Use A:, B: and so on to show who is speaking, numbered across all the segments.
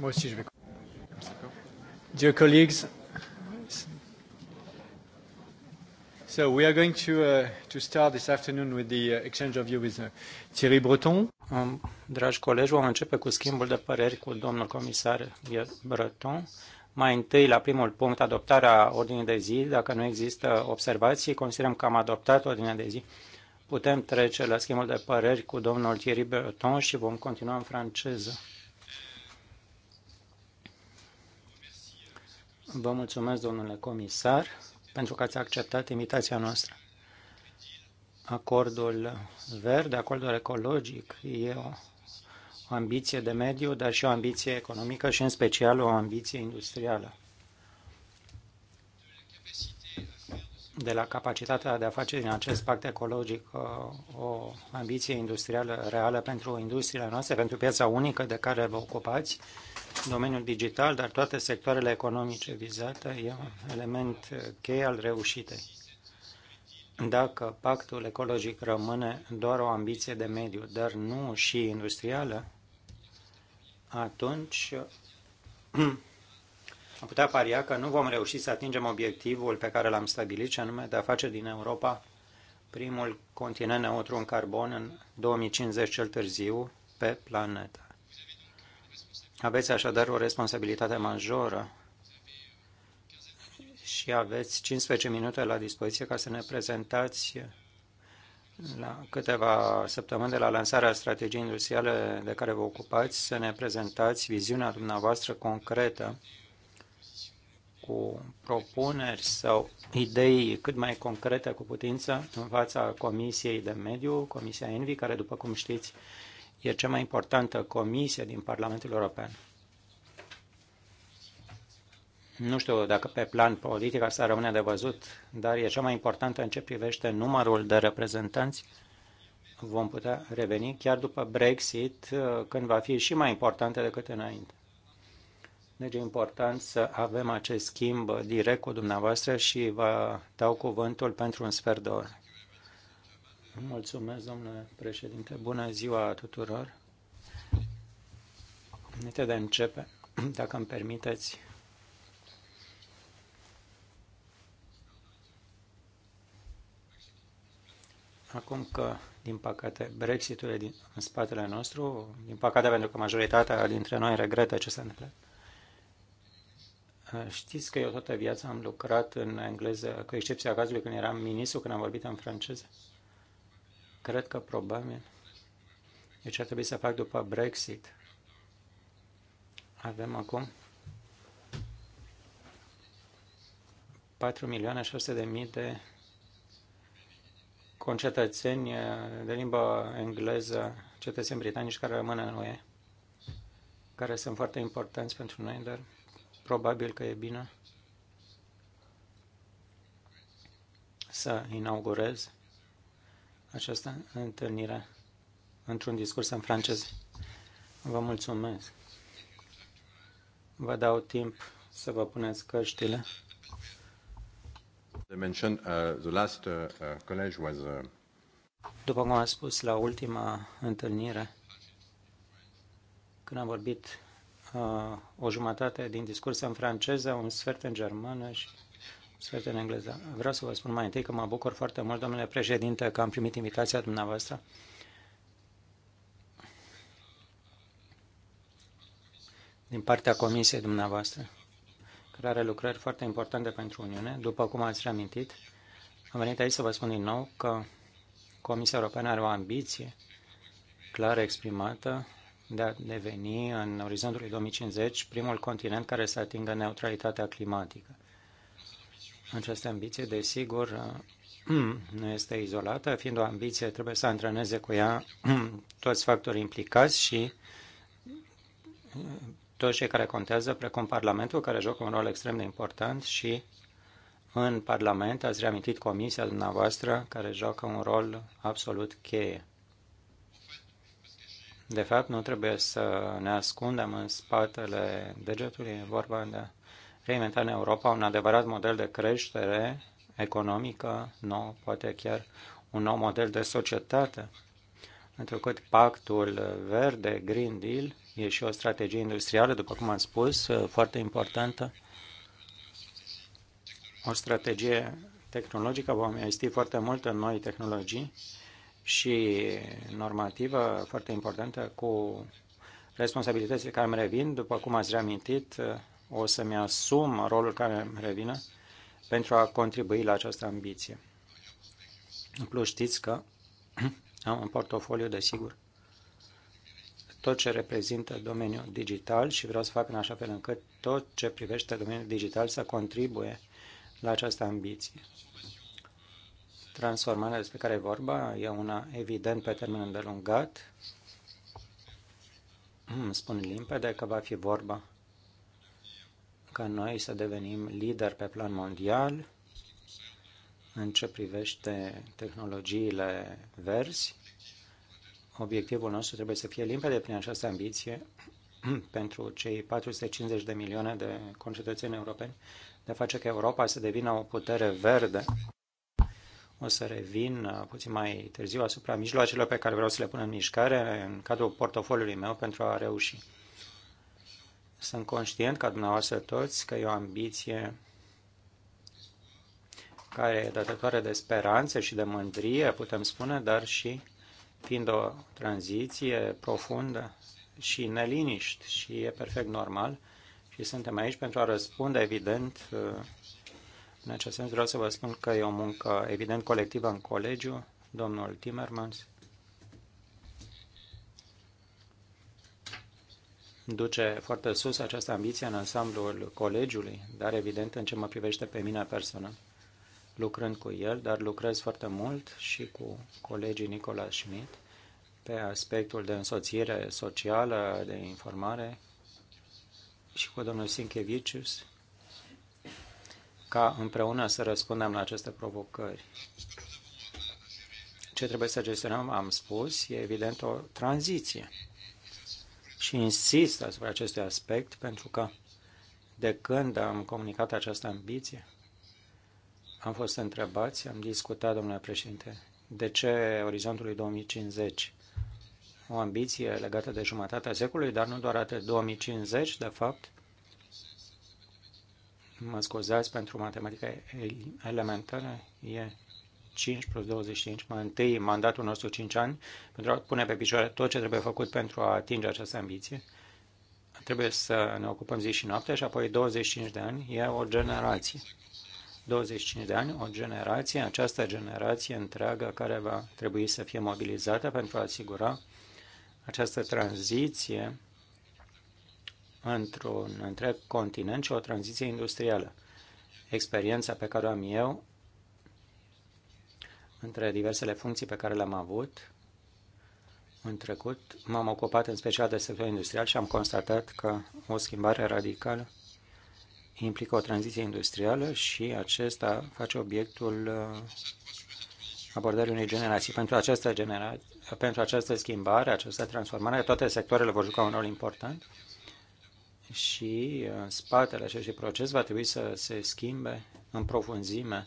A: moi aussi, je vais. Dear colleagues, so we are going to uh, to start this afternoon with the uh, exchange of views with uh, Thierry Breton. Um, dragi colegi, vom începe cu schimbul de păreri cu domnul comisar Breton. Mai întâi, la primul punct, adoptarea ordinii de zi. Dacă nu există observații, considerăm că am adoptat ordinea de zi. Putem trece la schimbul de păreri cu domnul Thierry Breton și vom continua în franceză. Vă mulțumesc, domnule comisar, pentru că ați acceptat invitația noastră. Acordul verde, acordul ecologic, e o ambiție de mediu, dar și o ambiție economică și, în special, o ambiție industrială. de la capacitatea de a face din acest pact ecologic uh, o ambiție industrială reală pentru industriile noastre, pentru piața unică de care vă ocupați, domeniul digital, dar toate sectoarele economice vizate, e un element uh, cheie al reușitei. Dacă pactul ecologic rămâne doar o ambiție de mediu, dar nu și industrială, atunci uh, Am putea paria că nu vom reuși să atingem obiectivul pe care l-am stabilit, și anume de a face din Europa primul continent neutru în carbon în 2050 cel târziu pe planetă. Aveți așadar o responsabilitate majoră și aveți 15 minute la dispoziție ca să ne prezentați la câteva săptămâni de la lansarea strategiei industriale de care vă ocupați, să ne prezentați viziunea dumneavoastră concretă cu propuneri sau idei cât mai concrete cu putință în fața Comisiei de Mediu, Comisia Envi, care, după cum știți, e cea mai importantă comisie din Parlamentul European. Nu știu dacă pe plan politic asta rămâne de văzut, dar e cea mai importantă în ce privește numărul de reprezentanți. Vom putea reveni chiar după Brexit, când va fi și mai importantă decât înainte. Deci e important să avem acest schimb direct cu dumneavoastră și vă dau cuvântul pentru un sfert de oră. Mulțumesc, domnule președinte. Bună ziua tuturor. Înainte de a începe, dacă îmi permiteți, acum că, din păcate, Brexitul e din, în spatele nostru, din păcate pentru că majoritatea dintre noi regretă ce s-a întâmplat, Știți că eu toată viața am lucrat în engleză, cu excepția cazului când eram ministru, când am vorbit în franceză. Cred că probabil. Deci ar trebui să fac după Brexit. Avem acum 4 milioane de mii de concetățeni eh, de limbă engleză, cetățeni britanici care rămân în UE, care sunt foarte importanți pentru noi, dar probabil că e bine să inaugurez această întâlnire într-un discurs în franceză. Vă mulțumesc. Vă dau timp să vă puneți căștile. Uh,
B: uh, uh,
A: După cum am spus la ultima întâlnire, când am vorbit Uh, o jumătate din discurs în franceză, un sfert în germană și un sfert în engleză. Vreau să vă spun mai întâi că mă bucur foarte mult, domnule președinte, că am primit invitația dumneavoastră. din partea comisiei dumneavoastră, care are lucrări foarte importante pentru Uniune. După cum ați reamintit, am venit aici să vă spun din nou că Comisia Europeană are o ambiție clar exprimată de a deveni în orizontul 2050 primul continent care să atingă neutralitatea climatică. Această ambiție, desigur, nu este izolată, fiind o ambiție, trebuie să antreneze cu ea toți factorii implicați și toți cei care contează, precum Parlamentul, care joacă un rol extrem de important și în Parlament ați reamintit comisia dumneavoastră, care joacă un rol absolut cheie. De fapt, nu trebuie să ne ascundem în spatele degetului. E vorba de a reinventa în Europa un adevărat model de creștere economică nou, poate chiar un nou model de societate. Întrucât pactul verde, Green Deal, e și o strategie industrială, după cum am spus, foarte importantă. O strategie tehnologică, vom investi foarte mult în noi tehnologii și normativă foarte importantă cu responsabilitățile care îmi revin. După cum ați reamintit, o să-mi asum rolul care îmi revine pentru a contribui la această ambiție. În plus, știți că am un portofoliu, desigur, tot ce reprezintă domeniul digital și vreau să fac în așa fel încât tot ce privește domeniul digital să contribuie la această ambiție. Transformarea despre care e vorba e una evident pe termen îndelungat. Îmi hmm, spun limpede că va fi vorba ca noi să devenim lideri pe plan mondial în ce privește tehnologiile verzi. Obiectivul nostru trebuie să fie limpede prin această ambiție pentru cei 450 de milioane de concetățeni europeni de a face ca Europa să devină o putere verde o să revin uh, puțin mai târziu asupra mijloacelor pe care vreau să le pun în mișcare în cadrul portofoliului meu pentru a reuși. Sunt conștient ca dumneavoastră toți că e o ambiție care e datătoare de speranță și de mândrie, putem spune, dar și fiind o tranziție profundă și neliniști și e perfect normal și suntem aici pentru a răspunde, evident, uh, în acest sens vreau să vă spun că e o muncă evident colectivă în colegiu, domnul Timmermans duce foarte sus această ambiție în ansamblul colegiului, dar evident în ce mă privește pe mine personal, lucrând cu el, dar lucrez foarte mult și cu colegii Nicola Schmidt pe aspectul de însoțire socială, de informare și cu domnul Sinkevicius ca împreună să răspundem la aceste provocări. Ce trebuie să gestionăm, am spus, e evident o tranziție. Și insist asupra acestui aspect pentru că de când am comunicat această ambiție, am fost întrebați, am discutat, domnule președinte, de ce orizontului 2050? O ambiție legată de jumătatea secolului, dar nu doar atât. 2050, de fapt, mă scuzați pentru matematica elementară, e 5 plus 25, mai întâi mandatul nostru 5 ani, pentru a pune pe picioare tot ce trebuie făcut pentru a atinge această ambiție. Trebuie să ne ocupăm zi și noapte și apoi 25 de ani e o generație. 25 de ani, o generație, această generație întreagă care va trebui să fie mobilizată pentru a asigura această tranziție într-un întreg continent și o tranziție industrială. Experiența pe care o am eu între diversele funcții pe care le-am avut în trecut, m-am ocupat în special de sectorul industrial și am constatat că o schimbare radicală implică o tranziție industrială și acesta face obiectul uh, abordării unei generații. Pentru această, genera- pentru această schimbare, această transformare, toate sectoarele vor juca un rol important și uh, spatele acestui proces va trebui să se schimbe în profunzime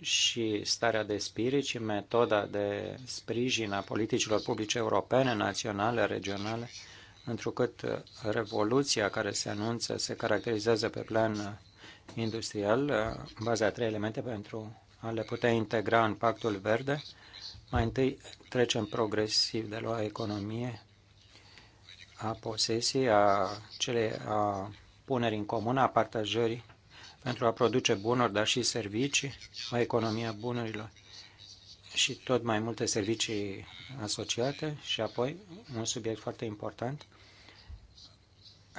A: și starea de spirit și metoda de sprijin a politicilor publice europene, naționale, regionale, întrucât uh, revoluția care se anunță se caracterizează pe plan uh, industrial, în baza a trei elemente pentru a le putea integra în pactul verde. Mai întâi trecem progresiv de la economie a posesiei, a cele a punerii în comun, a partajării pentru a produce bunuri, dar și servicii, o economie a bunurilor și tot mai multe servicii asociate și apoi un subiect foarte important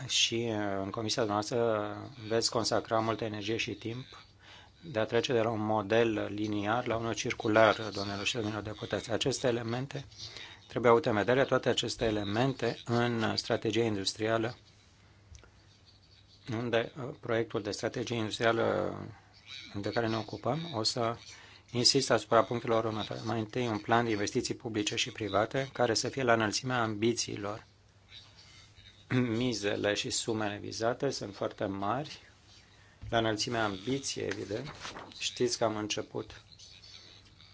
A: și uh, în comisia noastră veți consacra multă energie și timp de a trece de la un model liniar la unul circular, domnilor și domnilor deputați. Aceste elemente Trebuie avute în vedere toate aceste elemente în strategia industrială, unde uh, proiectul de strategie industrială uh, de care ne ocupăm o să insist asupra punctelor următoare. Mai întâi, un plan de investiții publice și private care să fie la înălțimea ambițiilor. Mizele și sumele vizate sunt foarte mari, la înălțimea ambiției, evident. Știți că am început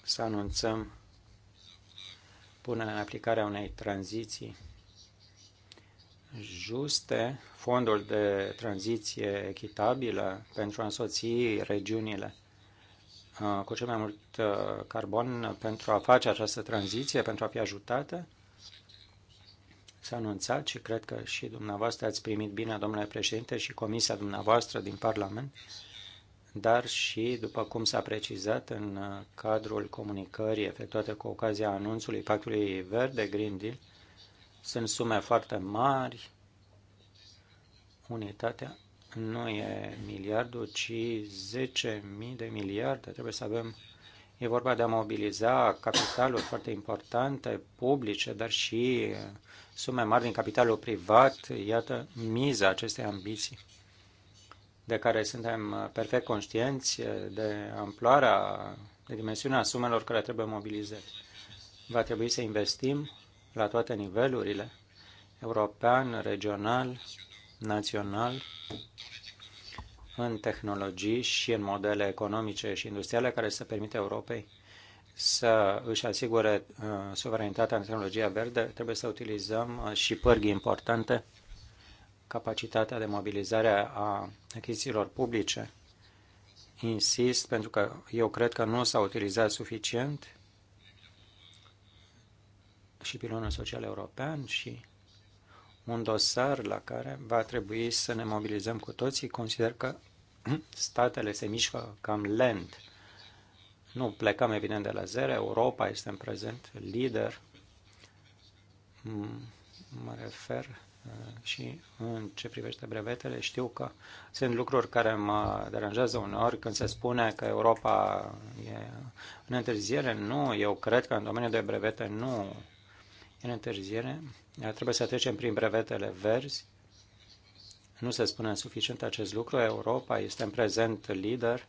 A: să anunțăm punerea în aplicare a unei tranziții juste, fondul de tranziție echitabilă pentru a însoți regiunile uh, cu cel mai mult uh, carbon pentru a face această tranziție, pentru a fi ajutate. S-a anunțat și cred că și dumneavoastră ați primit bine, domnule președinte, și comisia dumneavoastră din Parlament, dar și, după cum s-a precizat în uh, cadrul comunicării efectuate cu ocazia anunțului Pactului Verde Green Deal, sunt sume foarte mari. Unitatea nu e miliardul, ci 10.000 de miliarde. Trebuie să avem. E vorba de a mobiliza capitaluri foarte importante, publice, dar și uh, sume mari din capitalul privat. Iată miza acestei ambiții de care suntem uh, perfect conștienți uh, de amploarea, de dimensiunea sumelor care trebuie mobilizate. Va trebui să investim la toate nivelurile, european, regional, național, în tehnologii și în modele economice și industriale care să permită Europei să își asigure uh, suveranitatea în tehnologia verde, trebuie să utilizăm uh, și pârghii importante capacitatea de mobilizare a achizițiilor publice. Insist pentru că eu cred că nu s-a utilizat suficient și pilonul social european și un dosar la care va trebui să ne mobilizăm cu toții. Consider că statele se mișcă cam lent. Nu plecăm evident de la zero. Europa este în prezent lider. Mă refer Uh, și în ce privește brevetele, știu că sunt lucruri care mă deranjează uneori când se spune că Europa e în întârziere. Nu, eu cred că în domeniul de brevete nu e în întârziere. Trebuie să trecem prin brevetele verzi. Nu se spune suficient acest lucru. Europa este în prezent lider.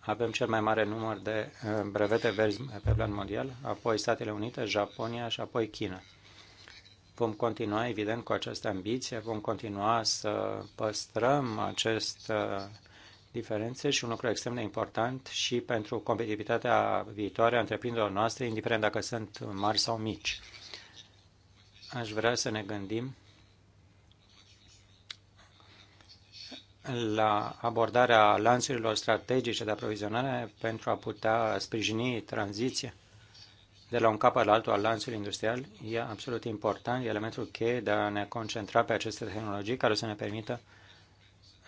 A: Avem cel mai mare număr de uh, brevete verzi pe plan mondial, apoi Statele Unite, Japonia și apoi China. Vom continua, evident, cu această ambiție, vom continua să păstrăm acest uh, diferențe și un lucru extrem de important și pentru competitivitatea viitoare a întreprinderilor noastre, indiferent dacă sunt mari sau mici. Aș vrea să ne gândim la abordarea lanțurilor strategice de aprovizionare pentru a putea sprijini tranziția de la un cap la altul al lanțului industrial, e absolut important, e elementul cheie de a ne concentra pe aceste tehnologii care o să ne permită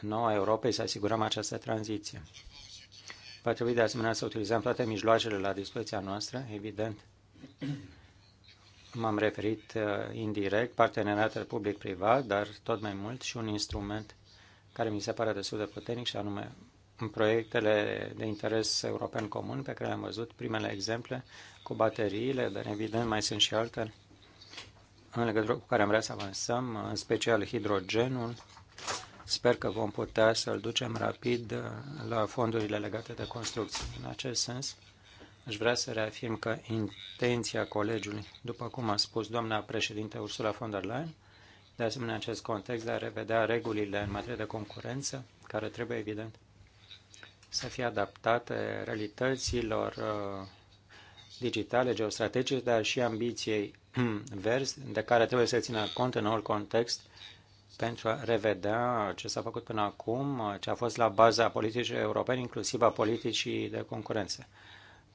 A: noua Europei să asigurăm această tranziție. Va trebui de asemenea să utilizăm toate mijloacele la dispoziția noastră, evident. M-am referit uh, indirect, parteneriatul public-privat, dar tot mai mult și un instrument care mi se pare destul de puternic și anume în proiectele de interes european comun pe care le-am văzut, primele exemple cu bateriile, dar evident mai sunt și altele în legătură cu care am vrea să avansăm, în special hidrogenul. Sper că vom putea să-l ducem rapid uh, la fondurile legate de construcții. În acest sens, aș vrea să reafirm că intenția colegiului, după cum a spus doamna președinte Ursula von der Leyen, de asemenea, în acest context de a revedea regulile în materie de concurență, care trebuie, evident, să fie adaptate realităților uh, digitale, geostrategice, dar și ambiției verzi, de care trebuie să țină cont în orice context pentru a revedea ce s-a făcut până acum, uh, ce a fost la baza politicii europene, inclusiv a politicii de concurență.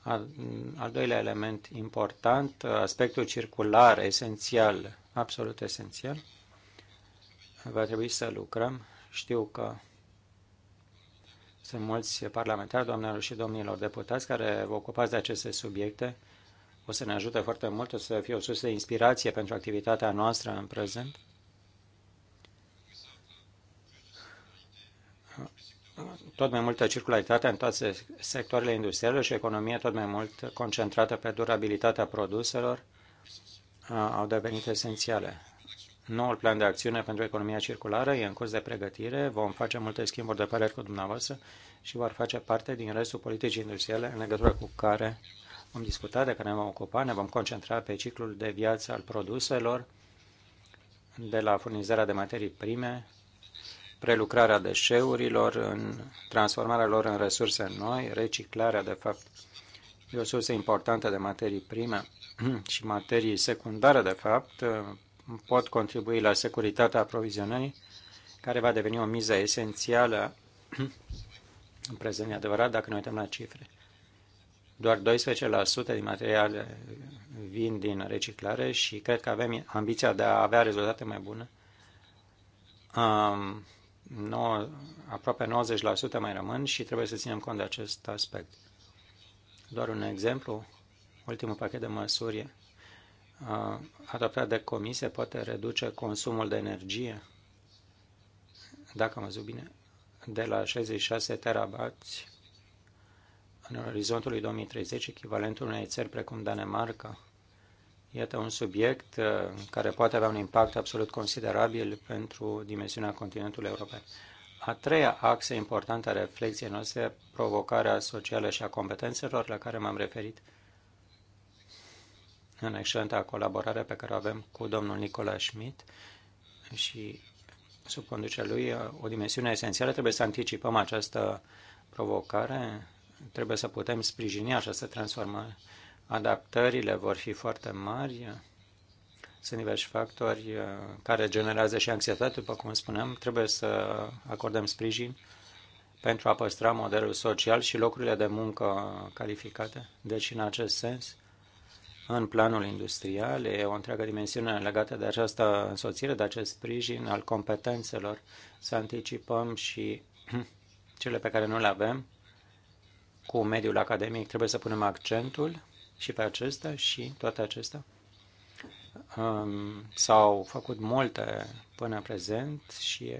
A: Al, al doilea element important, uh, aspectul circular, esențial, absolut esențial, va trebui să lucrăm. Știu că sunt mulți parlamentari, doamnelor și domnilor deputați, care vă ocupați de aceste subiecte. O să ne ajute foarte mult, o să fie o sursă de inspirație pentru activitatea noastră în prezent. tot mai multă circularitate în toate sectoarele industriale și economie tot mai mult concentrată pe durabilitatea produselor au devenit esențiale. Noul plan de acțiune pentru economia circulară e în curs de pregătire, vom face multe schimburi de păreri cu dumneavoastră și vor face parte din restul politicii industriale în legătură cu care vom discuta, de care ne vom ocupa, ne vom concentra pe ciclul de viață al produselor, de la furnizarea de materii prime, prelucrarea deșeurilor, în transformarea lor în resurse noi, reciclarea, de fapt, e o sursă importantă de materii prime și materii secundare, de fapt, pot contribui la securitatea aprovizionării, care va deveni o miză esențială în prezent, e adevărat, dacă ne uităm la cifre. Doar 12% din materiale vin din reciclare și cred că avem ambiția de a avea rezultate mai bune. Um, 9, aproape 90% mai rămân și trebuie să ținem cont de acest aspect. Doar un exemplu, ultimul pachet de măsuri adoptat de comisie poate reduce consumul de energie, dacă am văzut bine, de la 66 terabați în orizontul lui 2030, echivalentul unei țări precum Danemarca. Iată un subiect care poate avea un impact absolut considerabil pentru dimensiunea continentului european. A treia axă importantă a reflexiei noastre, provocarea socială și a competențelor la care m-am referit, în excelenta colaborare pe care o avem cu domnul Nicola Schmidt și sub conducerea lui o dimensiune esențială. Trebuie să anticipăm această provocare, trebuie să putem sprijini această transformare. Adaptările vor fi foarte mari, sunt diversi factori uh, care generează și anxietate, după cum spuneam, trebuie să acordăm sprijin pentru a păstra modelul social și locurile de muncă calificate. Deci, în acest sens, în planul industrial. E o întreagă dimensiune legată de această însoțire, de acest sprijin al competențelor, să anticipăm și cele pe care nu le avem cu mediul academic. Trebuie să punem accentul și pe acesta și toate acestea. Um, s-au făcut multe până în prezent și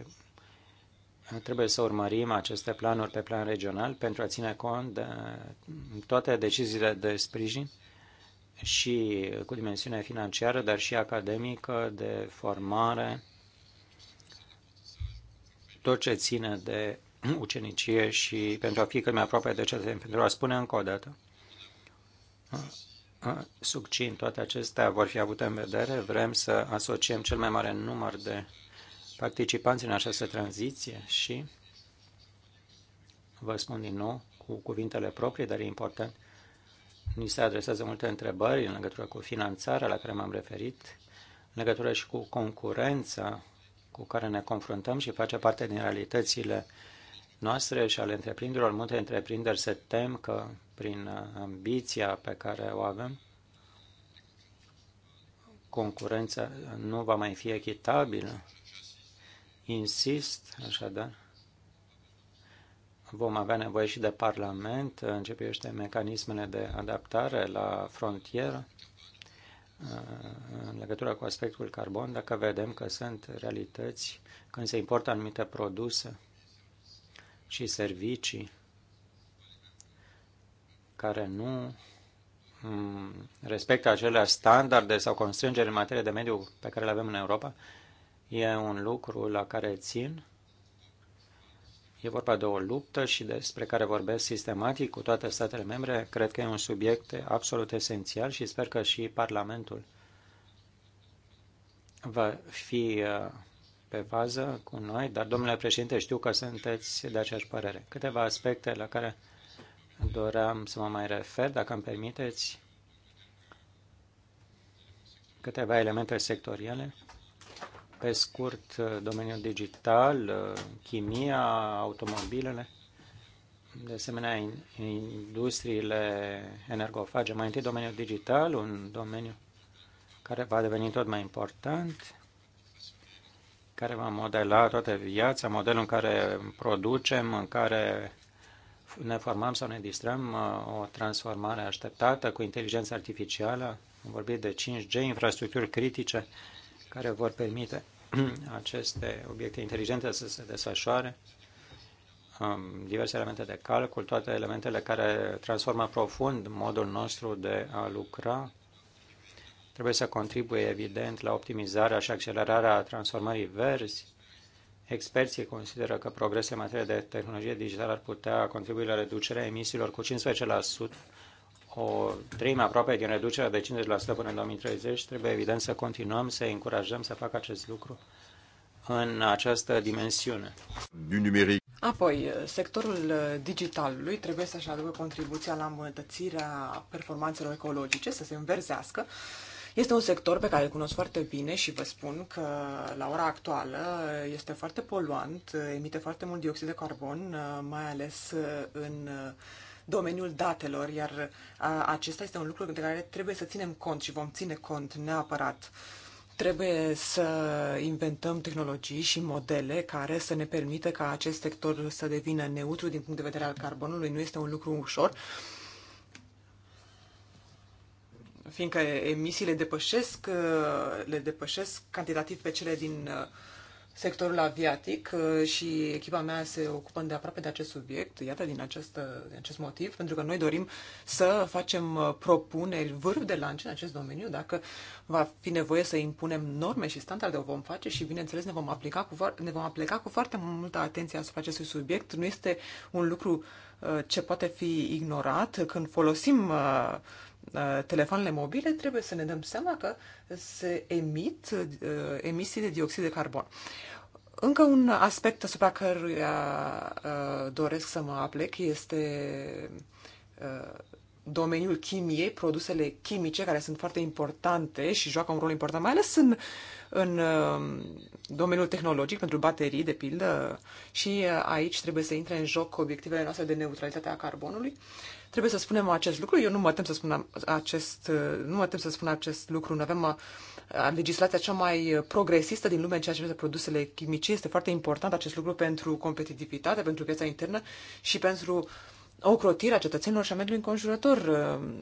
A: trebuie să urmărim aceste planuri pe plan regional pentru a ține cont de toate deciziile de sprijin și cu dimensiune financiară, dar și academică, de formare, tot ce ține de ucenicie și pentru a fi cât mai aproape de cetățeni. Pentru a spune încă o dată, succint, toate acestea vor fi avute în vedere. Vrem să asociem cel mai mare număr de participanți în această tranziție și, vă spun din nou, cu cuvintele proprii, dar e important, Ni se adresează multe întrebări în legătură cu finanțarea la care m-am referit, în legătură și cu concurența cu care ne confruntăm și face parte din realitățile noastre și ale întreprinderilor. Multe întreprinderi se tem că prin uh, ambiția pe care o avem, concurența nu va mai fi echitabilă. Insist, așadar, vom avea nevoie și de Parlament, începește mecanismele de adaptare la frontieră în legătură cu aspectul carbon, dacă vedem că sunt realități când se importă anumite produse și servicii care nu mm, respectă aceleași standarde sau constrângeri în materie de mediu pe care le avem în Europa, e un lucru la care țin E vorba de o luptă și despre care vorbesc sistematic cu toate statele membre. Cred că e un subiect absolut esențial și sper că și Parlamentul va fi uh, pe fază cu noi, dar, domnule președinte, știu că sunteți de aceeași părere. Câteva aspecte la care doream să mă mai refer, dacă îmi permiteți, câteva elemente sectoriale pe scurt uh, domeniul digital, uh, chimia, automobilele, de asemenea industriile energofage. Mai întâi domeniul digital, un domeniu care va deveni tot mai important, care va modela toată viața, modelul în care producem, în care ne formăm sau ne distrăm, uh, o transformare așteptată cu inteligența artificială, am vorbit de 5G, infrastructuri critice, care vor permite aceste obiecte inteligente să se desfășoare, um, diverse elemente de calcul, toate elementele care transformă profund modul nostru de a lucra, trebuie să contribuie evident la optimizarea și accelerarea transformării verzi. Experții consideră că progresele în materie de tehnologie digitală ar putea contribui la reducerea emisiilor cu 15% o treime aproape din reducerea de 50% până în 2030, trebuie evident să continuăm să încurajăm să facă acest lucru în această dimensiune.
C: Apoi, sectorul digitalului trebuie să-și aducă contribuția la îmbunătățirea performanțelor ecologice, să se înverzească. Este un sector pe care îl cunosc foarte bine și vă spun că la ora actuală este foarte poluant, emite foarte mult dioxid de carbon, mai ales în domeniul datelor, iar acesta este un lucru de care trebuie să ținem cont și vom ține cont neapărat. Trebuie să inventăm tehnologii și modele care să ne permită ca acest sector să devină neutru din punct de vedere al carbonului. Nu este un lucru ușor, fiindcă emisiile depășesc, le depășesc cantitativ pe cele din uh, sectorul aviatic uh, și echipa mea se ocupă de aproape de acest subiect, iată din, acest, uh, din acest motiv, pentru că noi dorim să facem uh, propuneri vârf de lance în acest domeniu, dacă va fi nevoie să impunem norme și standarde, o vom face și, bineînțeles, ne vom, aplica cu, ne vom aplica cu foarte multă atenție asupra acestui subiect. Nu este un lucru ce poate fi ignorat când folosim telefoanele mobile, trebuie să ne dăm seama că se emit emisii de dioxid de carbon. Încă un aspect asupra căruia uh, doresc să mă aplec este uh, domeniul chimiei, produsele chimice care sunt foarte importante și joacă un rol important, mai ales în, în uh, domeniul tehnologic pentru baterii, de pildă, și aici trebuie să intre în joc obiectivele noastre de neutralitate a carbonului. Uh, Trebuie să spunem acest lucru. Eu nu mă tem să spun acest, nu mă tem să spun acest lucru. Noi avem uh, legislația cea mai progresistă din lume în ceea ce privește produsele chimice. Este foarte important acest lucru pentru competitivitate, pentru piața internă și pentru ocrotirea cetățenilor și a mediului înconjurător uh,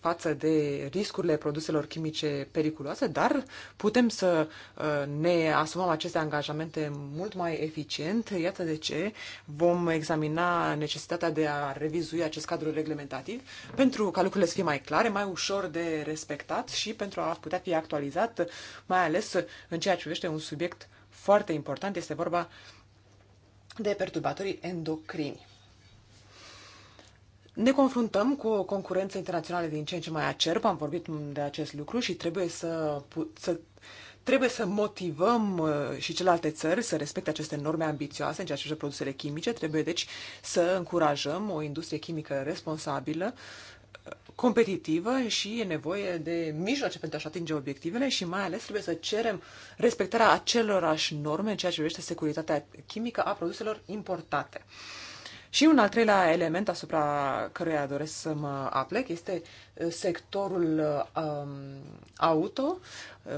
C: față de riscurile produselor chimice periculoase, dar putem să uh, ne asumăm aceste angajamente mult mai eficient. Iată de ce vom examina necesitatea de a revizui acest cadru reglementativ pentru ca lucrurile să fie mai clare, mai ușor de respectat și pentru a putea fi actualizat, mai ales în ceea ce privește un subiect foarte important. Este vorba de perturbatorii endocrini ne confruntăm cu o concurență internațională din ce în ce mai acerpă, am vorbit de acest lucru și trebuie să, să, trebuie să motivăm uh, și celelalte țări să respecte aceste norme ambițioase în ceea ce privește produsele chimice. Trebuie deci să încurajăm o industrie chimică responsabilă, uh, competitivă și e nevoie de mijloace pentru a-și atinge obiectivele și mai ales trebuie să cerem respectarea acelorași norme în ceea ce privește securitatea chimică a produselor importate. Și un al treilea element asupra căruia doresc să mă aplec este uh, sectorul um, auto,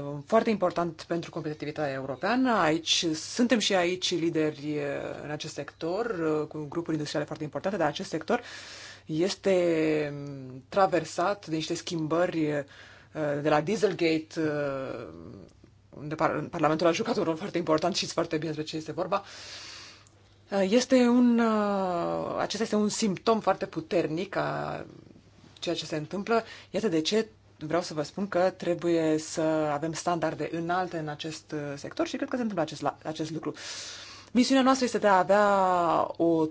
C: um, foarte important pentru competitivitatea europeană. Aici suntem și aici lideri uh, în acest sector, uh, cu grupuri industriale foarte importante, dar acest sector este um, traversat de niște schimbări de la Dieselgate unde Parlamentul a jucat un rol foarte important, și foarte bine despre ce este vorba, Uh, este un, uh, acesta este un simptom foarte puternic a ceea ce se întâmplă. Iată de ce vreau să vă spun că trebuie să avem standarde înalte în acest uh, sector și cred că se întâmplă acest, acest lucru. Misiunea noastră este de a avea o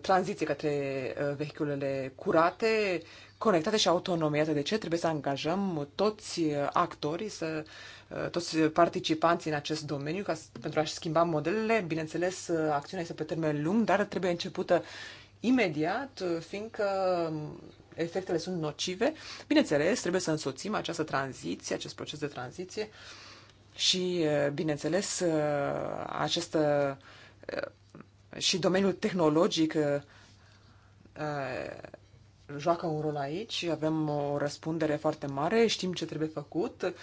C: tranziție către vehiculele curate, conectate și autonome. Iată de ce trebuie să angajăm toți actorii să Uh, toți participanții în acest domeniu ca, pentru a-și schimba modelele. Bineînțeles, uh, acțiunea este pe termen lung, dar trebuie începută imediat, uh, fiindcă um, efectele sunt nocive. Bineînțeles, trebuie să însoțim această tranziție, acest proces de tranziție și, bineînțeles, această și domeniul tehnologic joacă un rol aici, avem o răspundere foarte mare, știm ce trebuie făcut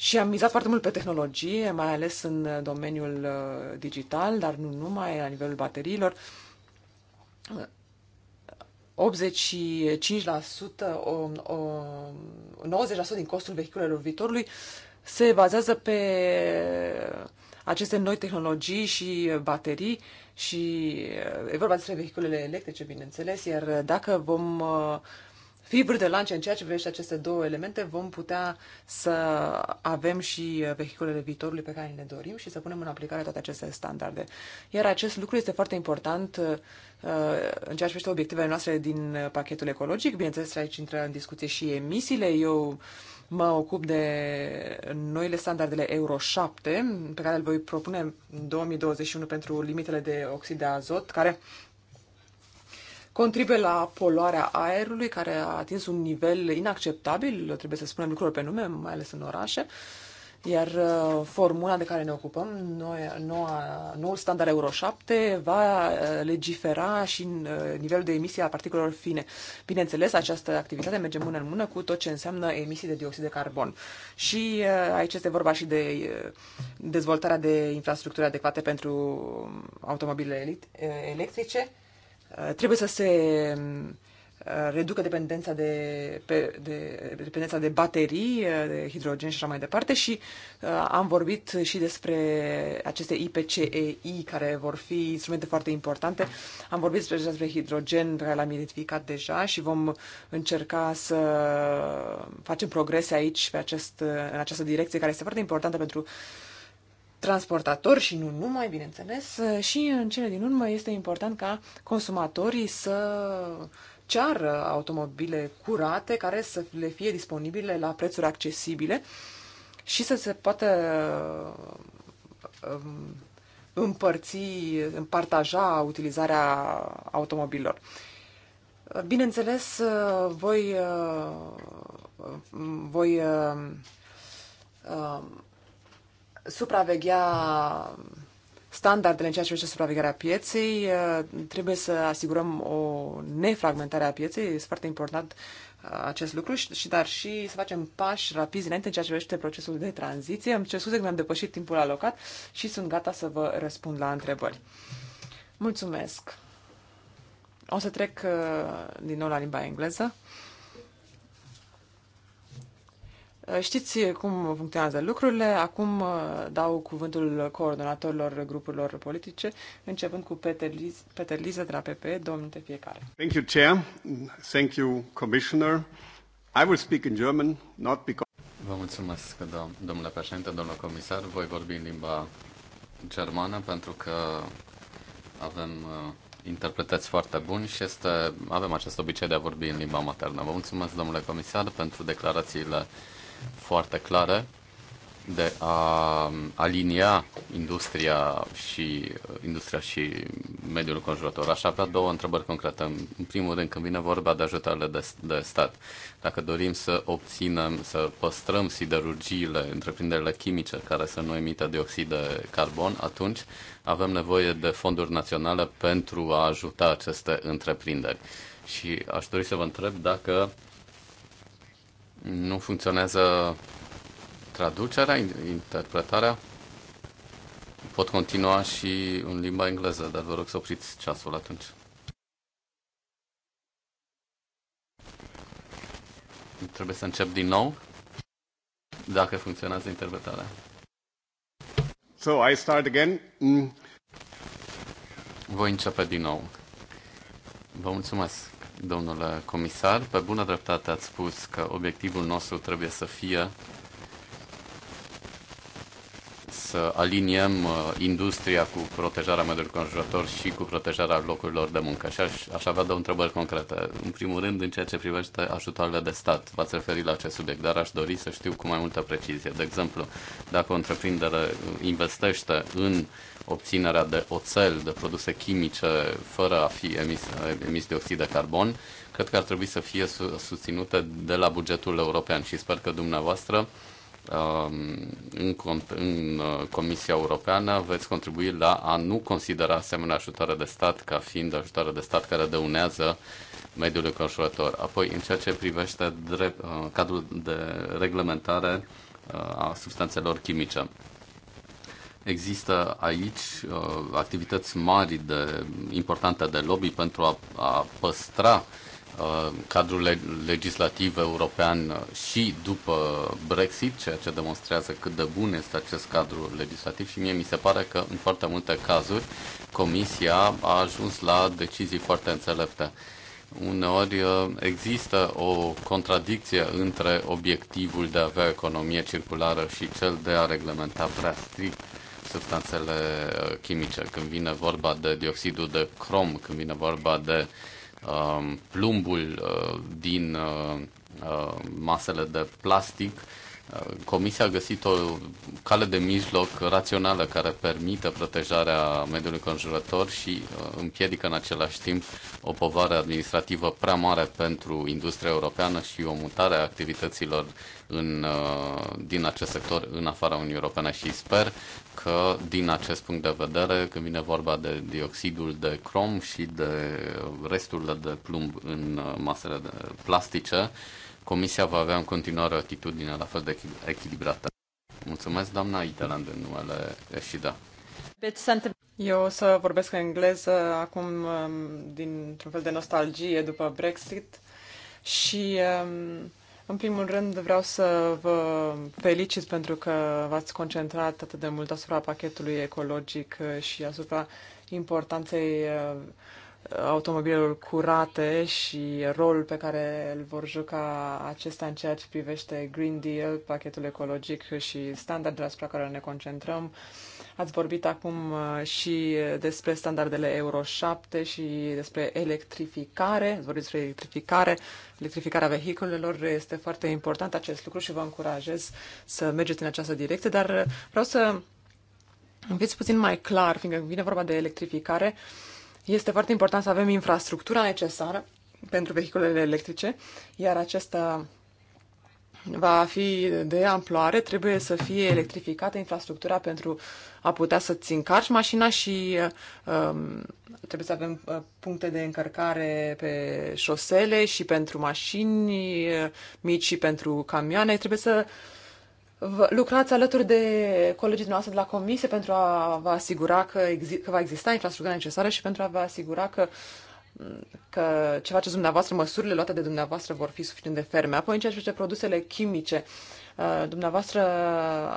C: și am mizat foarte mult pe tehnologie, mai ales în domeniul uh, digital, dar nu numai, la nivelul bateriilor. 85%, o, o, 90% din costul vehiculelor viitorului se bazează pe aceste noi tehnologii și baterii și uh, e vorba despre vehiculele electrice, bineînțeles, iar dacă vom uh, fibr de lance în ceea ce privește aceste două elemente, vom putea să avem și uh, vehiculele viitorului pe care ne dorim și să punem în aplicare toate aceste standarde. Iar acest lucru este foarte important uh, în ceea ce privește obiectivele noastre din uh, pachetul ecologic. Bineînțeles, aici intră în discuție și emisiile. Eu mă ocup de noile standardele Euro 7, pe care le voi propune în 2021 pentru limitele de oxid de azot, care contribuie la poluarea aerului, care a atins un nivel inacceptabil, trebuie să spunem lucruri pe nume, mai ales în orașe. Iar uh, formula de care ne ocupăm, noi, noua, noul standard Euro 7, va uh, legifera și în uh, nivelul de emisie a particulelor fine. Bineînțeles, această activitate merge mână în mână cu tot ce înseamnă emisii de dioxid de carbon. Și aici este vorba și de dezvoltarea de infrastructuri adecvate pentru um, automobile electrice, Uh, trebuie să se um, uh, reducă dependența de, pe, de, dependența de baterii, uh, de hidrogen și așa mai departe și uh, am vorbit și despre aceste IPCEI care vor fi instrumente foarte importante. Am vorbit despre, despre hidrogen pe care l-am identificat deja și vom încerca să facem progrese aici pe acest, în această direcție care este foarte importantă pentru uh, transportatori și nu numai, bineînțeles, și în cele din urmă este important ca consumatorii să ceară automobile curate care să le fie disponibile la prețuri accesibile și să se poată um, împărți, împartaja utilizarea automobilor. Bineînțeles, voi, uh, voi uh, um, supraveghea standardele în ceea ce privește supravegherea pieței, uh, trebuie să asigurăm o nefragmentare a pieței, este foarte important uh, acest lucru și, dar și să facem pași rapizi înainte în ceea ce privește procesul de tranziție. Îmi cer scuze că mi-am depășit timpul alocat și sunt gata să vă răspund la întrebări. Mulțumesc! O să trec uh, din nou la limba engleză. Uh, știți cum funcționează lucrurile. Acum uh, dau cuvântul coordonatorilor grupurilor politice, începând cu Peter, Liz, Peter Liză de la PPE, domnul de fiecare.
B: Thank you, Chair. Thank you, Commissioner. I will speak in German, not because... Vă mulțumesc, domnule președinte, domnule comisar. Voi vorbi în limba germană pentru că avem uh, interpretați foarte buni și este, avem acest obicei de a vorbi în limba maternă. Vă mulțumesc, domnule comisar, pentru declarațiile foarte clare de a alinia industria și, uh, industria și mediul conjurător. Aș avea două întrebări concrete. În primul rând, când vine vorba de ajutoarele de, de stat, dacă dorim să obținem, să păstrăm siderurgiile, întreprinderile chimice care să nu emită dioxid de carbon, atunci avem nevoie de fonduri naționale pentru a ajuta aceste întreprinderi. Și aș dori să vă întreb dacă nu funcționează traducerea, interpretarea. Pot continua și în limba engleză, dar vă rog să opriți ceasul atunci. Trebuie să încep din nou, dacă funcționează interpretarea. So I start again. Mm. Voi începe din nou. Vă mulțumesc domnule comisar. Pe bună dreptate ați spus că obiectivul nostru trebuie să fie să aliniem uh, industria cu protejarea mediului conjurător și cu protejarea locurilor de muncă. Și aș, aș avea două întrebări concrete. În primul rând, în ceea ce privește ajutoarele de stat, v-ați referit la acest subiect, dar aș dori să știu cu mai multă precizie. De exemplu, dacă o întreprindere uh, investește în obținerea de oțel, de produse chimice, fără a fi emis, emis dioxid de carbon, cred că ar trebui să fie susținute de la bugetul european și sper că dumneavoastră um, în, în uh, Comisia Europeană veți contribui la a nu considera asemenea ajutoare de stat ca fiind ajutoare de stat care dăunează mediul înconjurător. Apoi, în ceea ce privește drept, uh, cadrul de reglementare uh, a substanțelor chimice. Există aici uh, activități mari de, importante de lobby pentru a, a păstra uh, cadrul le- legislativ european și după Brexit, ceea ce demonstrează cât de bun este acest cadru legislativ și mie mi se pare că în foarte multe cazuri Comisia a ajuns la decizii foarte înțelepte uneori uh, există o contradicție între obiectivul de a avea economie circulară și cel de a reglementa prea strict substanțele uh, chimice, când vine vorba de dioxidul de crom, când vine vorba de um, plumbul uh, din uh, uh, masele de plastic, uh, Comisia a găsit o cale de mijloc rațională care permite protejarea mediului conjurător și uh, împiedică în același timp o povară administrativă prea mare pentru industria europeană și o mutare a activităților uh, în, uh, din acest sector în afara Uniunii Europene și sper că din acest punct de vedere, când vine vorba de dioxidul de crom și de resturile de plumb în uh, masele de plastice, Comisia va avea în continuare o atitudine la fel de echilibrată. Mulțumesc, doamna Italand, în numele Eșida.
C: Eu o să vorbesc în engleză acum um, dintr-un fel de nostalgie după Brexit și um, în primul rând vreau să vă felicit pentru că v-ați concentrat atât de mult asupra pachetului ecologic și asupra importanței uh, automobilelor curate și rolul pe care îl vor juca acestea în ceea ce privește Green Deal, pachetul ecologic și standardele asupra care ne concentrăm Ați vorbit acum uh, și despre standardele Euro 7 și despre electrificare. Ați vorbit despre electrificare. Electrificarea vehiculelor este foarte important acest lucru și vă încurajez să mergeți în această direcție, dar uh, vreau să fiți puțin mai clar, fiindcă vine vorba de electrificare. Este foarte important să avem infrastructura necesară pentru vehiculele electrice, iar acesta va fi de amploare, trebuie să fie electrificată infrastructura pentru a putea să-ți încarci mașina și um, trebuie să avem uh, puncte de încărcare pe șosele și pentru mașini uh, mici și pentru camioane. Trebuie să lucrați alături de colegii noastre de la comisie pentru a vă asigura că, exi- că va exista infrastructura necesară și pentru a vă asigura că uh, că ce faceți dumneavoastră, măsurile luate de dumneavoastră vor fi suficient de ferme. Apoi, în ceea ce privește produsele chimice, uh, dumneavoastră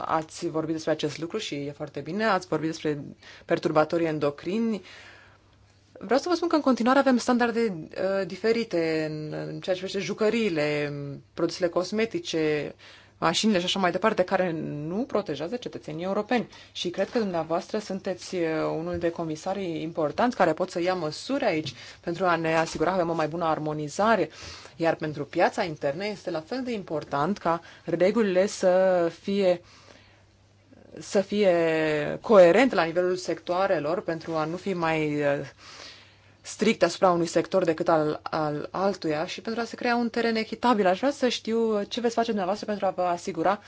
C: ați vorbit despre acest lucru și e foarte bine, ați vorbit despre perturbatorii endocrini. Vreau să vă spun că în continuare avem standarde uh, diferite în ceea ce privește jucăriile, produsele cosmetice, mașinile și așa mai departe, care nu protejează cetățenii europeni. Și cred că dumneavoastră sunteți uh, unul de comisarii importanți care pot să ia măsuri aici pentru a ne asigura că avem o mai bună armonizare. Iar pentru piața internă este la fel de important ca regulile să fie să fie coerent la nivelul sectoarelor pentru a nu fi mai uh, strict asupra unui sector decât al, al altuia și pentru a se crea un teren echitabil. Aș vrea să știu ce veți face dumneavoastră pentru a vă asigura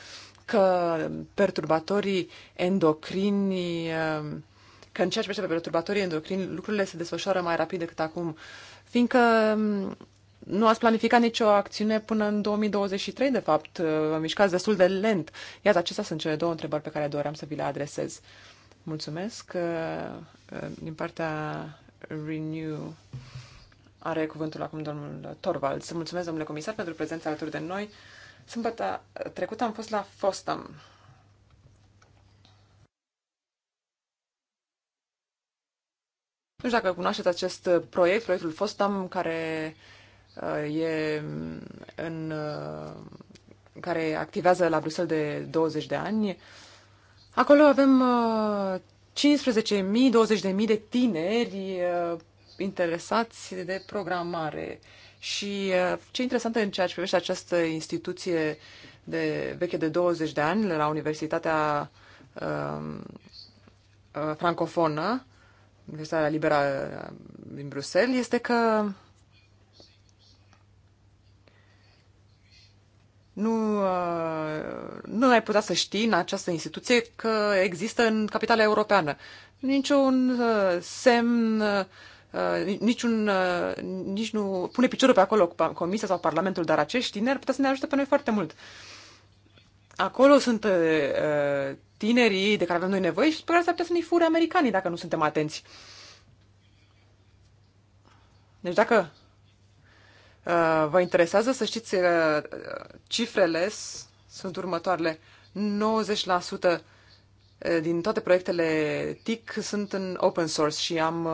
C: că perturbatorii endocrini, um, că în ceea ce privește perturbatorii endocrini, lucrurile se desfășoară mai rapid decât acum, fiindcă um, nu ați planificat nicio acțiune până în 2023, de fapt, uh, vă mișcați destul de lent. Iată, acestea sunt cele două întrebări pe care doream să vi le adresez. Mulțumesc uh, uh, din partea Renew. Are cuvântul acum domnul Torvald. Să mulțumesc, domnule comisar, pentru prezența alături de noi. Sâmbătă trecută am fost la Fostam. Nu știu dacă cunoașteți acest proiect, proiectul Fostam, care uh, e mm, în, uh, care activează la Bruxelles de 20 de ani. Acolo avem uh, 15.000-20.000 de tineri uh, interesați de programare. Și uh, ce interesant în ceea ce privește această instituție de veche de 20 de ani la Universitatea um, uh, Francofonă, Universitatea Liberă uh, din Bruxelles, este că nu, uh, nu ai putea să știi în această instituție că există în capitala europeană. Niciun uh, semn, uh, niciun, nici nu pune piciorul pe acolo Comisia sau Parlamentul, dar acești tineri ar putea să ne ajute pe noi foarte mult. Acolo sunt tinerii de care avem noi nevoie și pe care s-ar putea să ne fure americanii dacă nu suntem atenți. Deci dacă Uh, vă interesează, să știți că uh, cifrele sunt următoarele. 90% uh, din toate proiectele TIC sunt în open source și am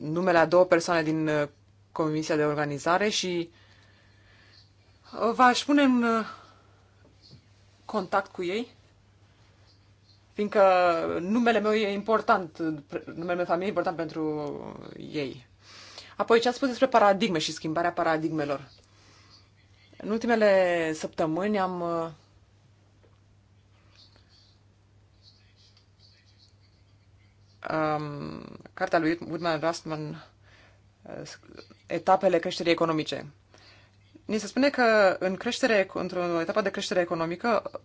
C: numele a două persoane din comisia de organizare și v-aș pune în contact cu ei, fiindcă numele meu e important, numele meu familie e important pentru ei. Apoi, ce ați spus despre paradigme și schimbarea paradigmelor? În ultimele săptămâni am um, cartea lui Woodman Rastman, Etapele creșterii economice. Ni se spune că în creștere, într-o etapă de creștere economică,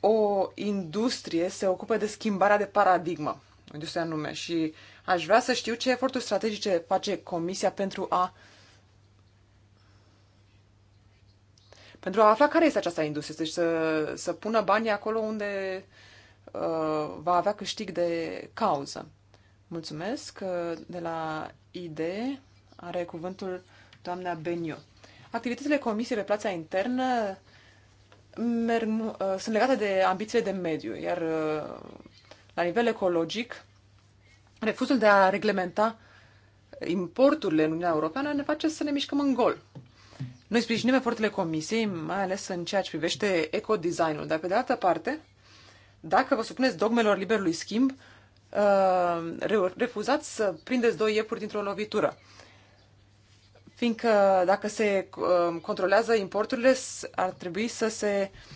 C: o industrie se ocupă de schimbarea de paradigmă, industria industrie anume, și Aș vrea să știu ce eforturi strategice face Comisia pentru a pentru a afla care este această industrie, deci să, să pună banii acolo unde uh, va avea câștig de cauză. Mulțumesc. Uh, de la ID are cuvântul doamna Beniu. Activitățile Comisiei pe plața internă merg, uh, sunt legate de ambițiile de mediu, iar uh, la nivel ecologic refuzul de a reglementa importurile în Uniunea Europeană ne face să ne mișcăm în gol. Noi sprijinim eforturile Comisiei, mai ales în ceea ce privește ecodesignul, dar pe de altă parte, dacă vă supuneți dogmelor liberului schimb, uh, refuzați să prindeți doi iepuri dintr-o lovitură. Fiindcă dacă se uh, controlează importurile, ar trebui să se uh,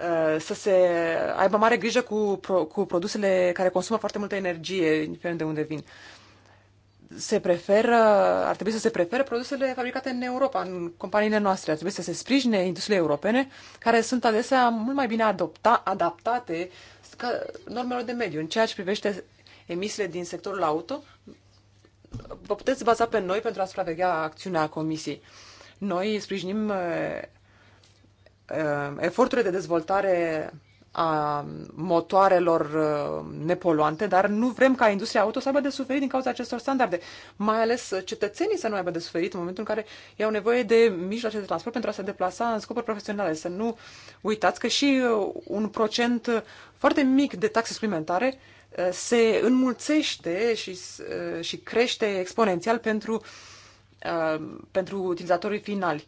C: Uh, să se aibă mare grijă cu, cu produsele care consumă foarte multă energie, indiferent de unde vin. Se preferă, ar trebui să se prefere produsele fabricate în Europa, în companiile noastre. Ar trebui să se sprijine industriile europene, care sunt adesea mult mai bine adopta, adaptate ca normelor de mediu. În ceea ce privește emisiile din sectorul auto, vă puteți baza pe noi pentru a supraveghea acțiunea Comisiei. Noi sprijinim uh, Ehm, eforturile de dezvoltare a motoarelor ehm, nepoluante, dar nu vrem ca industria auto să aibă de suferit din cauza acestor standarde, mai ales cetățenii să nu aibă de suferit în momentul în care iau nevoie de mijloace de transport pentru a se deplasa în scopuri profesionale. Să nu uitați că și uh, un procent foarte mic de taxe suplimentare uh, se înmulțește și, uh, și crește exponențial pentru, pentru utilizatorii finali.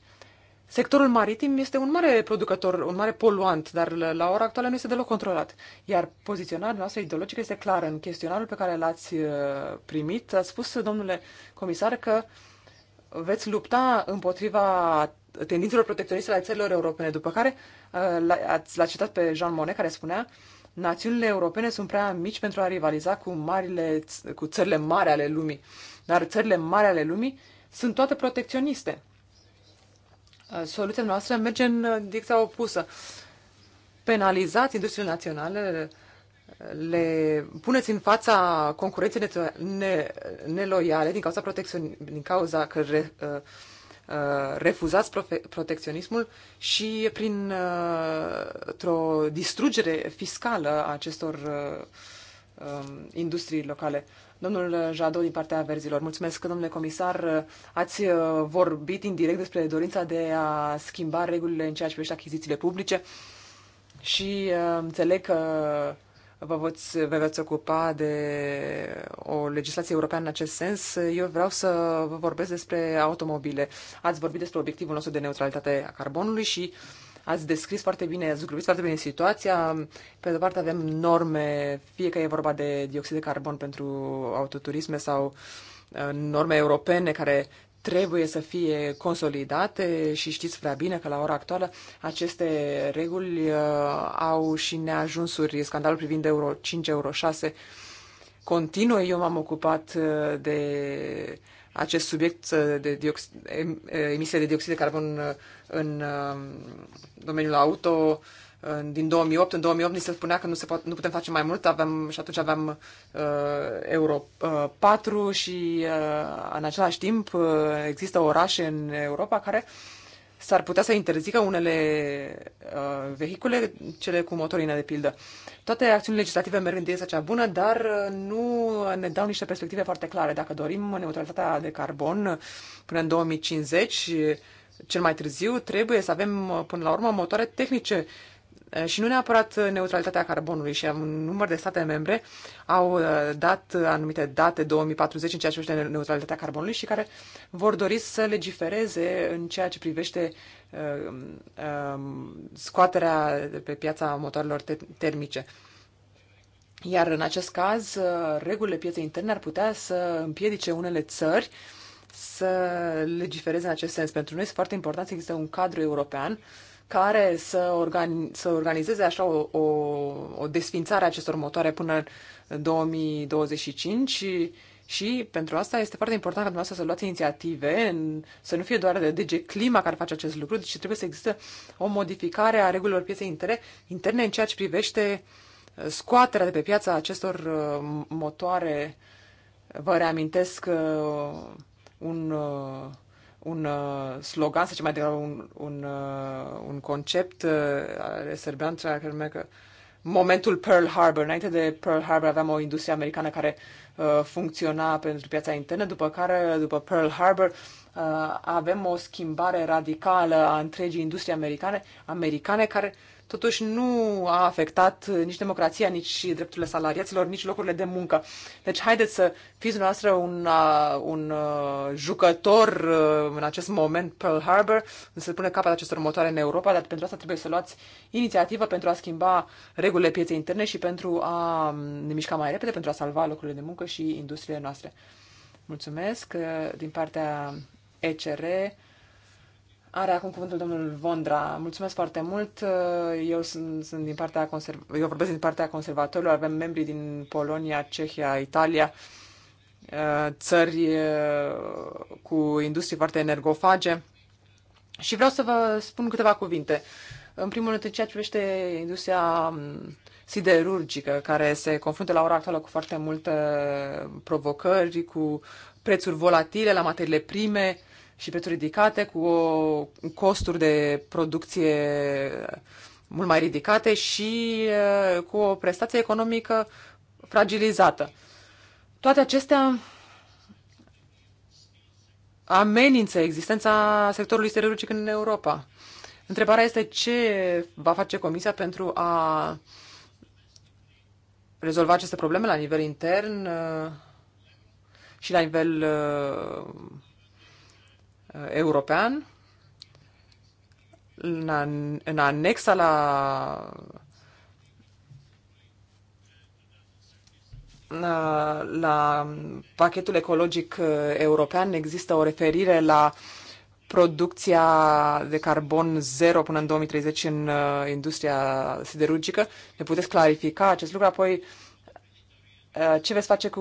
C: Sectorul maritim este un mare producător, un mare poluant, dar la ora actuală nu este deloc controlat. Iar poziționarea noastră ideologică este clară. În chestionarul pe care l-ați uh, primit, a spus, domnule comisar, că veți lupta împotriva tendințelor protecționiste ale țărilor europene, după care uh, ați l-a citat pe Jean Monnet, care spunea națiunile europene sunt prea mici pentru a rivaliza cu, marile, cu țările mari ale lumii. Dar țările mari ale lumii sunt toate protecționiste. Uh, soluția noastră merge în uh, direcția opusă. Penalizați industriile naționale, uh, le puneți în fața concurenței neloiale din cauza, protecțion- din cauza că re, refuzați profe- protecționismul și prin o distrugere fiscală a acestor um, industrii locale. Uh, Domnul Jadot din partea verzilor, mulțumesc, domnule comisar. Ați uh, vorbit indirect despre dorința de a schimba regulile în ceea ce privește achizițiile publice și uh, înțeleg că vă, voți, vă veți ocupa de o legislație europeană în acest sens. Eu vreau să vă vorbesc despre automobile. Ați vorbit despre obiectivul nostru de neutralitate a carbonului și uh, ați descris foarte bine, ați descris foarte bine situația. Pe de parte avem norme, fie că e vorba de dioxid de carbon pentru autoturisme sau uh, norme europene care trebuie să fie consolidate și știți prea bine că la ora actuală aceste reguli uh, au și neajunsuri. Scandalul privind Euro 5, Euro 6 continuă. Eu m-am ocupat uh, de acest subiect uh, de dioxid, uh, emisie de dioxid de carbon uh, în domeniul auto din 2008. În 2008 ni se spunea că nu, se poate, nu putem face mai mult aveam, și atunci aveam uh, Euro uh, 4 și uh, în același timp uh, există orașe în Europa care uh, s-ar putea să interzică unele uh, vehicule, cele cu motorină de pildă. Toate acțiunile legislative merg în direcția cea bună, dar uh, nu ne dau niște perspective foarte clare. Dacă dorim neutralitatea de carbon până în 2050, cel mai târziu, trebuie să avem uh, până la urmă motoare tehnice Eh, și nu neapărat neutralitatea carbonului și un număr de state membre au eh, dat anumite date 2040 în ceea ce privește neutralitatea carbonului și care vor dori să legifereze în ceea ce privește eh, scoaterea pe piața motoarelor termice. Iar în acest caz, regulile pieței interne ar putea să împiedice unele țări să legifereze în acest sens. Pentru noi este foarte important să există un cadru european uh, care să, organi- să organizeze așa o, o, o desfințare a acestor motoare până în 2025 și, și pentru asta este foarte important ca dumneavoastră să luați inițiative, în, să nu fie doar de DG Clima care face acest lucru, deci trebuie să există o modificare a regulilor pieței interne, interne în ceea ce privește uh, scoaterea de pe piața acestor uh, motoare. Vă reamintesc uh, un un uh, slogan, să zicem mai degrabă un, un, uh, un concept uh, al serbean, care numea că momentul Pearl Harbor. Înainte de Pearl Harbor aveam o industrie americană care uh, funcționa pentru piața internă, după care, după Pearl Harbor, uh, avem o schimbare radicală a întregii industrie americane, americane care totuși nu a afectat nici democrația, nici drepturile salariaților, nici locurile de muncă. Deci haideți să fiți noastră un, un jucător în acest moment Pearl Harbor, să se pune capăt acestor motoare în Europa, dar pentru asta trebuie să luați inițiativă pentru a schimba regulile pieței interne și pentru a ne mișca mai repede, pentru a salva locurile de muncă și industriile noastre. Mulțumesc uh, din partea ECR. Are acum cuvântul domnul Vondra. Mulțumesc foarte mult. Eu sunt, sunt din partea conserv- eu vorbesc din partea conservatorilor. Avem membri din Polonia, Cehia, Italia, uh, țări uh, cu industrie foarte energofage. Și vreau să vă spun câteva cuvinte. În primul rând, în ceea ce privește industria um, siderurgică, care se confruntă la ora actuală cu foarte multe provocări, cu prețuri volatile la materiile prime, și prețuri ridicate, cu o, costuri de producție mult mai ridicate și uh, cu o prestație economică fragilizată. Toate acestea amenință existența sectorului siderurgic în Europa. Întrebarea este ce va face Comisia pentru a rezolva aceste probleme la nivel intern uh, și la nivel uh, Uh, european, în, în anexa la, la uh, la pachetul ecologic uh, european există o referire la producția de carbon zero până în 2030 în industria siderurgică. Ne puteți clarifica acest lucru? Apoi Eh, ce veți face cu...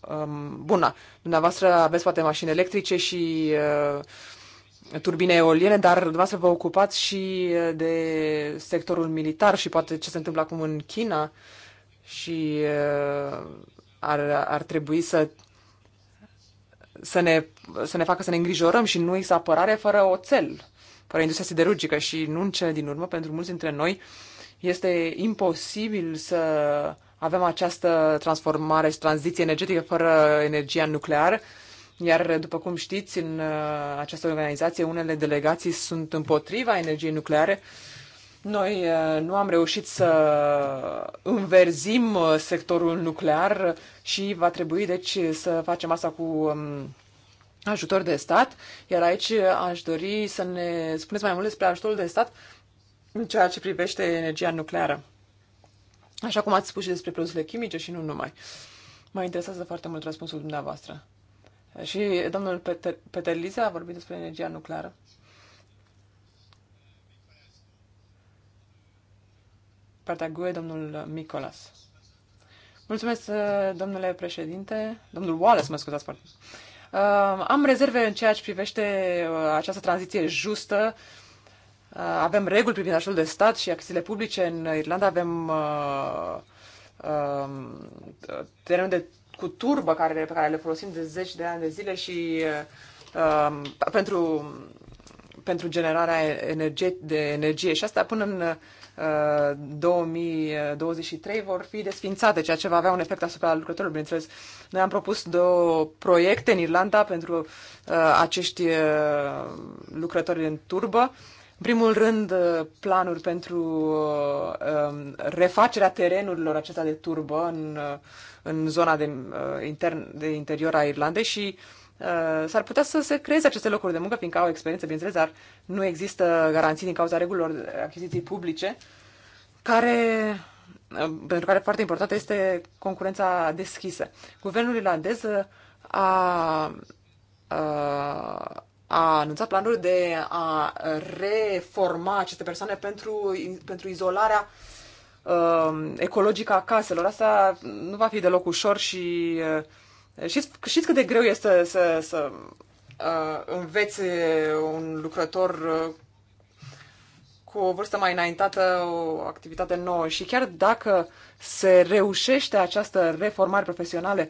C: Um, bună, dumneavoastră aveți poate mașini electrice și uh, turbine eoliene, dar dumneavoastră vă ocupați și eh, de sectorul militar și poate ce se întâmplă acum în China și uh, ar, ar trebui să să ne, să ne facă să ne îngrijorăm și nu există apărare fără oțel, fără industria siderurgică și nu în cele din urmă, pentru mulți dintre noi este imposibil să avem această transformare și tranziție energetică fără energia nucleară. Iar, după cum știți, în uh, această organizație, unele delegații sunt împotriva energiei nucleare. Noi uh, nu am reușit să înverzim uh, sectorul nuclear și va trebui, deci, să facem asta cu um, ajutor de stat. Iar aici aș dori să ne spuneți mai mult despre ajutorul de stat în ceea ce privește energia nucleară. Așa cum ați spus și despre produsele chimice și nu numai. Mă interesează foarte mult răspunsul dumneavoastră. Și domnul Peter, Peter Liza a vorbit despre energia nucleară. Partea GUE, domnul Micolas. Mulțumesc, domnule președinte. Domnul Wallace, mă scuzați foarte. Uh, am rezerve în ceea ce privește uh, această tranziție justă Uh, avem reguli privind ajutorul de stat și acțiile publice. În Irlanda avem uh, uh, terenul de, cu turbă care, pe care le folosim de zeci de ani de zile și uh, um, pentru, pentru generarea energie, de energie. Și asta până în uh, 2023 vor fi desfințate, ceea ce va avea un efect asupra lucrătorilor, bineînțeles. Noi am propus două proiecte în Irlanda pentru uh, acești uh, lucrători în turbă. Uh, în primul rând, uh, planuri pentru uh, um, refacerea terenurilor acestea de turbă în, uh, în zona de, uh, intern, de interior a Irlandei și uh, s-ar putea să se creeze aceste locuri de muncă, fiindcă au experiență, bineînțeles, dar nu există garanții din cauza regulilor achiziții publice, care, uh, pentru care foarte importantă este concurența deschisă. Guvernul irlandez a, a a anunțat planuri de a reforma aceste persoane pentru, pentru izolarea uh, ecologică a caselor. Asta nu va fi deloc ușor și uh, știți, știți cât de greu este să, să uh, înveți un lucrător uh, cu o vârstă mai înaintată o activitate nouă și chiar dacă se reușește această reformare profesională, uh,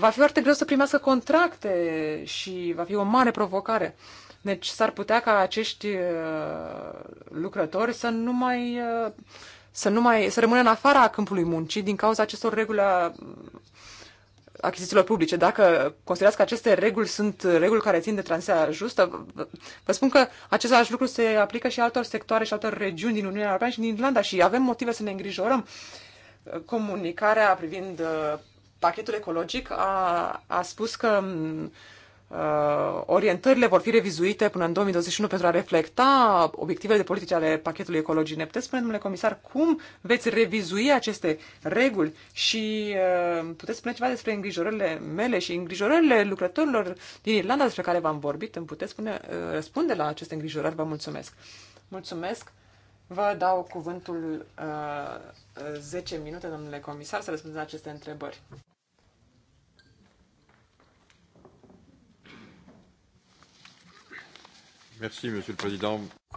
C: va fi foarte greu să primească contracte și va fi o mare provocare. Deci s-ar putea ca acești uh, lucrători să nu mai uh, să nu mai să rămână în afara câmpului muncii din cauza acestor reguli a uh, achizițiilor publice. Dacă considerați că aceste reguli sunt reguli care țin de tranziția justă, vă spun că același lucru se aplică și altor sectoare și altor regiuni din Uniunea Europeană și din Irlanda și avem motive să ne îngrijorăm. Comunicarea privind pachetul ecologic a, a spus că uh, orientările vor fi revizuite până în 2021 pentru a reflecta obiectivele de politice ale pachetului ecologic. Ne puteți spune, domnule comisar, cum veți revizui aceste reguli și uh, puteți spune ceva despre îngrijorările mele și îngrijorările lucrătorilor din Irlanda despre care v-am vorbit? Îmi puteți spune, uh, răspunde la aceste îngrijorări? Vă mulțumesc! Mulțumesc! Vă dau cuvântul uh, 10 minute, domnule comisar, să răspundeți la aceste întrebări.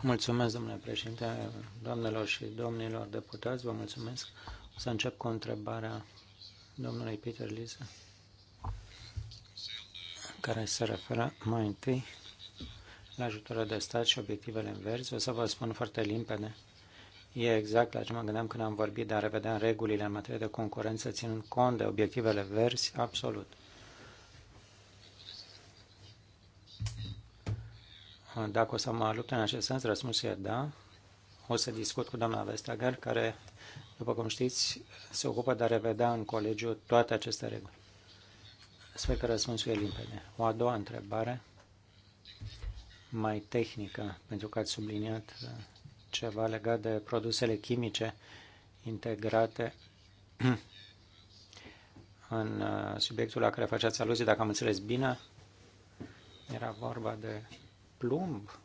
A: Mulțumesc, domnule președinte, doamnelor și domnilor deputați, vă mulțumesc. O să încep cu întrebarea domnului Peter Lise, care se referă mai întâi la ajutorul de stat și obiectivele înverzi. O să vă spun foarte limpede. E exact la ce mă gândeam când am vorbit de a revedea regulile în materie de concurență, ținând cont de obiectivele verzi, absolut. dacă o să mă lupt în acest sens, răspunsul e da. O să discut cu doamna Vestager, care, după cum știți, se ocupă de a revedea în colegiu toate aceste reguli. Sper că răspunsul e limpede. O a doua întrebare, mai tehnică, pentru că ați subliniat uh, ceva legat de produsele chimice integrate în uh, subiectul la care faceați aluzie, dacă am înțeles bine, era vorba de plumb.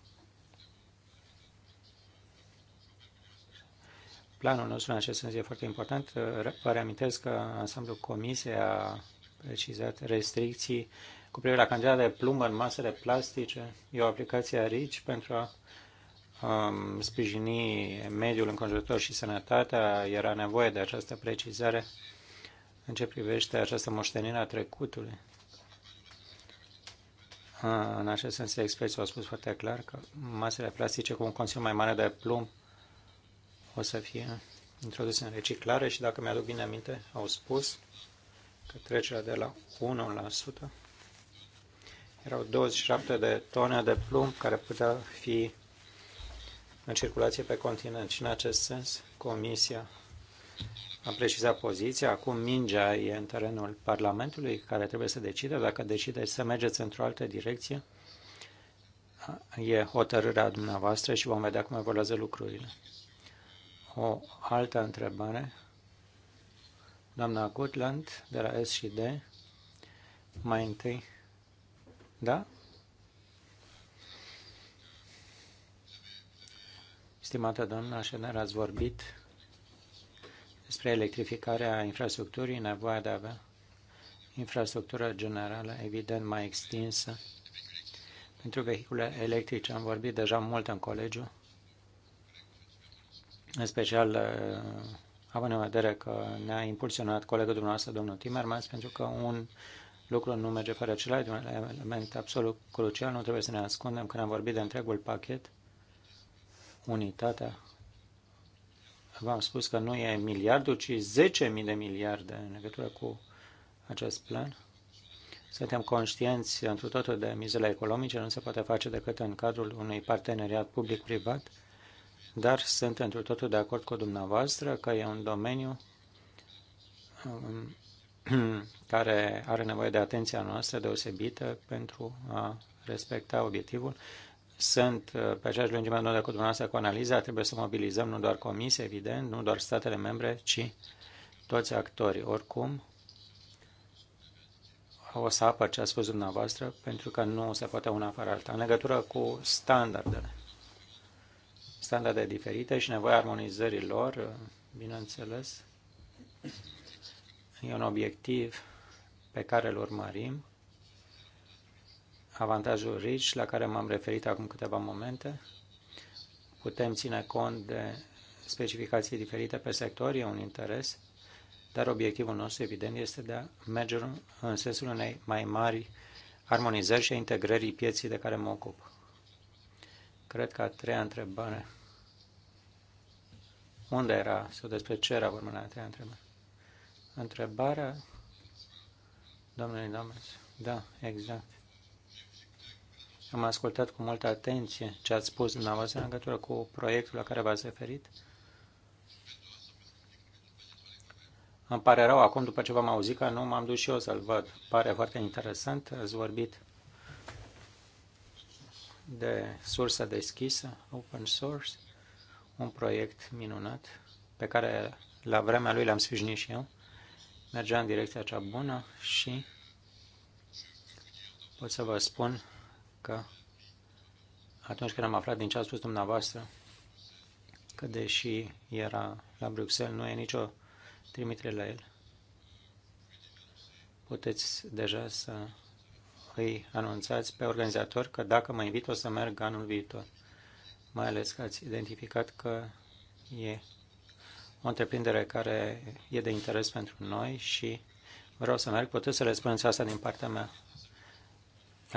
A: Planul nostru în acest sens e foarte important. Vă reamintesc că ansamblul comisiei a precizat restricții cu privire la cantitatea de plumb în masele plastice. E o aplicație a RICI pentru a um, sprijini mediul înconjurător și sănătatea. Era nevoie de această precizare în ce privește această moștenire a trecutului în acest sens experții au spus foarte clar că masele plastice cu un consum mai mare de plumb o să fie introduse în reciclare și dacă mi-aduc bine aminte, au spus că trecerea de la 1% erau 27 de tone de plumb care putea fi în circulație pe continent și în acest sens Comisia am precizat poziția, acum mingea e în terenul Parlamentului care trebuie să decide. Dacă decide să mergeți într-o altă direcție, e hotărârea dumneavoastră și vom vedea cum evoluează lucrurile. O altă întrebare. Doamna Gutland, de la S și D, mai întâi. Da? Stimată doamnă așa ne ați vorbit despre electrificarea infrastructurii, nevoia de a avea infrastructura generală, evident, mai extinsă. Pentru vehicule electrice am vorbit deja mult în colegiu, în special uh, având în vedere că ne-a impulsionat colegul dumneavoastră, domnul Timmermans, pentru că un lucru nu merge fără celălalt, un element absolut crucial, nu trebuie să ne ascundem când am vorbit de întregul pachet, unitatea v-am spus că nu e miliardul, ci 10.000 de miliarde în legătură cu acest plan. Suntem conștienți într totul de mizele economice, nu se poate face decât în cadrul unui parteneriat public-privat, dar sunt într totul de acord cu dumneavoastră că e un domeniu um, care are nevoie de atenția noastră deosebită pentru a respecta obiectivul sunt uh, pe aceeași lungime de undă cu dumneavoastră cu analiza, trebuie să mobilizăm nu doar comisie, evident, nu doar statele membre, ci toți actorii. Oricum, o să apăr ce a spus dumneavoastră, pentru că nu se poate una fără alta. În legătură cu standardele, standarde diferite și nevoia armonizării lor, bineînțeles, e un obiectiv pe care îl urmărim avantajul RICH la care m-am referit acum câteva momente. Putem ține cont de specificații diferite pe sector, e un interes, dar obiectivul nostru, evident, este de a merge în sensul unei mai mari armonizări și a integrării pieții de care mă ocup. Cred că a treia întrebare. Unde era? Sau despre ce era vorba la a treia întrebare? Întrebarea, domnului Dames, da, exact. Am ascultat cu multă atenție ce ați spus dumneavoastră în legătură cu proiectul la care v-ați referit. Îmi pare rău acum, după ce v-am auzit, că nu m-am dus și eu să-l văd. Pare foarte interesant. Ați vorbit de sursă deschisă, open source, un proiect minunat pe care la vremea lui l-am sprijinit și eu. Mergea în direcția cea bună și pot să vă spun că atunci când am aflat din ce a spus dumneavoastră, că deși era la Bruxelles, nu e nicio trimitere la el, puteți deja să îi anunțați pe organizator că dacă mă invit o să merg anul viitor. Mai ales că ați identificat că e o întreprindere care e de interes pentru noi și vreau să merg. Puteți să răspundeți asta din partea mea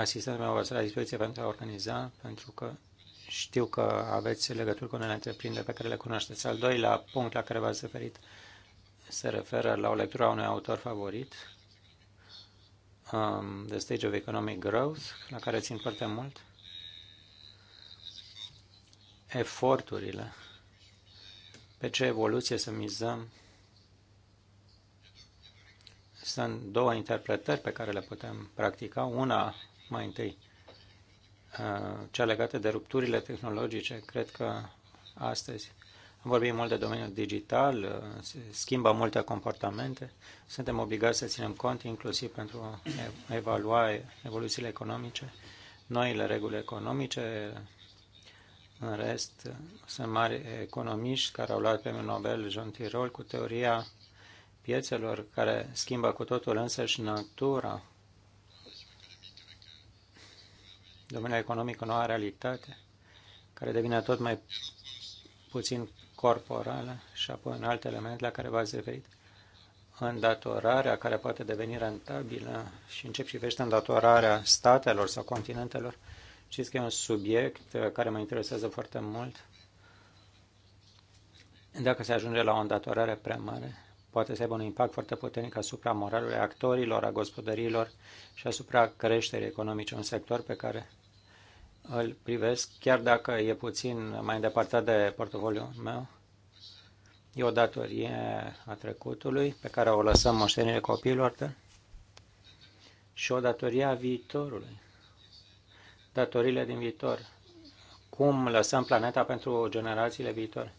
A: asistența dumneavoastră la dispoziție pentru a organiza, pentru că știu că aveți legături cu unele întreprinderi pe care le cunoașteți. Al doilea punct la care v-ați referit se referă la o lectură a unui autor favorit, um, The Stage of Economic Growth, la care țin foarte mult. Eforturile. Pe ce evoluție să mizăm? Sunt două interpretări pe care le putem practica. Una mai întâi, cea legată de rupturile tehnologice, cred că astăzi am vorbit mult de domeniul digital, se schimbă multe comportamente, suntem obligați să ținem cont inclusiv pentru a evalua evoluțiile economice, noile reguli economice, în rest, sunt mari economiști care au luat premiul Nobel John Tirol cu teoria piețelor care schimbă cu totul însăși natura domeniul economic o nouă realitate care devine tot mai puțin corporală și apoi în alte elemente la care v-ați referit, îndatorarea care poate deveni rentabilă și încep și vește îndatorarea statelor sau continentelor. Știți că e un subiect uh, care mă interesează foarte mult. Dacă se ajunge la o îndatorare prea mare, poate să aibă un impact foarte puternic asupra moralului actorilor, a gospodărilor și asupra creșterii economice, un sector pe care îl privesc, chiar dacă e puțin mai îndepărtat de portofoliul meu. E o datorie a trecutului pe care o lăsăm moștenire copiilor tăi da? și o datorie a viitorului. Datorile din viitor. Cum lăsăm planeta pentru generațiile viitoare?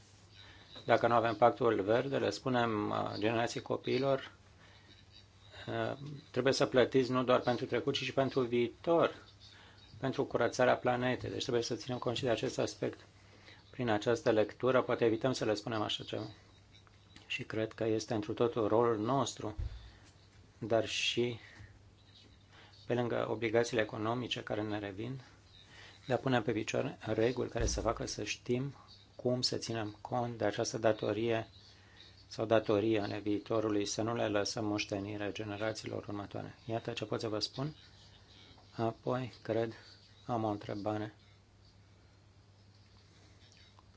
A: Dacă nu avem pactul verde, le spunem uh, generații copiilor, uh, trebuie să plătiți nu doar pentru trecut, ci și pentru viitor pentru curățarea planetei. Deci trebuie să ținem cont și de acest aspect. Prin această lectură poate evităm să le spunem așa ceva. Și cred că este întru totul rolul nostru, dar și pe lângă obligațiile economice care ne revin, de a pune pe picioare reguli care să facă să știm cum să ținem cont de această datorie sau datorie ale viitorului, să nu le lăsăm moștenire generațiilor următoare. Iată ce pot să vă spun. Apoi, cred am o întrebare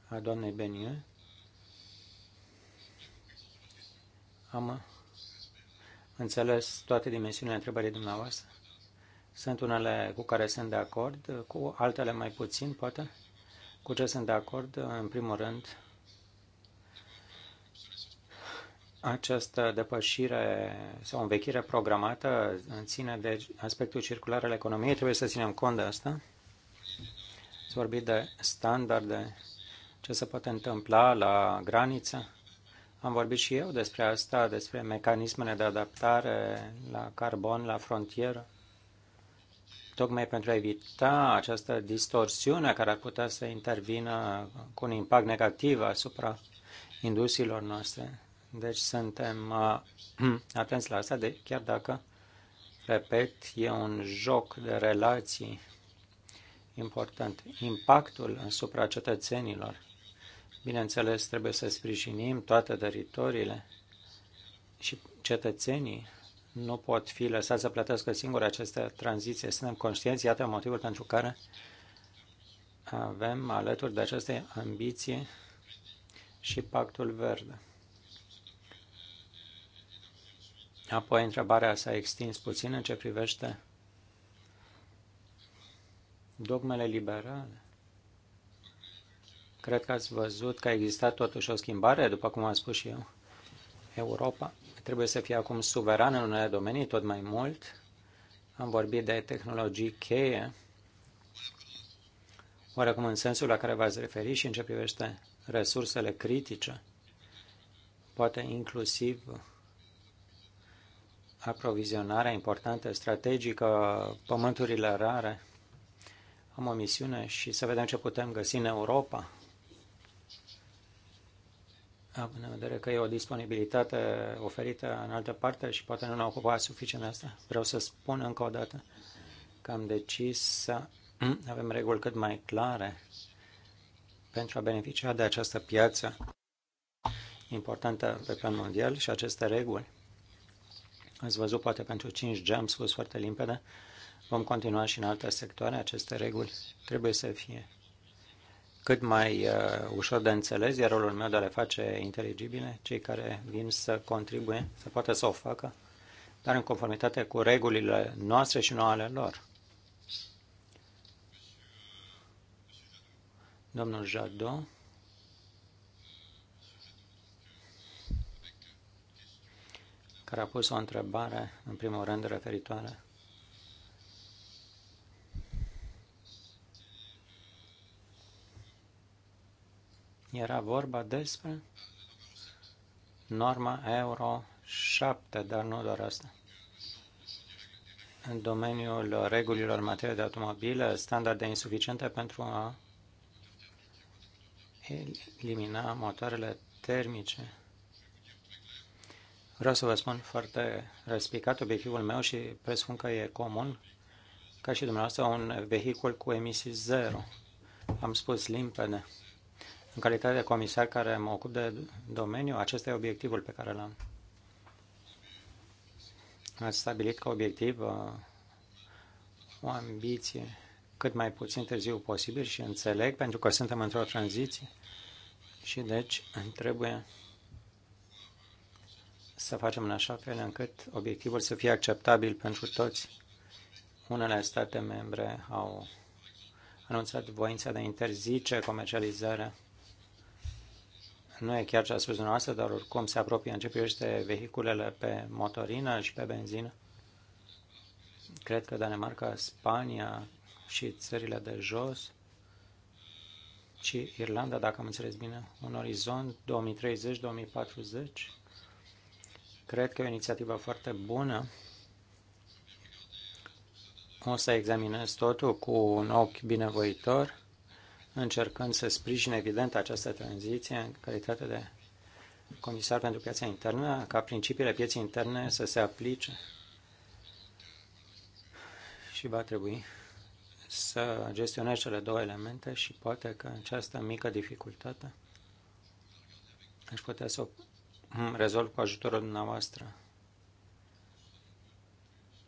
A: a doamnei Benie. Am înțeles toate dimensiunile întrebării dumneavoastră. Sunt unele cu care sunt de acord, cu altele mai puțin, poate. Cu ce sunt de acord, în primul rând, Această depășire sau învechire programată în ține de aspectul circular al economiei. Trebuie să ținem cont de asta. Ați vorbit de standarde, ce se poate întâmpla la graniță. Am vorbit și eu despre asta, despre mecanismele de adaptare la carbon, la frontieră, tocmai pentru a evita această distorsiune care ar putea să intervină cu un impact negativ asupra industriilor noastre. Deci suntem uh, atenți la asta, de, chiar dacă, repet, e un joc de relații important. Impactul asupra cetățenilor. Bineînțeles, trebuie să sprijinim toate teritoriile și cetățenii nu pot fi lăsați să plătească singuri aceste tranziție. Suntem conștienți, iată motivul pentru care avem alături de această ambiție și pactul verde. Apoi întrebarea s-a extins puțin în ce privește dogmele liberale. Cred că ați văzut că a existat totuși o schimbare, după cum am spus și eu. Europa trebuie să fie acum suverană în unele domenii tot mai mult. Am vorbit de tehnologii cheie, oarecum în sensul la care v-ați referit și în ce privește resursele critice, poate inclusiv aprovizionarea importantă, strategică, pământurile rare. Am o misiune și să vedem ce putem găsi în Europa. Având în vedere că e o disponibilitate oferită în altă parte și poate nu ne ocupa suficient de asta, vreau să spun încă o dată că am decis să avem reguli cât mai clare pentru a beneficia de această piață importantă pe plan mondial și aceste reguli Ați văzut, poate pentru 5G am spus foarte limpede, vom continua și în alte sectoare. Aceste reguli trebuie să fie cât mai uh, ușor de înțeles, iar rolul meu de a le face inteligibile, cei care vin să contribuie, să poată să o facă, dar în conformitate cu regulile noastre și nu ale lor. Domnul Jadot. care a pus o întrebare, în primul rând, referitoare era vorba despre norma Euro 7, dar nu doar asta. În domeniul regulilor în materie de automobile, standarde insuficiente pentru a elimina motoarele termice Vreau să vă spun foarte răspicat obiectivul meu și presupun că e comun, ca și dumneavoastră, un vehicul cu emisii zero. Am spus limpede. În calitate de comisar care mă ocup de domeniu, acesta e obiectivul pe care l-am. Ați stabilit ca obiectiv uh, o ambiție cât mai puțin târziu posibil și înțeleg pentru că suntem într-o tranziție și deci trebuie să facem în așa fel încât obiectivul să fie acceptabil pentru toți. Unele state membre au anunțat voința de a interzice comercializarea. Nu e chiar ce a spus dumneavoastră, dar oricum se apropie în ce privește vehiculele pe motorină și pe benzină. Cred că Danemarca, Spania și țările de jos și Irlanda, dacă am înțeles bine, un orizont 2030-2040 Cred că e o inițiativă foarte bună. O să examinez totul cu un ochi binevoitor, încercând să sprijin evident această tranziție în calitate de comisar pentru piața internă, ca principiile pieței interne să se aplice și va trebui să gestionez cele două elemente și poate că această mică dificultate aș putea să o Mhm, rezolv cu ajutorul dumneavoastră.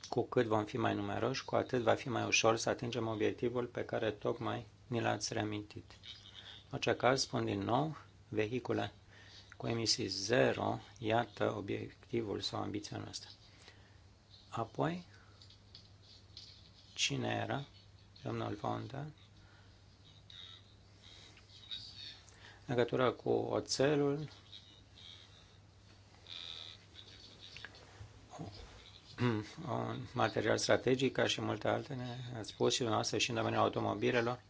A: Cu cât vom fi mai numeroși, cu atât va fi mai ușor să atingem obiectivul pe care tocmai ni l-ați reamintit. În orice caz, spun din nou, vehicule cu emisii zero, iată obiectivul sau ambiția noastră. Apoi, cine era domnul fonda, În cu oțelul, Mm. un material strategic, ca și multe altele, ați spus și dumneavoastră și în domeniul automobilelor.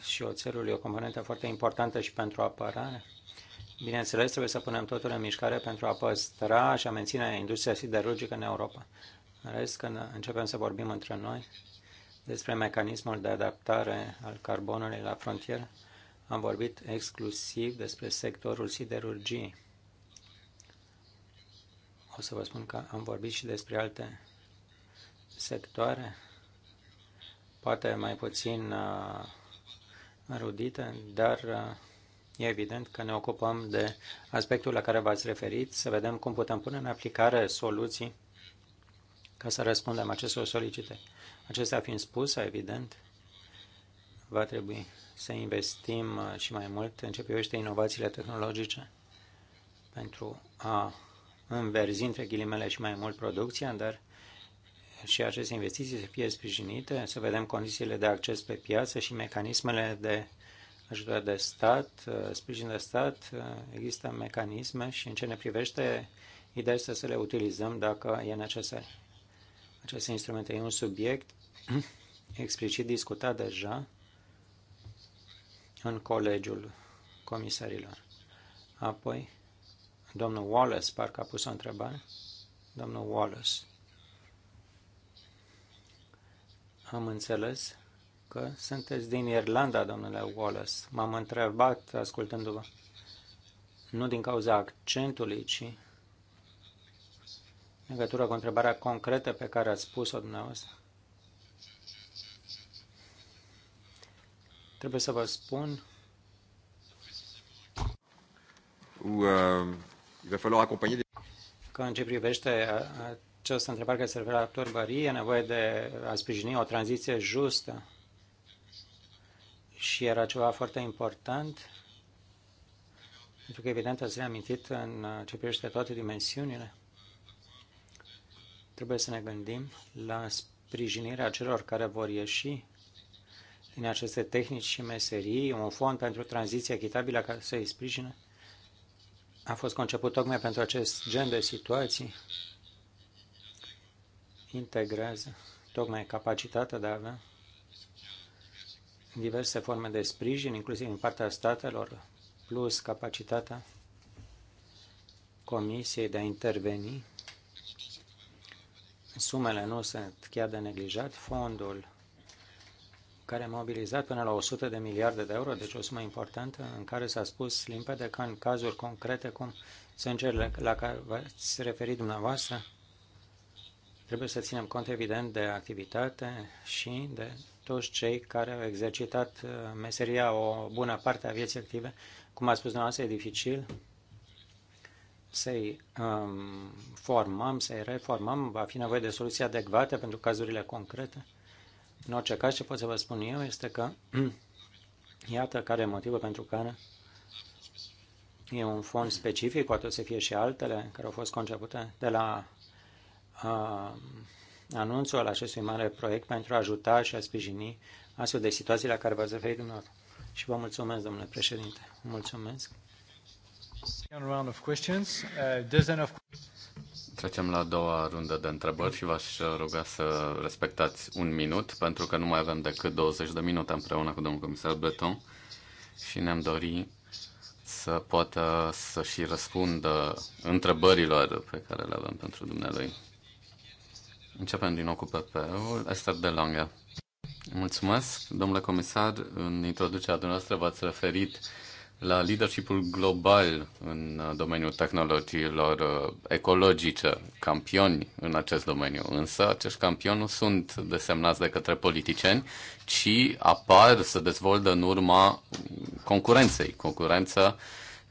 A: Și oțelul e o componentă foarte importantă și pentru apărare. Bineînțeles, trebuie să punem totul în mișcare pentru a păstra și a menține industria siderurgică în Europa. În rest, când începem să vorbim între noi despre mecanismul de adaptare al carbonului la frontieră, am vorbit exclusiv despre sectorul siderurgiei o să vă spun că am vorbit și despre alte sectoare, poate mai puțin erudite, uh, dar uh, e evident că ne ocupăm de aspectul la care v-ați referit, să vedem cum putem pune în aplicare soluții ca să răspundem acestor solicitări. Acestea fiind spuse, evident, va trebui să investim uh, și mai mult în ce privește inovațiile tehnologice pentru a înverzi între ghilimele și mai mult producția, dar și aceste investiții să fie sprijinite, să vedem condițiile de acces pe piață și mecanismele de ajutor de stat, sprijin de stat, există mecanisme și în ce ne privește, ideea este să le utilizăm dacă e necesar. Aceste instrumente e un subiect explicit discutat deja în colegiul comisarilor. Apoi, Domnul Wallace, parcă a pus o întrebare. Domnul Wallace. Am înțeles că sunteți din Irlanda, domnule Wallace. M-am întrebat ascultându-vă. Nu din cauza accentului, ci în legătură cu întrebarea concretă pe care ați spus-o dumneavoastră. Trebuie să vă spun.
C: Ou, uh, Il va falloir accompagner des...
A: Că în ce privește această întrebare care se referă la turbărie, e nevoie de a sprijini o tranziție justă. Și era ceva foarte important, pentru că evident ați reamintit în ce privește toate dimensiunile. Trebuie să ne gândim la sprijinirea celor care vor ieși din aceste tehnici și meserii, un fond pentru tranziție echitabilă ca să îi sprijine a fost conceput tocmai pentru acest gen de situații, integrează tocmai capacitatea de a avea diverse forme de sprijin, inclusiv din partea statelor, plus capacitatea Comisiei de a interveni. Sumele nu sunt chiar de neglijat, fondul care a mobilizat până la 100 de miliarde de euro, deci o sumă importantă, în care s-a spus limpede că în cazuri concrete, cum sângerile la care v-ați referit dumneavoastră, trebuie să ținem cont, evident, de activitate și de toți cei care au exercitat uh, meseria o bună parte a vieții active. Cum a spus dumneavoastră, e dificil să-i um, formăm, să-i reformăm, va fi nevoie de soluții adecvate pentru cazurile concrete. În orice caz, ce pot să vă spun eu este că iată care e motivul pentru care e un fond specific, poate să fie și altele care au fost concepute de la a, anunțul al acestui mare proiect pentru a ajuta și a sprijini astfel de situații la care v-ați referit dumneavoastră. Și vă mulțumesc, domnule președinte. Mulțumesc. Uh,
B: Trecem la a doua rundă de întrebări și v-aș ruga să respectați un minut, pentru că nu mai avem decât 20 de minute împreună cu domnul comisar Breton și ne-am dori să poată să și răspundă întrebărilor pe care le avem pentru dumnealui. Începem din nou cu PP-ul. Esther de Lange. Mulțumesc, domnule comisar. În introducerea dumneavoastră v-ați referit la leadershipul global în uh, domeniul tehnologiilor uh, ecologice, campioni în acest domeniu. Însă acești campioni nu sunt desemnați de către politicieni, ci apar, să dezvoltă în urma concurenței. concurența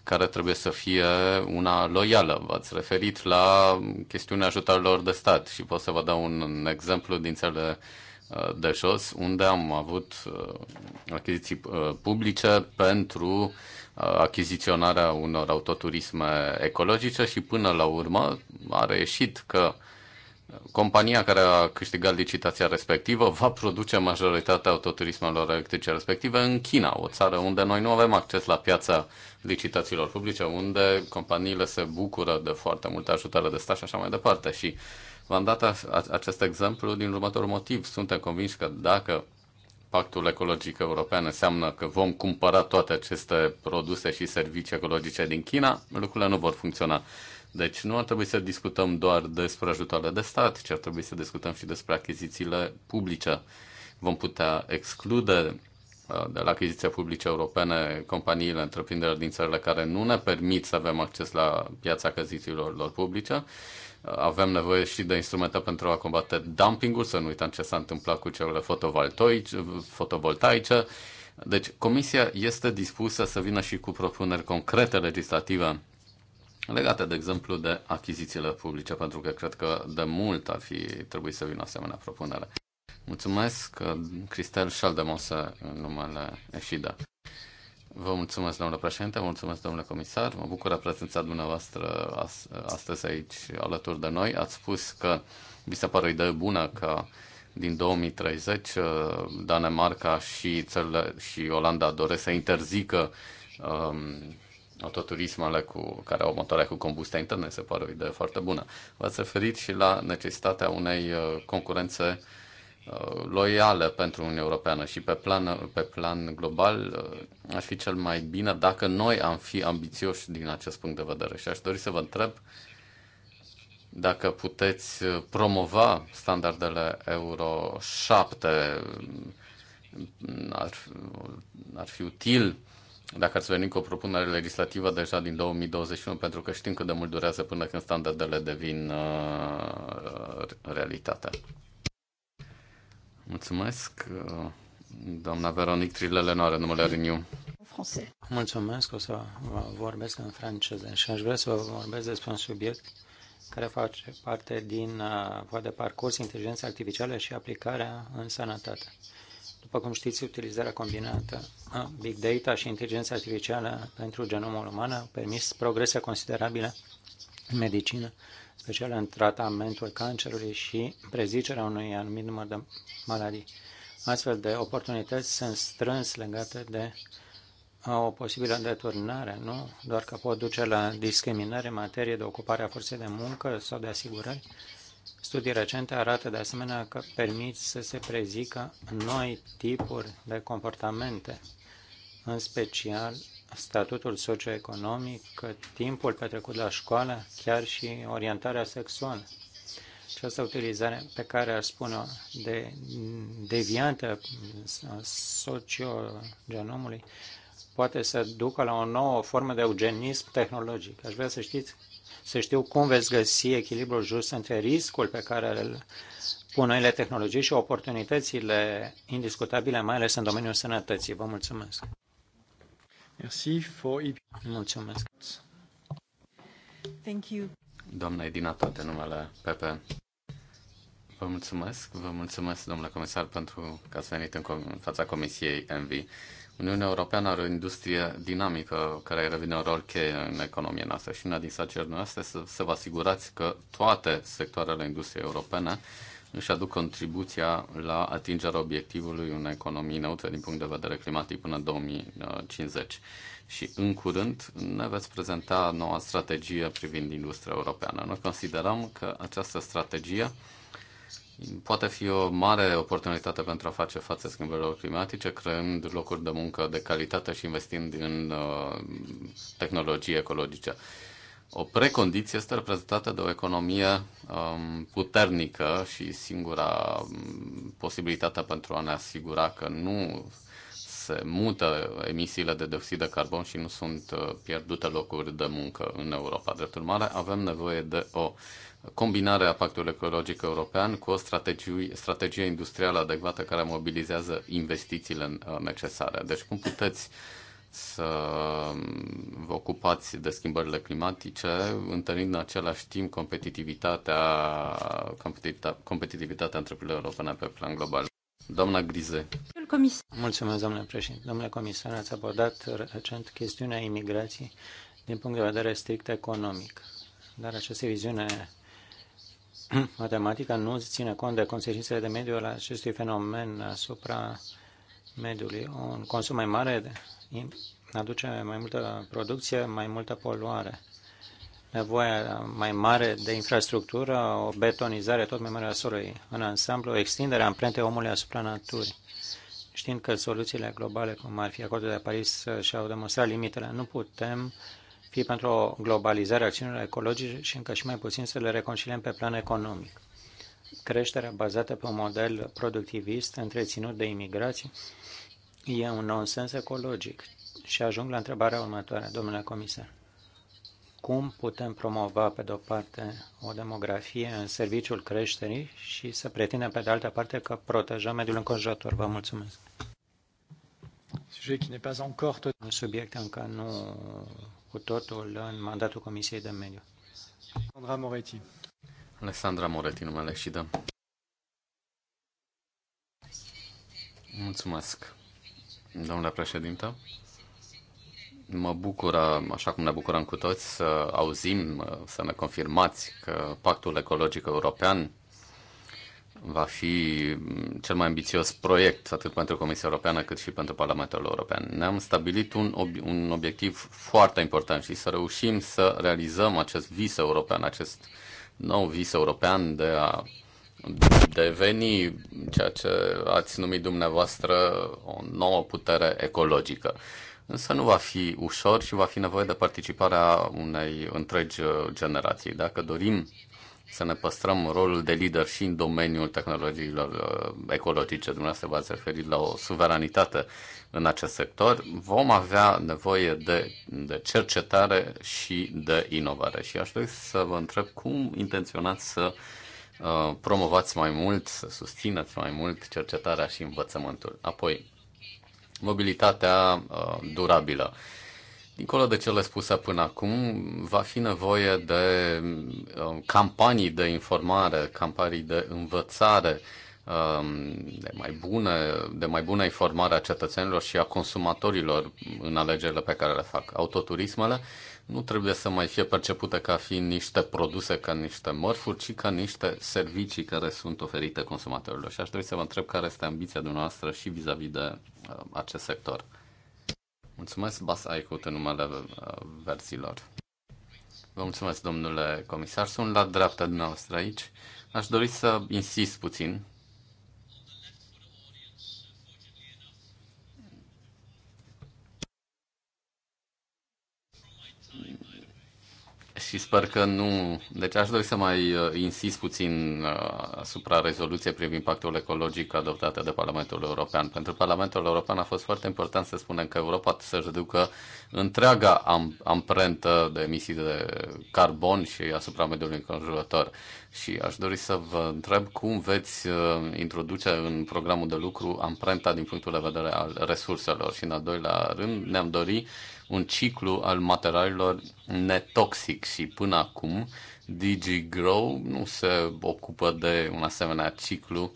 B: care trebuie să fie una loială. V-ați referit la chestiunea ajutorilor de stat și pot să vă dau un exemplu din țările uh, de jos, unde am avut achiziții publice pentru achiziționarea unor autoturisme ecologice și până la urmă a reieșit că compania care a câștigat licitația respectivă va produce majoritatea autoturismelor electrice respective în China, o țară unde noi nu avem acces la piața licitațiilor publice, unde companiile se bucură de foarte multe ajutoare de stat și așa mai departe. Și v-am dat acest exemplu din următorul motiv. Suntem convinși că dacă pactul ecologic european înseamnă că vom cumpăra toate aceste produse și servicii ecologice din China, lucrurile nu vor funcționa. Deci nu ar trebui să discutăm doar despre ajutoare de stat, ci ar trebui să discutăm și despre achizițiile publice. Vom putea exclude uh, de la achiziția publice europene companiile, întreprinderile din țările care nu ne permit să avem acces la piața achizițiilor lor publice avem nevoie și de instrumente pentru a combate dumpingul, să nu uităm ce s-a întâmplat cu celule fotovoltaice. Deci Comisia este dispusă să vină și cu propuneri concrete legislative legate, de exemplu, de achizițiile publice, pentru că cred că de mult ar fi trebuit să vină asemenea propunere. Mulțumesc, Cristel Șaldemose, în numele Eșida. Vă mulțumesc, domnule președinte, vă mulțumesc, domnule comisar. Mă bucură prezența dumneavoastră astăzi aici alături de noi. Ați spus că vi se pare o idee bună că din 2030 uh, Danemarca și, țările, și Olanda doresc să interzică um, autoturismele cu, care au motoare cu combustie internă, se pare o idee foarte bună. V-ați referit și la necesitatea unei uh, concurențe Uh, loială pentru Uniunea Europeană și pe plan, pe plan global uh, aș fi cel mai bine dacă noi am fi ambițioși din acest punct de vedere. Și aș dori să vă întreb dacă puteți uh, promova standardele Euro 7, ar, ar fi util dacă ați venit cu o propunere legislativă deja din 2021, pentru că știm cât de mult durează până când standardele devin uh, realitatea. Mulțumesc. Uh, doamna Veronique Trilele nu are numele Renew.
A: Mulțumesc, o să vă vorbesc în franceză și aș vrea să vă vorbesc despre un subiect care face parte din uh, poate, de parcurs, inteligența artificială și aplicarea în sănătate. După cum știți, utilizarea combinată a Big Data și inteligența artificială pentru genomul uman a permis progrese considerabile în medicină special în tratamentul cancerului și prezicerea unui anumit număr de maladii. Astfel de oportunități sunt strâns legate de o posibilă deturnare, nu doar că pot duce la discriminare în materie de ocupare a forței de muncă sau de asigurări. Studii recente arată de asemenea că permit să se prezică noi tipuri de comportamente, în special statutul socioeconomic, timpul petrecut la școală, chiar și orientarea sexuală. Această utilizare pe care ar spune de deviantă sociogenomului poate să ducă la o nouă formă de eugenism tehnologic. Aș vrea să știți, să știu cum veți găsi echilibrul just între riscul pe care îl pun noile tehnologii și oportunitățile indiscutabile, mai ales în domeniul sănătății. Vă mulțumesc!
B: Merci for Mulțumesc. Thank you. Doamna Edina, toate numele Pepe. Vă mulțumesc, vă mulțumesc, domnule comisar, pentru că ați venit în, com- în fața Comisiei ENVI. Uniunea Europeană are o industrie dinamică care revine un rol cheie în economia noastră și una din sacerile noastre să, să vă asigurați că toate sectoarele industriei europene își aduc contribuția la atingerea obiectivului unei economii neutre din punct de vedere climatic până 2050. Și în curând ne veți prezenta noua strategie privind industria europeană. Noi considerăm că această strategie poate fi o mare oportunitate pentru a face față schimbărilor climatice, creând locuri de muncă de calitate și investind în uh, tehnologii ecologice o precondiție este reprezentată de o economie um, puternică și singura um, posibilitate pentru a ne asigura că nu se mută emisiile de dioxid de carbon și nu sunt uh, pierdute locuri de muncă în Europa. Drept urmare, avem nevoie de o combinare a pactului ecologic european cu o strategie, strategie industrială adecvată care mobilizează investițiile uh, necesare. Deci cum puteți să vă ocupați de schimbările climatice, întâlnind în același timp competitivitatea, competitivitatea, competitivitatea întreprinderilor europene pe plan global. Doamna Grize.
A: Mulțumesc, domnule președinte. Domnule comisar, ați abordat recent chestiunea imigrației din punct de vedere strict economic. Dar această viziune matematică nu ține cont de consecințele de mediu al acestui fenomen asupra mediului. Un consum mai mare aduce mai multă producție, mai multă poluare. Nevoia mai mare de infrastructură, o betonizare tot mai mare a solului în ansamblu, o extindere a amprentei omului asupra naturii. Știind că soluțiile globale, cum ar fi acordul de Paris, și-au demonstrat limitele, nu putem fi pentru o globalizare a acțiunilor ecologice și încă și mai puțin să le reconciliem pe plan economic. Creșterea bazată pe un model productivist întreținut de imigrații E un nonsens ecologic. Și ajung la întrebarea următoare, domnule comisar. Cum putem promova, pe de-o parte, o demografie în serviciul creșterii și să pretindem, pe de altă parte, că protejăm mediul înconjurător? Vă mulțumesc. Un subiect încă nu cu totul în mandatul Comisiei de Mediu. Alexandra Moretti.
B: Alexandra Moretti, numele și dăm. Mulțumesc. Domnule președinte, mă bucură, așa cum ne bucurăm cu toți, să auzim, să ne confirmați că Pactul Ecologic European va fi cel mai ambițios proiect, atât pentru Comisia Europeană cât și pentru Parlamentul European. Ne-am stabilit un, ob- un obiectiv foarte important și să reușim să realizăm acest vis european, acest nou vis european de a deveni ceea ce ați numit dumneavoastră o nouă putere ecologică. Însă nu va fi ușor și va fi nevoie de participarea unei întregi generații. Dacă dorim să ne păstrăm rolul de lider și în domeniul tehnologiilor uh, ecologice, dumneavoastră v-ați referit la o suveranitate în acest sector, vom avea nevoie de, de cercetare și de inovare. Și aș dori să vă întreb cum intenționați să uh, Uh, promovați mai mult, să susțineți mai mult cercetarea și învățământul. Apoi, mobilitatea uh, durabilă. Dincolo de cele spuse până acum, va fi nevoie de uh, campanii de informare, campanii de învățare, um, de mai, bune, de mai bună informare a cetățenilor și a consumatorilor în alegerile pe care le fac. Autoturismele nu trebuie să mai fie percepută ca fiind niște produse, ca niște mărfuri, ci ca niște servicii care sunt oferite consumatorilor. Și aș dori să vă întreb care este ambiția dumneavoastră și vis-a-vis -vis de uh, acest sector. Mulțumesc, Bas Aicut, în numele uh, versilor. Vă mulțumesc, domnule comisar. Sunt la dreapta dumneavoastră aici. Aș dori să insist puțin și sper că nu... Deci aș dori să mai uh, insist puțin uh, asupra rezoluției privind impactul ecologic adoptată de Parlamentul European. Pentru Parlamentul European a fost foarte important să spunem că Europa să-și reducă întreaga am, amprentă de emisii de carbon și asupra mediului înconjurător. Și aș dori să vă întreb cum veți uh, introduce în programul de lucru amprenta din punctul de vedere al resurselor. Și în al doilea rând ne-am dorit un ciclu al materialelor netoxic și până acum DigiGrow nu se ocupă de un asemenea ciclu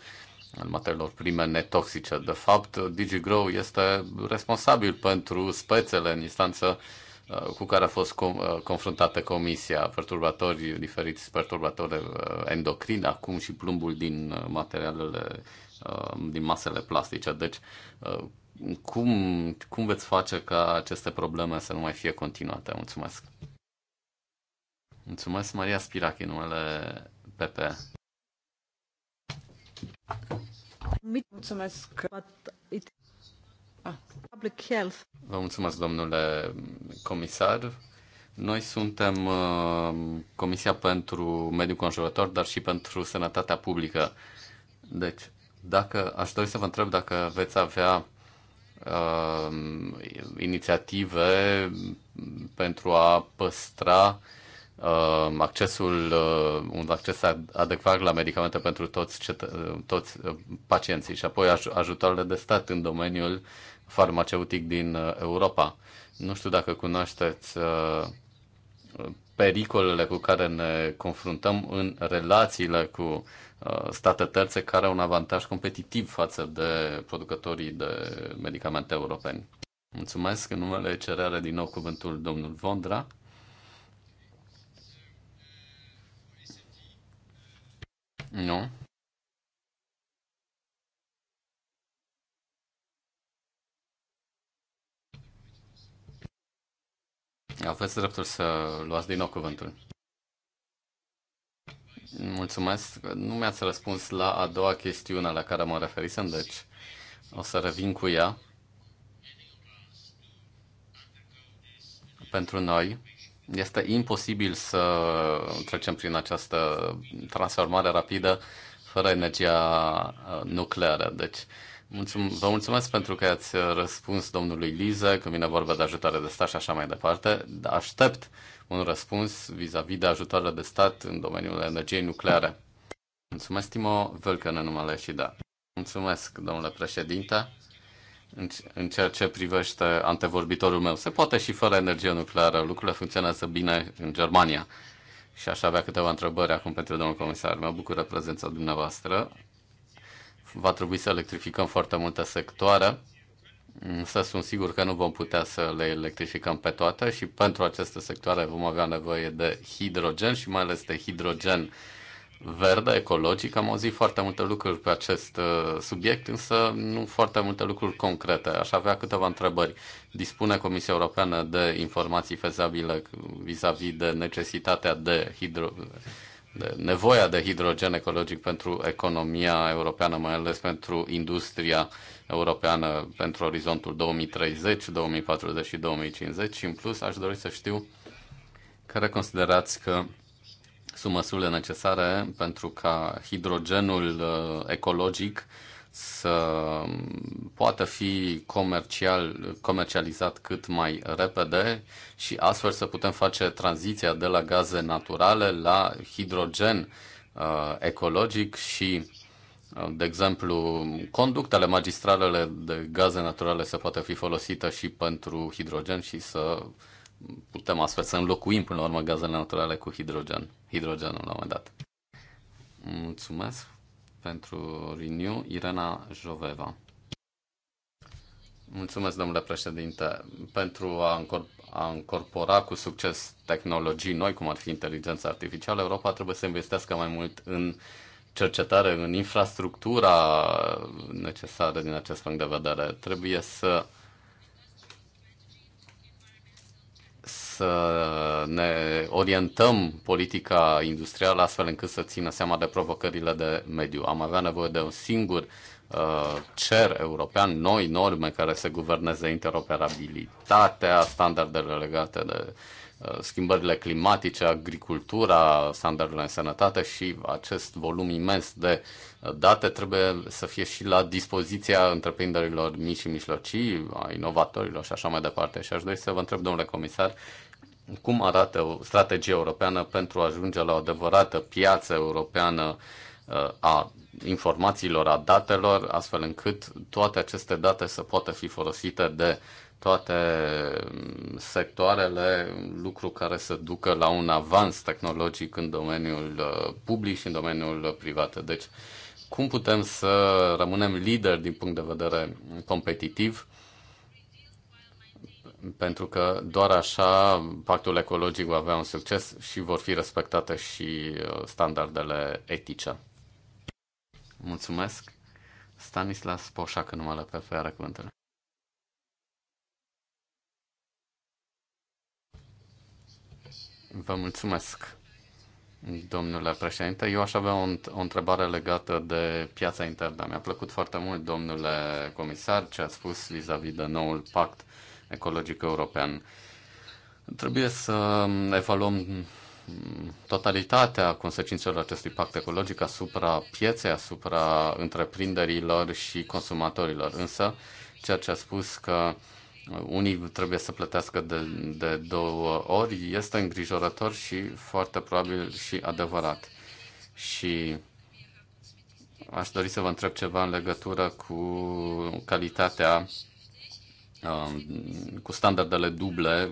B: al materialelor prime netoxice. De fapt, DigiGrow este responsabil pentru spețele în instanță Uh, cu care a fost uh, confruntată comisia, perturbatori diferiți, perturbatori uh, endocrin, acum și plumbul din materialele, din masele plastice. Deci, cum, cum veți face ca aceste probleme să nu mai fie continuate? Mulțumesc! Mulțumesc, Maria Spirachi, numele PP.
C: Mulțumesc! Public health.
B: Vă mulțumesc, domnule comisar. Noi suntem uh, Comisia pentru Mediul Conjurător, dar și pentru Sănătatea Publică. Deci, dacă aș dori să vă întreb dacă veți avea uh, inițiative pentru a păstra uh, accesul, uh, un acces adecvat la medicamente pentru toți, cet- toți uh, pacienții și apoi aj- ajutoarele de stat în domeniul farmaceutic din uh, Europa. Nu știu dacă cunoașteți uh, pericolele cu care ne confruntăm în relațiile cu uh, state terțe care au un avantaj competitiv față de producătorii de medicamente europeni. Mulțumesc. În numele cerere din nou cuvântul domnul Vondra. Nu. Aveți dreptul să luați din nou cuvântul. Mulțumesc. Nu mi-ați răspuns la a doua chestiune la care mă referisem, deci o să revin cu ea. Pentru noi este imposibil să trecem prin această transformare rapidă fără energia uh, nucleară. Deci, uh, Mulțum- vă mulțumesc pentru că ați uh, răspuns domnului Liză, când vine vorba de ajutare de stat și așa mai departe. Da, aștept un răspuns vis-a-vis -vis de ajutoare de stat în domeniul energiei nucleare. Mulțumesc, Timo Vălcăne, numele și da. Mulțumesc, domnule președinte. În, în ceea ce privește antevorbitorul meu, se poate și fără energie nucleară. Lucrurile funcționează bine în Germania. Și aș avea câteva întrebări acum pentru domnul comisar. Mă bucură prezența dumneavoastră va trebui să electrificăm foarte multe sectoare, însă sunt sigur că nu vom putea să le electrificăm pe toate și pentru aceste sectoare vom avea nevoie de hidrogen și mai ales de hidrogen verde, ecologic. Am auzit foarte multe lucruri pe acest uh, subiect, însă nu foarte multe lucruri concrete. Aș avea câteva întrebări. Dispune Comisia Europeană de informații fezabile vis-a-vis -vis de necesitatea de hidro de nevoia de hidrogen ecologic pentru economia europeană, mai ales pentru industria europeană pentru orizontul 2030, 2040 și 2050 și în plus aș dori să știu care considerați că sunt măsurile necesare pentru ca hidrogenul uh, ecologic să poată fi comercial, comercializat cât mai repede și astfel să putem face tranziția de la gaze naturale la hidrogen uh, ecologic și uh, de exemplu, conductele, magistralele de gaze naturale să poată fi folosită și pentru hidrogen și să putem astfel să înlocuim până la urmă gazele naturale cu hidrogen, hidrogenul la un moment dat. Mulțumesc! pentru Renew, Irena Joveva. Mulțumesc, domnule președinte, pentru a, încorp- a încorpora cu succes tehnologii noi, cum ar fi inteligența artificială. Europa trebuie să investească mai mult în cercetare, în infrastructura necesară din acest punct de vedere. Trebuie să să ne orientăm politica industrială astfel încât să țină seama de provocările de mediu. Am avea nevoie de un singur uh, cer european, noi norme care să guverneze interoperabilitatea, standardele legate de uh, schimbările climatice, agricultura, standardele în sănătate și acest volum imens de uh, date trebuie să fie și la dispoziția întreprinderilor mici și mijlocii, a inovatorilor și așa mai departe. Și aș dori să vă întreb, domnule comisar, cum arată o strategie europeană pentru a ajunge la o adevărată piață europeană uh, a informațiilor, a datelor, astfel încât toate aceste date să poată fi folosite de toate mm, sectoarele, lucru care să ducă la un avans tehnologic în domeniul uh, public și în domeniul privat. Deci, cum putem să rămânem lideri din punct de vedere competitiv pentru că doar așa pactul ecologic va avea un succes și vor fi respectate și uh, standardele etice. Mulțumesc. Stanislas Poșac, în numele pe are cuvântul. Vă mulțumesc, domnule președinte. Eu aș avea o, o întrebare legată de piața internă. Mi-a plăcut foarte mult, domnule comisar, ce a spus vis-a-vis -vis de noul pact ecologic european. Trebuie să evaluăm totalitatea consecințelor acestui pact ecologic asupra pieței, asupra întreprinderilor și consumatorilor. Însă, ceea ce a spus că unii trebuie să plătească de, de două ori este îngrijorător și foarte probabil și adevărat. Și aș dori să vă întreb ceva în legătură cu calitatea Um, cu standardele duble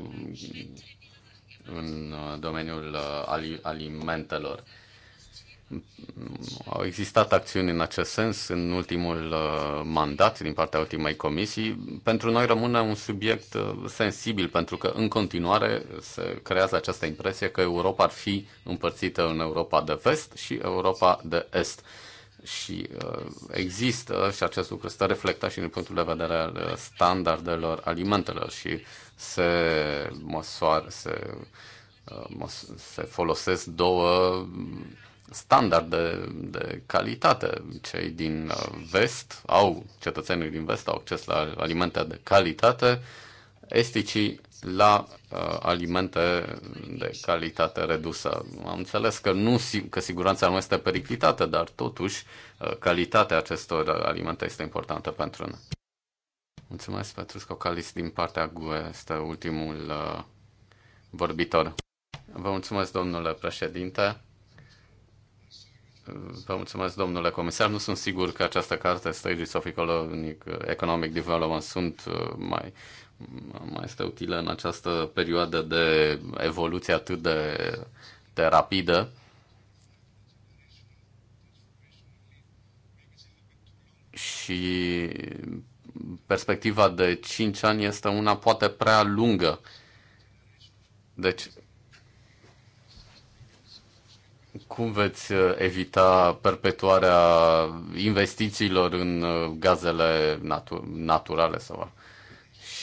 B: în uh, domeniul uh, alimentelor. Au existat acțiuni în acest sens în ultimul uh, mandat din partea ultimei comisii. Pentru noi rămâne un subiect sensibil pentru că în continuare se creează această impresie că Europa ar fi împărțită în Europa de vest și Europa de est și uh, există și acest lucru stă reflectat și din punctul de vedere al uh, standardelor alimentelor și se măsoară, se, uh, măs- se folosesc două standarde de calitate. Cei din vest au, cetățenii din vest au acces la alimente de calitate, esticii la uh, alimente de calitate redusă. Am înțeles că, nu, că siguranța nu este periclitată, dar totuși uh, calitatea acestor alimente este importantă pentru noi. Mulțumesc, Petru Scocalis, din partea GUE este ultimul uh, vorbitor. Vă mulțumesc, domnule președinte. Vă mulțumesc, domnule comisar. Nu sunt sigur că această carte, Stages of Economic, Economic Development, sunt uh, mai mai este utilă în această perioadă de evoluție atât de, de rapidă. Și perspectiva de 5 ani este una poate prea lungă. Deci, cum veți evita perpetuarea investițiilor în gazele natu- naturale sau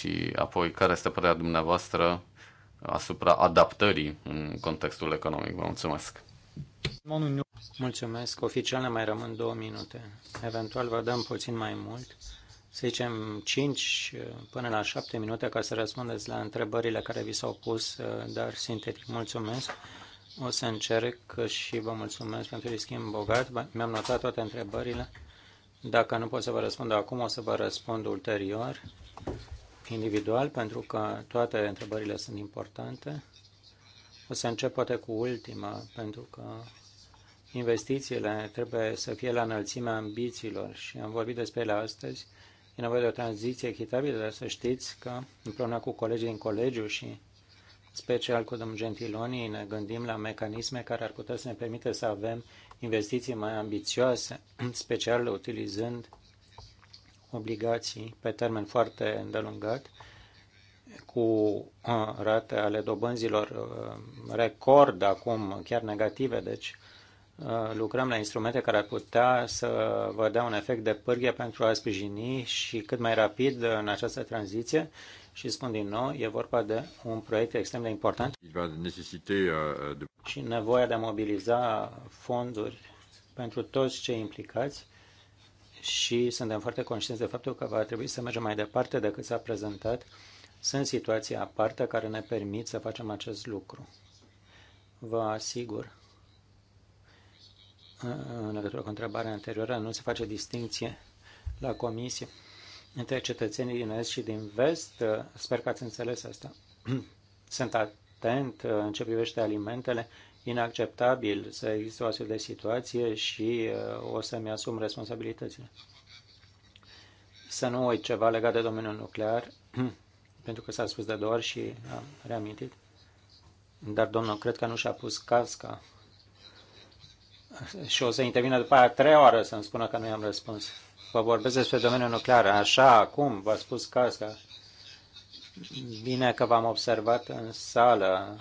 B: și apoi care este părerea dumneavoastră asupra adaptării în contextul economic. Vă mulțumesc!
A: Mulțumesc. Oficial ne mai rămân două minute. Eventual vă dăm puțin mai mult, să zicem 5 până la 7 minute ca să răspundeți la întrebările care vi s-au pus, dar sintetic mulțumesc. O să încerc și vă mulțumesc pentru schimb bogat. Mi-am notat toate întrebările. Dacă nu pot să vă răspund acum, o să vă răspund ulterior individual, pentru că toate întrebările sunt importante. O să încep poate cu ultima, pentru că investițiile trebuie să fie la înălțimea ambițiilor și am vorbit despre ele astăzi. E nevoie de o tranziție echitabilă, dar să știți că împreună cu colegii din colegiu și special cu domnul Gentiloni ne gândim la mecanisme care ar putea să ne permite să avem investiții mai ambițioase, special utilizând obligații pe termen foarte îndelungat, cu uh, rate ale dobânzilor uh, record acum, chiar negative, deci uh, lucrăm la instrumente care ar putea să vă dea un efect de pârghie pentru a sprijini și cât mai rapid în această tranziție. Și spun din nou, e vorba de un proiect extrem de important și nevoia de a mobiliza fonduri pentru toți cei implicați și suntem foarte conștienți de faptul că va trebui să mergem mai departe decât s-a prezentat. Sunt situații aparte care ne permit să facem acest lucru. Vă asigur, în legătură cu întrebarea anterioară, nu se face distinție la comisie între cetățenii din Est și din Vest. Sper că ați înțeles asta. Sunt atent uh, în ce privește alimentele inacceptabil să existe o astfel de situație și uh, o să-mi asum responsabilitățile. Să nu uit ceva legat de domeniul nuclear, pentru că s-a spus de două ori și am reamintit. Dar domnul, cred că nu și-a pus casca. Și o să intervină după aia trei oară să-mi spună că nu i-am răspuns. Vă vorbesc despre domeniul nuclear. Așa, acum, v-a spus casca. Bine că v-am observat în sală.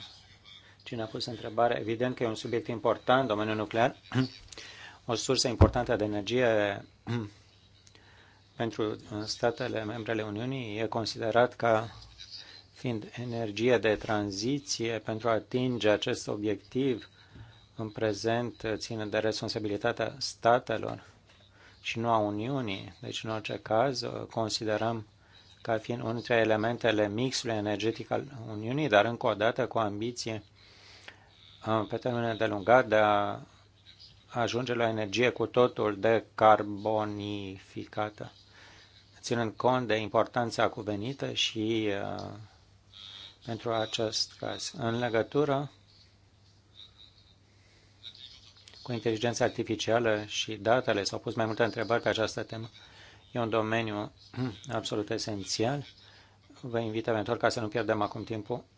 A: Cine a pus întrebarea? Evident că e un subiect important, domeniul nuclear, o sursă importantă de energie pentru statele membre ale Uniunii, e considerat ca fiind energie de tranziție pentru a atinge acest obiectiv în prezent ține de responsabilitatea statelor și nu a Uniunii. Deci, în orice caz, considerăm ca fiind unul dintre elementele mixului energetic al Uniunii, dar încă o dată cu ambiție pe termen îndelungat de a ajunge la energie cu totul decarbonificată, ținând cont de importanța cuvenită și uh, pentru acest caz. În legătură cu inteligența artificială și datele, s-au pus mai multe întrebări pe această temă. E un domeniu absolut esențial. Vă invit eventual ca să nu pierdem acum timpul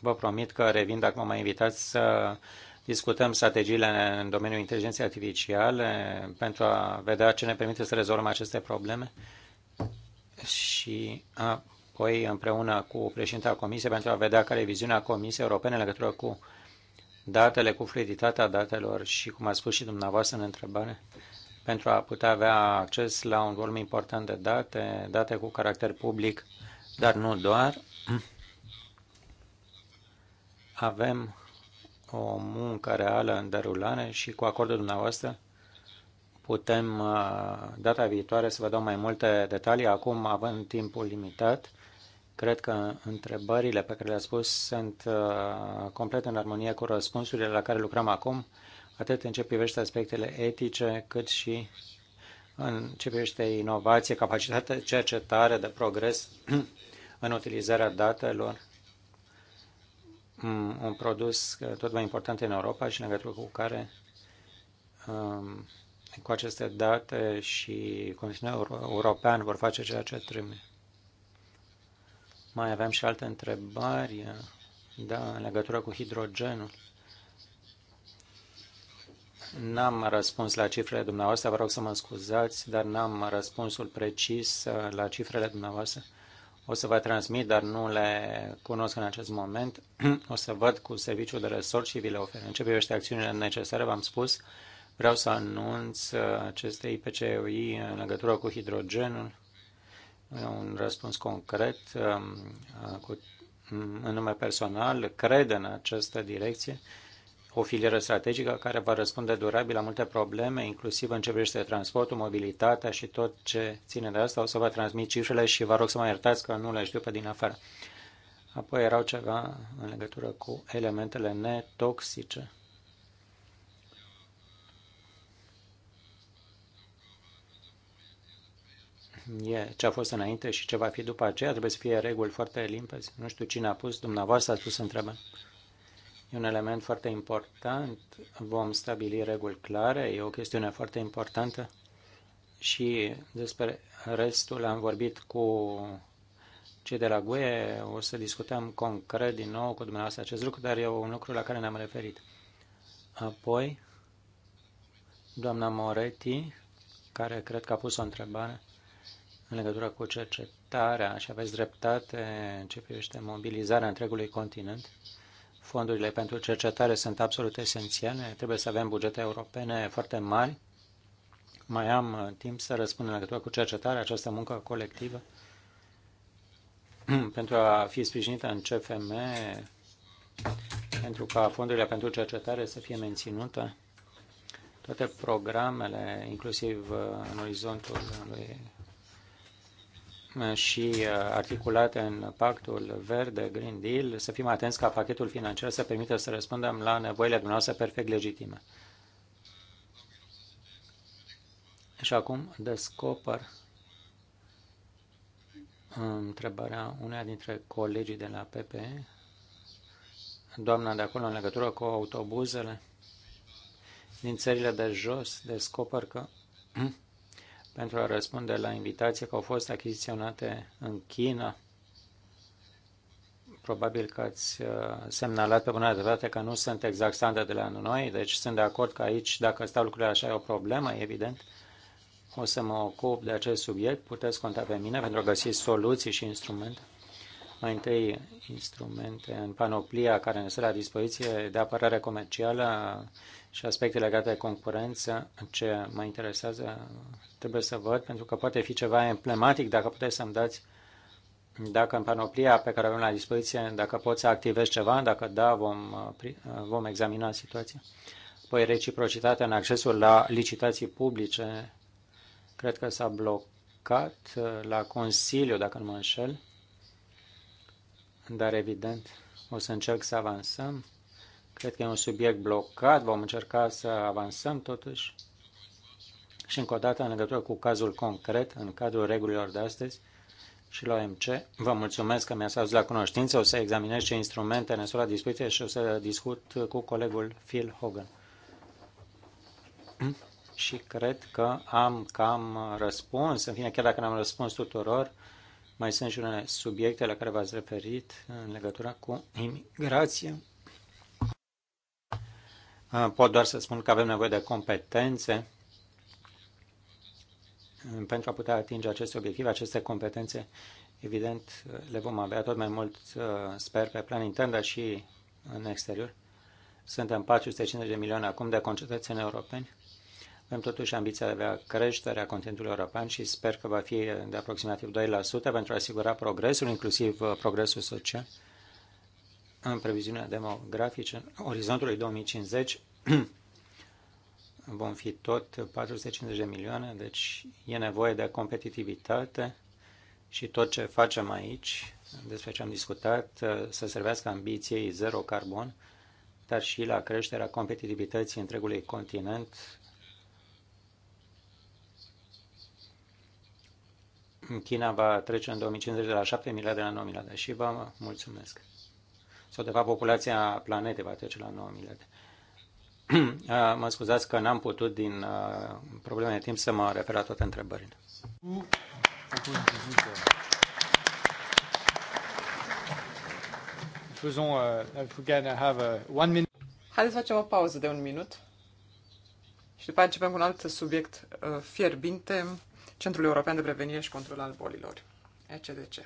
A: vă promit că revin dacă mă mai invitați să discutăm strategiile în domeniul inteligenței artificiale pentru a vedea ce ne permite să rezolvăm aceste probleme și apoi împreună cu președintele Comisiei pentru a vedea care e viziunea Comisiei Europene în legătură cu datele, cu fluiditatea datelor și, cum a spus și dumneavoastră în întrebare, pentru a putea avea acces la un volum important de date, date cu caracter public, dar nu doar avem o muncă reală în derulare și cu acordul dumneavoastră putem uh, data viitoare să vă dau mai multe detalii. Acum, având timpul limitat, cred că întrebările pe care le-a spus sunt uh, complet în armonie cu răspunsurile la care lucrăm acum, atât în ce privește aspectele etice, cât și în ce privește inovație, capacitate, cercetare de progres în utilizarea datelor Mm, un produs uh, tot mai important în Europa și în legătură cu care um, cu aceste date și Consiliul European vor face ceea ce trebuie. Mai avem și alte întrebări, uh, da, în legătură cu hidrogenul. N-am răspuns la cifrele dumneavoastră, vă rog să mă scuzați, dar n-am răspunsul precis uh, la cifrele dumneavoastră o să vă transmit, dar nu le cunosc în acest moment. O să văd cu serviciul de resort și vi le ofer. În ce privește acțiunile necesare, v-am spus, vreau să anunț uh, aceste IPCUI în legătură cu hidrogenul, un răspuns concret um, uh, cu, mm, în nume personal, cred în această direcție o filieră strategică care va răspunde durabil la multe probleme, inclusiv în ce privește transportul, mobilitatea și tot ce ține de asta. O să vă transmit cifrele și vă rog să mă iertați că nu le știu pe din afară. Apoi erau ceva în legătură cu elementele netoxice. e ce a fost înainte și ce va fi după aceea, trebuie să fie reguli foarte limpezi. Nu știu cine a pus, dumneavoastră a spus întrebarea. E un element foarte important. Vom stabili reguli clare. E o chestiune foarte importantă. Și despre restul am vorbit cu cei de la GUE. O să discutăm concret din nou cu dumneavoastră acest lucru, dar e un lucru la care ne-am referit. Apoi, doamna Moretti, care cred că a pus o întrebare în legătură cu cercetarea și aveți dreptate în ce privește mobilizarea întregului continent Fondurile pentru cercetare sunt absolut esențiale. Trebuie să avem bugete europene foarte mari. Mai am uh, timp să răspund în legătură cu cercetarea, această muncă colectivă. pentru a fi sprijinită în CFM, pentru ca fondurile pentru cercetare să fie menținute, toate programele, inclusiv uh, în orizontul lui și uh, articulate în pactul verde, Green Deal, să fim atenți ca pachetul financiar să permită să răspundem la nevoile dumneavoastră perfect legitime. Și acum descoper întrebarea uneia dintre colegii de la PP, doamna de acolo în legătură cu autobuzele din țările de jos, descoper că pentru a răspunde la invitație că au fost achiziționate în China. Probabil că ați uh, semnalat pe bună dreptate că nu sunt exact standardele la noi, deci sunt de acord că aici, dacă stau lucrurile așa, e o problemă, evident. O să mă ocup de acest subiect, puteți conta pe mine pentru a găsi soluții și instrumente mai întâi instrumente în panoplia care ne stă la dispoziție de apărare comercială, și aspecte legate de concurență, ce mă interesează, trebuie să văd, pentru că poate fi ceva emblematic, dacă puteți să-mi dați, dacă în panoplia pe care o avem la dispoziție, dacă pot să activez ceva, dacă da, vom, vom examina situația. Păi reciprocitatea în accesul la licitații publice, cred că s-a blocat uh, la Consiliu, dacă nu mă înșel, dar evident o să încerc să avansăm Cred că e un subiect blocat, vom încerca să avansăm totuși. Și încă o dată, în legătură cu cazul concret, în cadrul regulilor de astăzi și la OMC, vă mulțumesc că mi-ați adus la cunoștință, o să examinez ce instrumente ne sunt la dispoziție și o să discut cu colegul Phil Hogan. Și cred că am cam răspuns, în fine, chiar dacă n-am răspuns tuturor, mai sunt și unele subiecte la care v-ați referit în legătură cu imigrație Pot doar să spun că avem nevoie de competențe pentru a putea atinge aceste obiective, aceste competențe. Evident, le vom avea tot mai mult, uh, sper, pe plan intern, dar și în exterior. Suntem 450 de milioane acum de concetățeni europeni. Avem totuși ambiția de a avea creșterea contentului european și sper că va fi de aproximativ 2% pentru a asigura progresul, inclusiv uh, progresul social în previziunea demografică, în orizontului 2050, vom fi tot 450 de milioane, deci e nevoie de competitivitate și tot ce facem aici, despre ce am discutat, să servească ambiției zero carbon, dar și la creșterea competitivității întregului continent, China va trece în 2050 de la 7 miliarde la 9 miliarde și vă mulțumesc sau de fapt populația planetei va trece la 9 miliarde. Ah, mă scuzați că n-am putut din ah, probleme de timp să mă refer la toate întrebările.
B: Ah,
C: Haideți să facem o pauză de un minut și după începem cu un alt subiect fierbinte, Centrul European de Prevenire și Control al Bolilor, ECDC.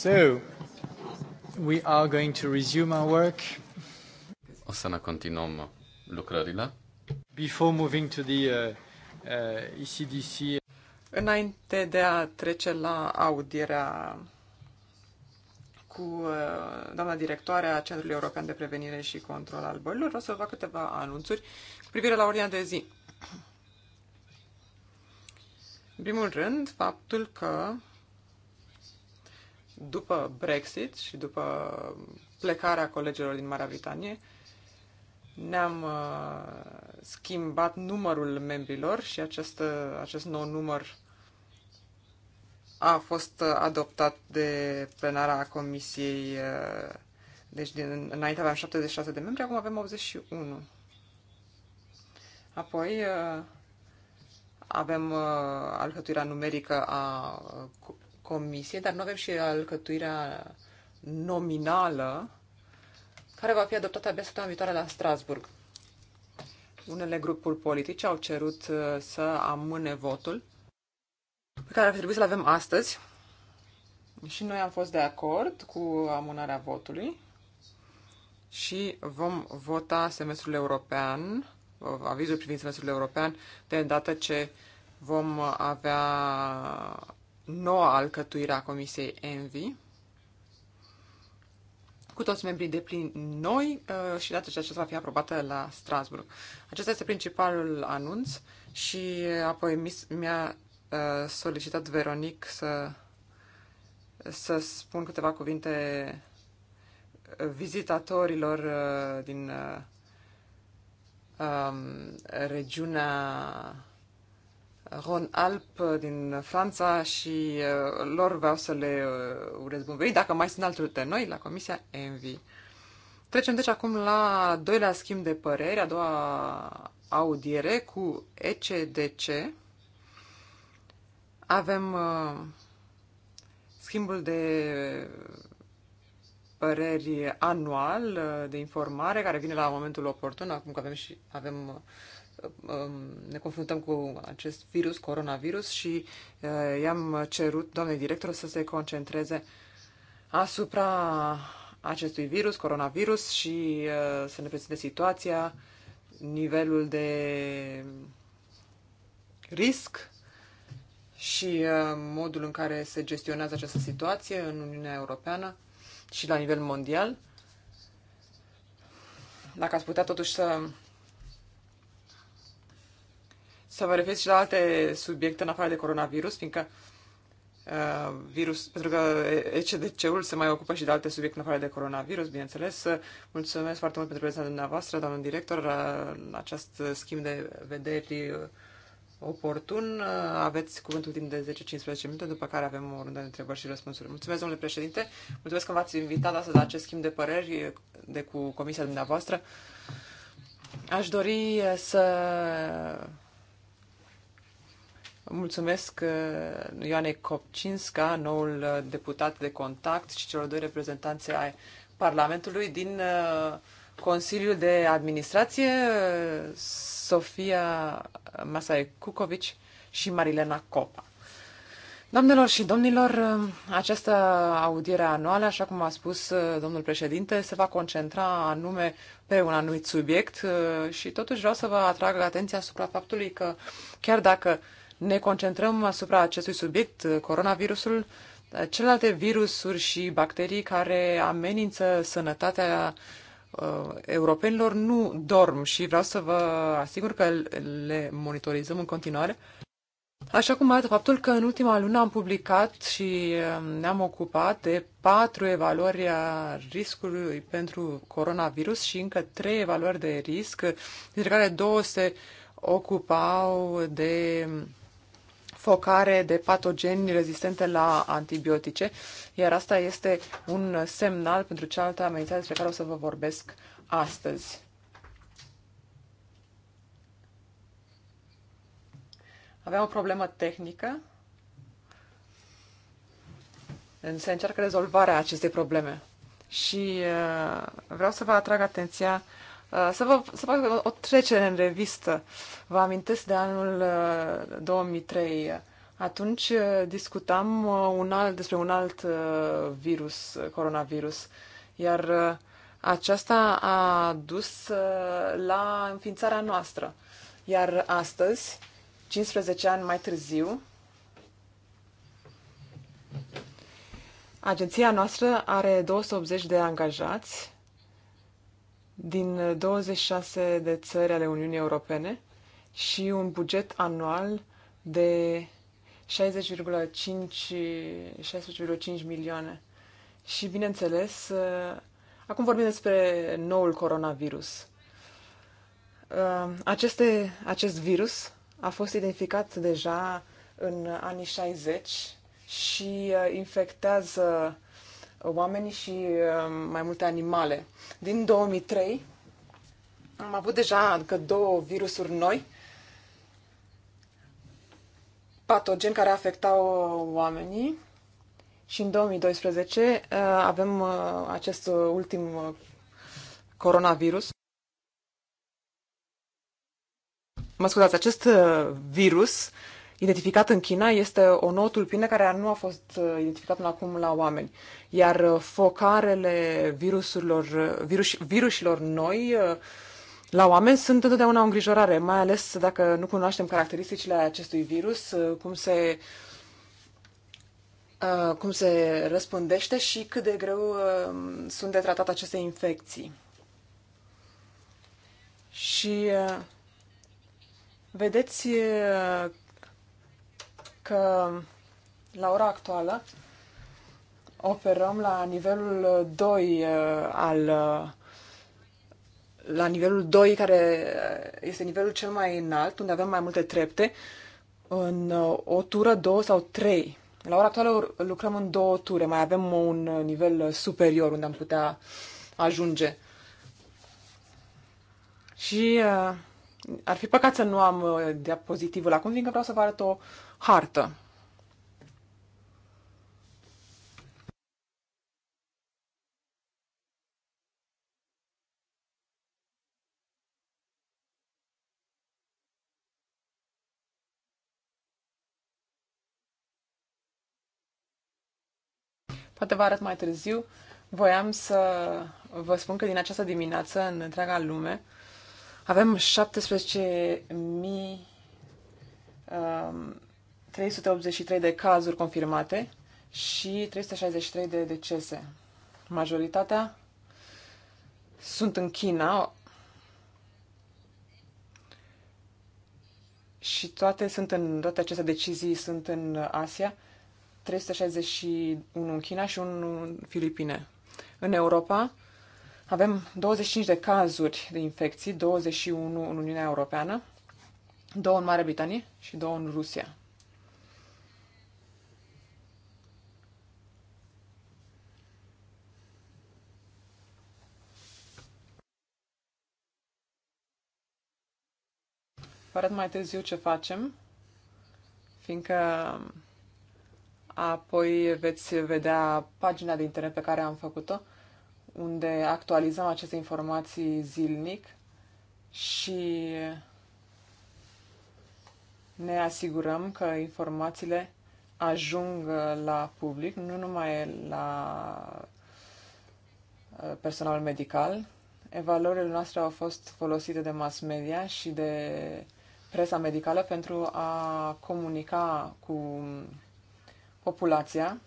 A: So, we are going to resume our work.
B: O să ne continuăm lucrările.
C: Before moving to the uh, uh, ECDC. Înainte de a trece la audierea cu uh, doamna directoare a Centrului European de Prevenire și Control al Bolilor, vreau să fac câteva anunțuri cu privire la ordinea de zi. În primul rând, faptul că după Brexit și după plecarea colegilor din Marea Britanie, ne-am uh, schimbat numărul membrilor și acest, uh, acest nou număr a fost adoptat de plenara Comisiei. Uh, deci, din, înainte aveam 76 de membri, acum avem 81. Apoi uh, avem uh, alcătuirea numerică a uh, comisie, dar nu avem și alcătuirea nominală care va fi adoptată abia săptămâna viitoare la Strasburg. Unele grupuri politice au cerut uh, să amâne votul pe care ar trebui să-l avem astăzi. Și noi am fost de acord cu amânarea votului și vom vota semestrul european, avizul privind semestrul european, de îndată ce vom avea noua alcătuire a Comisiei Envi, cu toți membrii de plin noi uh, și data ce aceasta va fi aprobată la Strasburg. Acesta este principalul anunț și apoi mi-a uh, solicitat Veronic să, să spun câteva cuvinte uh, vizitatorilor din um, regiunea Ron Alp din Franța și uh, lor vreau să le uh, urez bun venit, dacă mai sunt alții de noi, la Comisia Envy. Trecem deci acum la doilea schimb de păreri, a doua audiere cu ECDC. Avem uh, schimbul de păreri anual de informare care vine la momentul oportun, acum că avem și avem Um, ne confruntăm cu acest virus, coronavirus, și uh, i-am cerut doamnei director să se concentreze asupra acestui virus, coronavirus, și uh, să ne prezinte situația, nivelul de risc și uh, modul în care se gestionează această situație în Uniunea Europeană și la nivel mondial. Dacă ați putea totuși să să vă referiți și la alte subiecte în afară de coronavirus, fiindcă uh, virus, pentru că ECDC-ul se mai ocupă și de alte subiecte în afară de coronavirus, bineînțeles. Mulțumesc foarte mult pentru prezența dumneavoastră, doamnă director, uh, în acest schimb de vederi uh, oportun. Uh, aveți cuvântul timp de 10-15 minute, după care avem o rundă de întrebări și răspunsuri. Mulțumesc, domnule președinte. Mulțumesc că v-ați invitat astăzi la acest schimb de păreri de cu comisia dumneavoastră. Aș dori să Mulțumesc uh, Ioane Copcinska, noul uh, deputat de contact și celor doi reprezentanțe ai Parlamentului din uh, Consiliul de Administrație, Sofia Masai Cucovici și Marilena Copa. Doamnelor și domnilor, această audiere anuală, așa cum a spus domnul președinte, se va concentra anume pe un anumit subiect și totuși vreau să vă atrag atenția asupra faptului că chiar dacă uh, ne concentrăm asupra acestui subiect, uh, coronavirusul, celelalte virusuri și bacterii care amenință sănătatea uh, europenilor nu dorm și vreau să vă asigur că le monitorizăm în continuare. Așa cum arată faptul că în ultima lună am publicat și um, ne-am ocupat de patru evaluări a riscului pentru coronavirus și încă trei evaluări de risc, dintre care două se ocupau de um, focare de patogeni rezistente la antibiotice, iar asta este un semnal pentru cealaltă amenințare despre care o să vă vorbesc astăzi. Aveam o problemă tehnică. Se încearcă rezolvarea acestei probleme. Și uh, vreau să vă atrag atenția uh, Uh, să, vă, să fac o trecere în revistă. Vă amintesc de anul 2003. Uh, Atunci uh, discutam un alt, despre un alt virus, coronavirus, iar aceasta a dus la înființarea noastră. Iar astăzi, 15 ani mai târziu, agenția noastră are 280 de angajați din 26 uh, de țări ale Uniunii Europene și un buget anual de 60,5 60,5 milioane. Și bineînțeles, uh, acum vorbim despre noul coronavirus. Uh, aceste, acest virus a fost identificat deja în anii 60 și infectează oameni și um, mai multe animale. Din 2003 am avut deja încă două virusuri noi, patogeni care afectau oamenii și în 2012 uh, avem uh, acest ultim uh, coronavirus. Mă scuzați, acest virus identificat în China este o nouă tulpină care nu a fost uh, identificată până acum la oameni. Iar uh, focarele virusurilor, uh, virus, virusilor noi la oameni sunt întotdeauna o îngrijorare, mai ales dacă nu cunoaștem caracteristicile acestui virus, cum se cum se răspândește și cât de greu sunt de tratat aceste infecții. Și vedeți că la ora actuală operăm la nivelul 2 uh, al uh, la nivelul 2 care uh, este nivelul cel mai înalt, unde avem mai multe trepte în o tură, două sau trei. La ora actuală lucrăm în două ture, mai avem un nivel superior unde am putea ajunge. Și ar fi păcat să nu am diapozitivul acum, fiindcă vreau să vă arăt o uh, hartă. Poate vă arăt mai târziu. Voiam să vă spun că din această dimineață, în întreaga lume, avem 17.000 um, 383 de cazuri confirmate și 363 de decese. Majoritatea sunt în China și toate sunt în toate aceste decizii sunt în Asia, 361 în China și unul în Filipine. În Europa avem 25 de cazuri de infecții, 21 în Uniunea Europeană, două în Marea Britanie și două în Rusia. Vă arăt mai târziu ce facem, fiindcă apoi veți vedea pagina de internet pe care am făcut-o, unde actualizăm aceste informații zilnic și ne asigurăm că informațiile ajung la public, nu numai la uh, personal medical. Evaluările noastre au fost folosite de mass media și de presa medicală pentru a comunica cu populația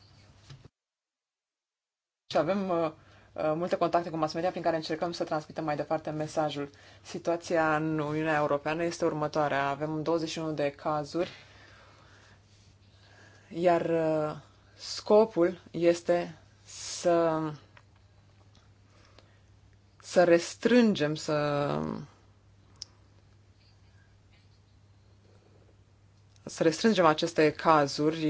C: și avem uh, uh, multe contacte cu mass media prin care încercăm să transmitem mai departe mesajul. Situația în Uniunea Europeană este următoarea. Avem 21 de cazuri, iar uh, scopul este să să restrângem, să să restrângem aceste cazuri,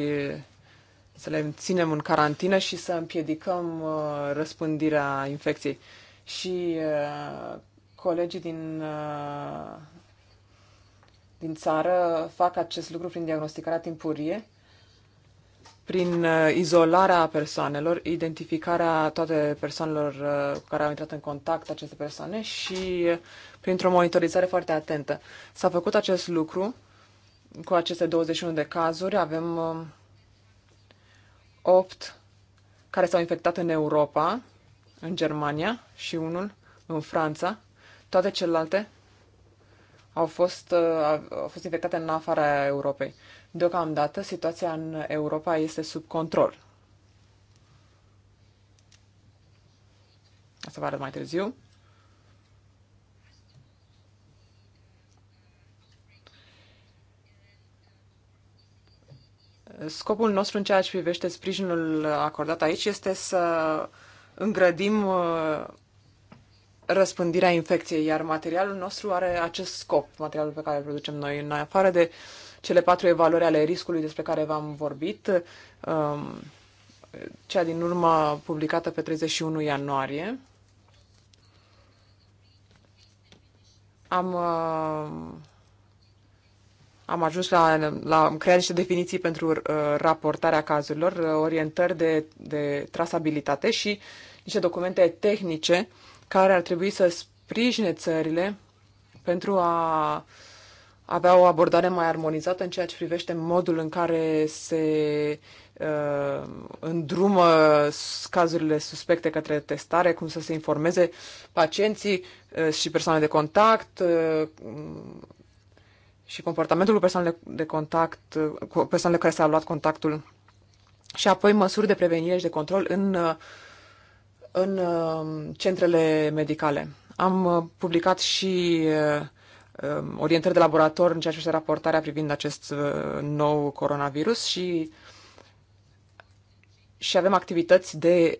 C: să le ținem în carantină și să împiedicăm uh, răspândirea infecției. Și uh, colegii din, uh, din țară fac acest lucru prin diagnosticarea timpurie, prin izolarea persoanelor, identificarea toate persoanelor cu care au intrat în contact aceste persoane și printr-o monitorizare foarte atentă. S-a făcut acest lucru cu aceste 21 de cazuri avem 8 uh, care s-au infectat în Europa, în Germania și unul în Franța. Toate celelalte au fost, uh, au fost infectate în afara Europei. Deocamdată, situația în Europa este sub control. Asta va arăt mai târziu. Scopul nostru în ceea ce privește sprijinul acordat aici este să îngrădim uh, răspândirea infecției, iar materialul nostru are acest scop, materialul pe care îl producem noi. În afară de cele patru evaluări ale riscului despre care v-am vorbit, um, cea din urmă publicată pe 31 ianuarie, am uh, am ajuns la, la am creat niște definiții pentru uh, raportarea cazurilor, uh, orientări de, de trasabilitate și niște documente tehnice care ar trebui să sprijine țările pentru a avea o abordare mai armonizată în ceea ce privește modul în care se uh, îndrumă cazurile suspecte către testare, cum să se informeze pacienții uh, și persoane de contact, uh, și comportamentul persoanelor de contact, cu persoanele care s-au luat contactul și apoi măsuri de prevenire și de control în, în uh, centrele medicale. Am uh, publicat și uh, um, orientări de laborator în ceea ce este raportarea privind acest nou coronavirus și și avem activități de,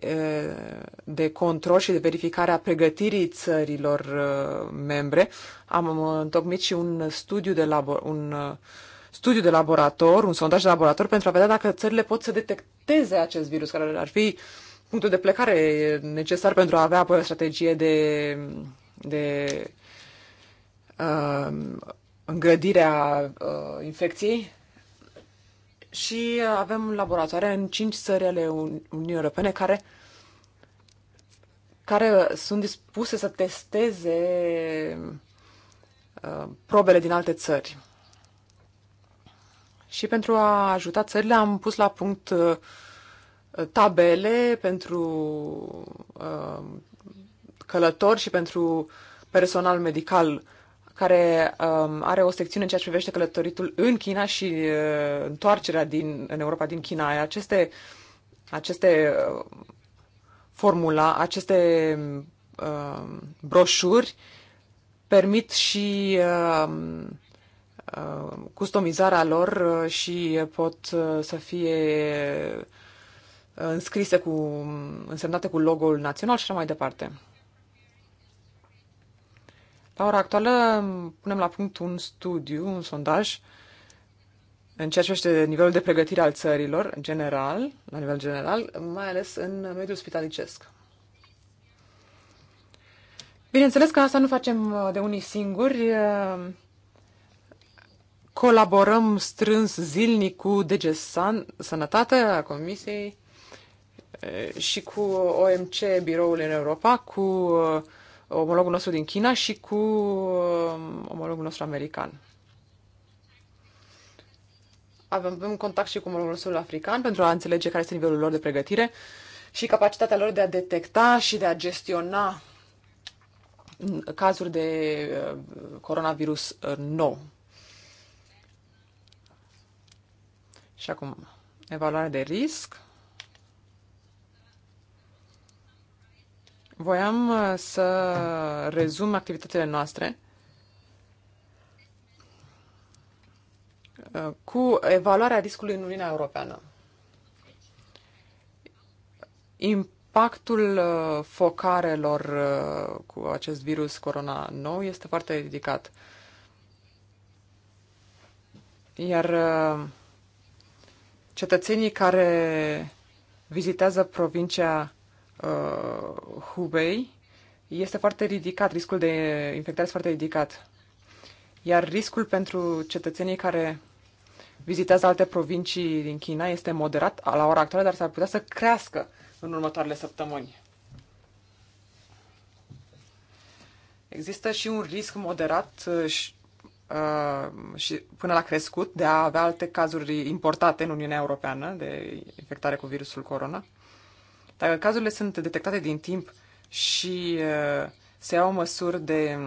C: de control și de verificare a pregătirii țărilor membre. Am întocmit și un studiu de, labor, un studiu de laborator, un sondaj de laborator pentru a vedea dacă țările pot să detecteze acest virus, care ar fi punctul de plecare necesar pentru a avea apoi o strategie de, de uh, îngrădire a uh, infecției și uh, avem laboratoare în cinci țări ale Uniunii Europene care care sunt dispuse să testeze uh, probele din alte țări. Și pentru a ajuta țările am pus la punct uh, tabele pentru călători și pentru personal medical care um, are o secțiune în ceea ce privește călătoritul în China și uh, întoarcerea din, în Europa din China. Aceste, aceste uh, formula, aceste uh, broșuri permit și uh, uh, customizarea lor uh, și pot uh, să fie uh, înscrise cu, însemnate cu logo-ul național și așa mai departe. La ora actuală punem la punct un studiu, un sondaj, în ceea ce privește nivelul de pregătire al țărilor, în general, la nivel general, mai ales în mediul spitalicesc. Bineînțeles că asta nu facem uh, de unii singuri. Uh, colaborăm strâns zilnic cu DGSAN, Sănătate, Sănătatea Comisiei uh, și cu OMC, biroul în Europa, cu omologul nostru din China și cu um, omologul nostru american. Avem contact și cu omologul nostru african pentru a înțelege care este nivelul lor de pregătire și capacitatea lor de a detecta și de a gestiona mm, cazuri de uh, coronavirus uh, nou. Și acum, evaluare de risc. Voiam uh, să rezum activitățile noastre uh, cu evaluarea riscului în Uniunea Europeană. Impactul uh, focarelor cu acest virus corona nou este foarte ridicat. Iar cetățenii care vizitează provincia uh, Hubei este foarte ridicat, riscul de infectare este foarte ridicat. Iar riscul pentru cetățenii care vizitează alte provincii din China este moderat la ora actuală, dar s-ar putea să crească în următoarele săptămâni. Există și un risc moderat uh, și, uh, și până la crescut de a avea alte cazuri importate în Uniunea Europeană de infectare cu virusul corona. Dacă cazurile sunt detectate din timp și uh, se iau măsuri de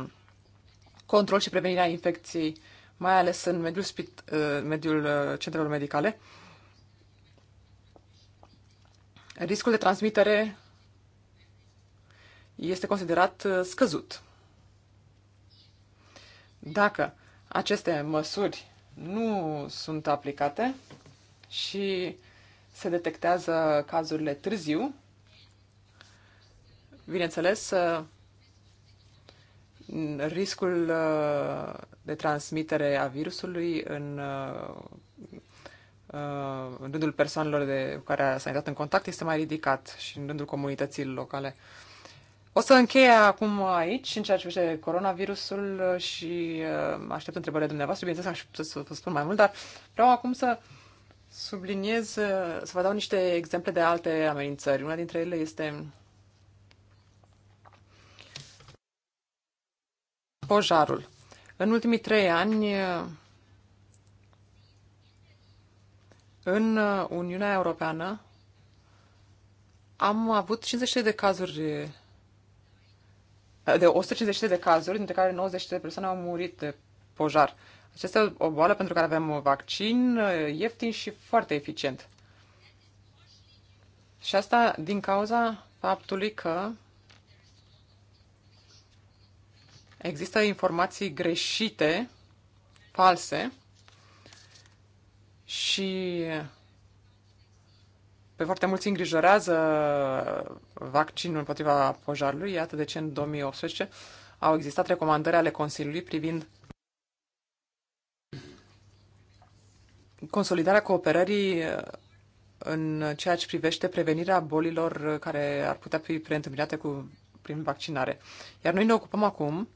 C: control și prevenirea infecției, mai ales în mediul, spit, uh, mediul uh, centrelor medicale, riscul de transmitere este considerat scăzut. Dacă aceste măsuri nu sunt aplicate și se detectează cazurile târziu, Bineînțeles, uh, riscul uh, de transmitere a virusului în, uh, în rândul persoanelor de, cu care s-a intrat în contact este mai ridicat și în rândul comunității locale. O să încheie acum aici, în ceea ce privește coronavirusul și aștept întrebările dumneavoastră. Bineînțeles, aș putea să vă spun mai mult, dar vreau acum să subliniez, să vă dau niște exemple de alte amenințări. Una dintre ele este Pojarul. În ultimii trei ani, în Uniunea Europeană, am avut 53 de cazuri, de 153 de cazuri, dintre care 90 de persoane au murit de pojar. Aceasta e o boală pentru care avem vaccin ieftin și foarte eficient. Și asta din cauza faptului că Există informații greșite, false și pe foarte mulți îngrijorează vaccinul împotriva pojarului. Iată de ce în 2018 au existat recomandări ale Consiliului privind consolidarea cooperării în ceea ce privește prevenirea bolilor care ar putea fi preîntâmpinate cu, prin vaccinare. Iar noi ne ocupăm acum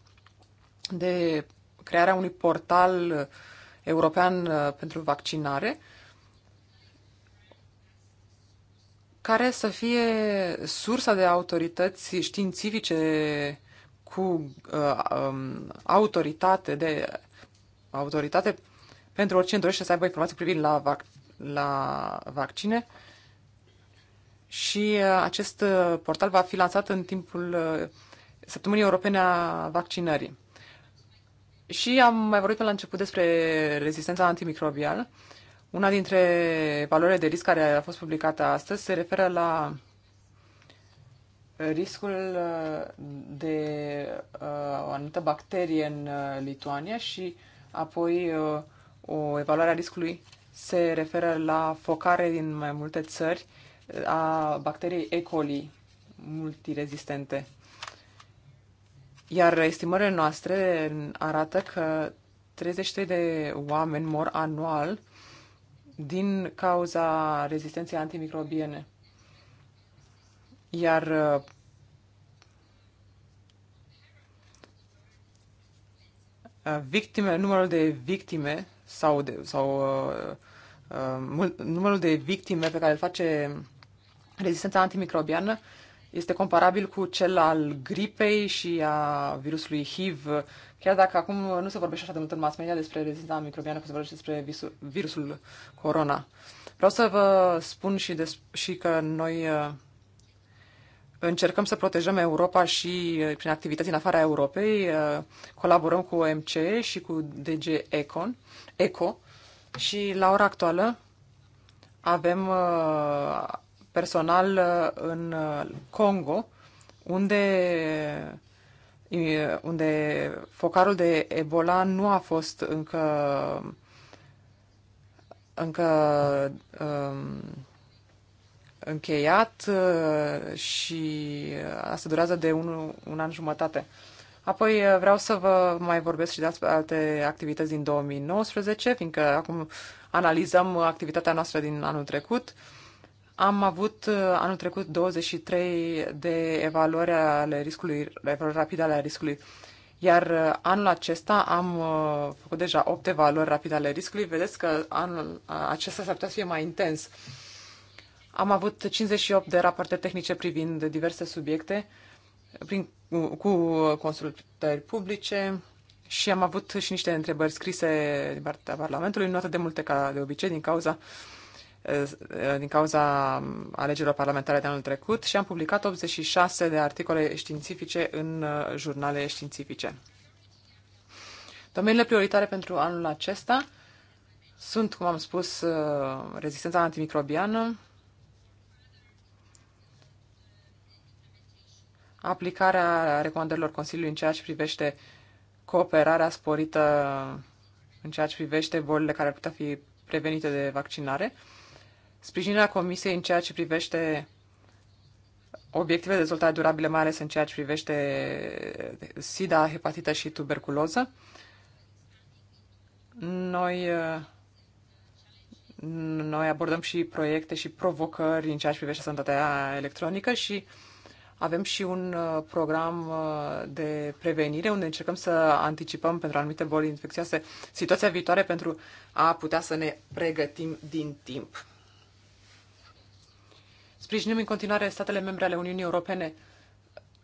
C: de crearea unui portal uh, european uh, pentru vaccinare care să fie sursa de autorități științifice cu uh, um, autoritate de autoritate pentru oricine dorește să aibă informații privind la, vac, la vaccine și uh, acest uh, portal va fi lansat în timpul uh, săptămânii europene a vaccinării. Și am mai vorbit pe la început despre rezistența antimicrobială. Una dintre valorile de risc care a fost publicată astăzi se referă la riscul uh, de uh, o anumită bacterie în uh, Lituania și apoi uh, o evaluare a riscului se referă la focare din mai multe țări uh, a bacteriei E. coli multiresistente. Iar estimările noastre arată că 33 de oameni mor anual din cauza rezistenței antimicrobiene. Iar uh, victime, numărul de victime sau, de, sau uh, uh, numărul de victime pe care îl face rezistența antimicrobiană este comparabil cu cel al gripei și a virusului HIV, chiar dacă acum nu se vorbește așa de mult în mass media despre rezistența microbiană, că se vorbește despre virusul corona. Vreau să vă spun și, des- și că noi uh, încercăm să protejăm Europa și uh, prin activități în afara Europei. Uh, colaborăm cu OMC și cu DG Econ, ECO și la ora actuală avem personal uh, în uh, Congo, unde, uh, unde focarul de Ebola nu a fost încă încă um, încheiat și asta durează de un, un an jumătate. Apoi vreau să vă mai vorbesc și de alte activități din 2019, fiindcă acum analizăm activitatea noastră din anul trecut. Uh, am avut uh, anul trecut 23 de evaluări ale riscului, evaluări rapide ale riscului, iar uh, anul acesta am uh, făcut deja 8 evaluări rapide ale riscului. Vedeți că anul acesta s-ar putea să fie mai intens. Am avut 58 de rapoarte tehnice privind diverse subiecte prin, cu consultări publice și am avut și niște întrebări scrise din partea Parlamentului, nu atât de multe ca de obicei din cauza uh, Eh, din cauza alegerilor parlamentare de anul trecut și am publicat 86 de articole științifice în eh, jurnale științifice. Domeniile prioritare pentru anul acesta sunt, cum am spus, eh, rezistența antimicrobiană, aplicarea recomandărilor Consiliului în ceea ce privește cooperarea sporită în ceea ce privește bolile care ar putea fi prevenite de vaccinare, sprijinirea Comisiei în ceea ce privește obiective de dezvoltare durabile, mai ales în ceea ce privește SIDA, hepatită și tuberculoză. Noi, noi abordăm și proiecte și provocări în ceea ce privește sănătatea electronică și avem și un uh, program uh, de prevenire unde încercăm să anticipăm pentru anumite boli infecțioase situația viitoare pentru a putea să ne pregătim din timp. Sprijinim în continuare statele membre ale Uniunii Europene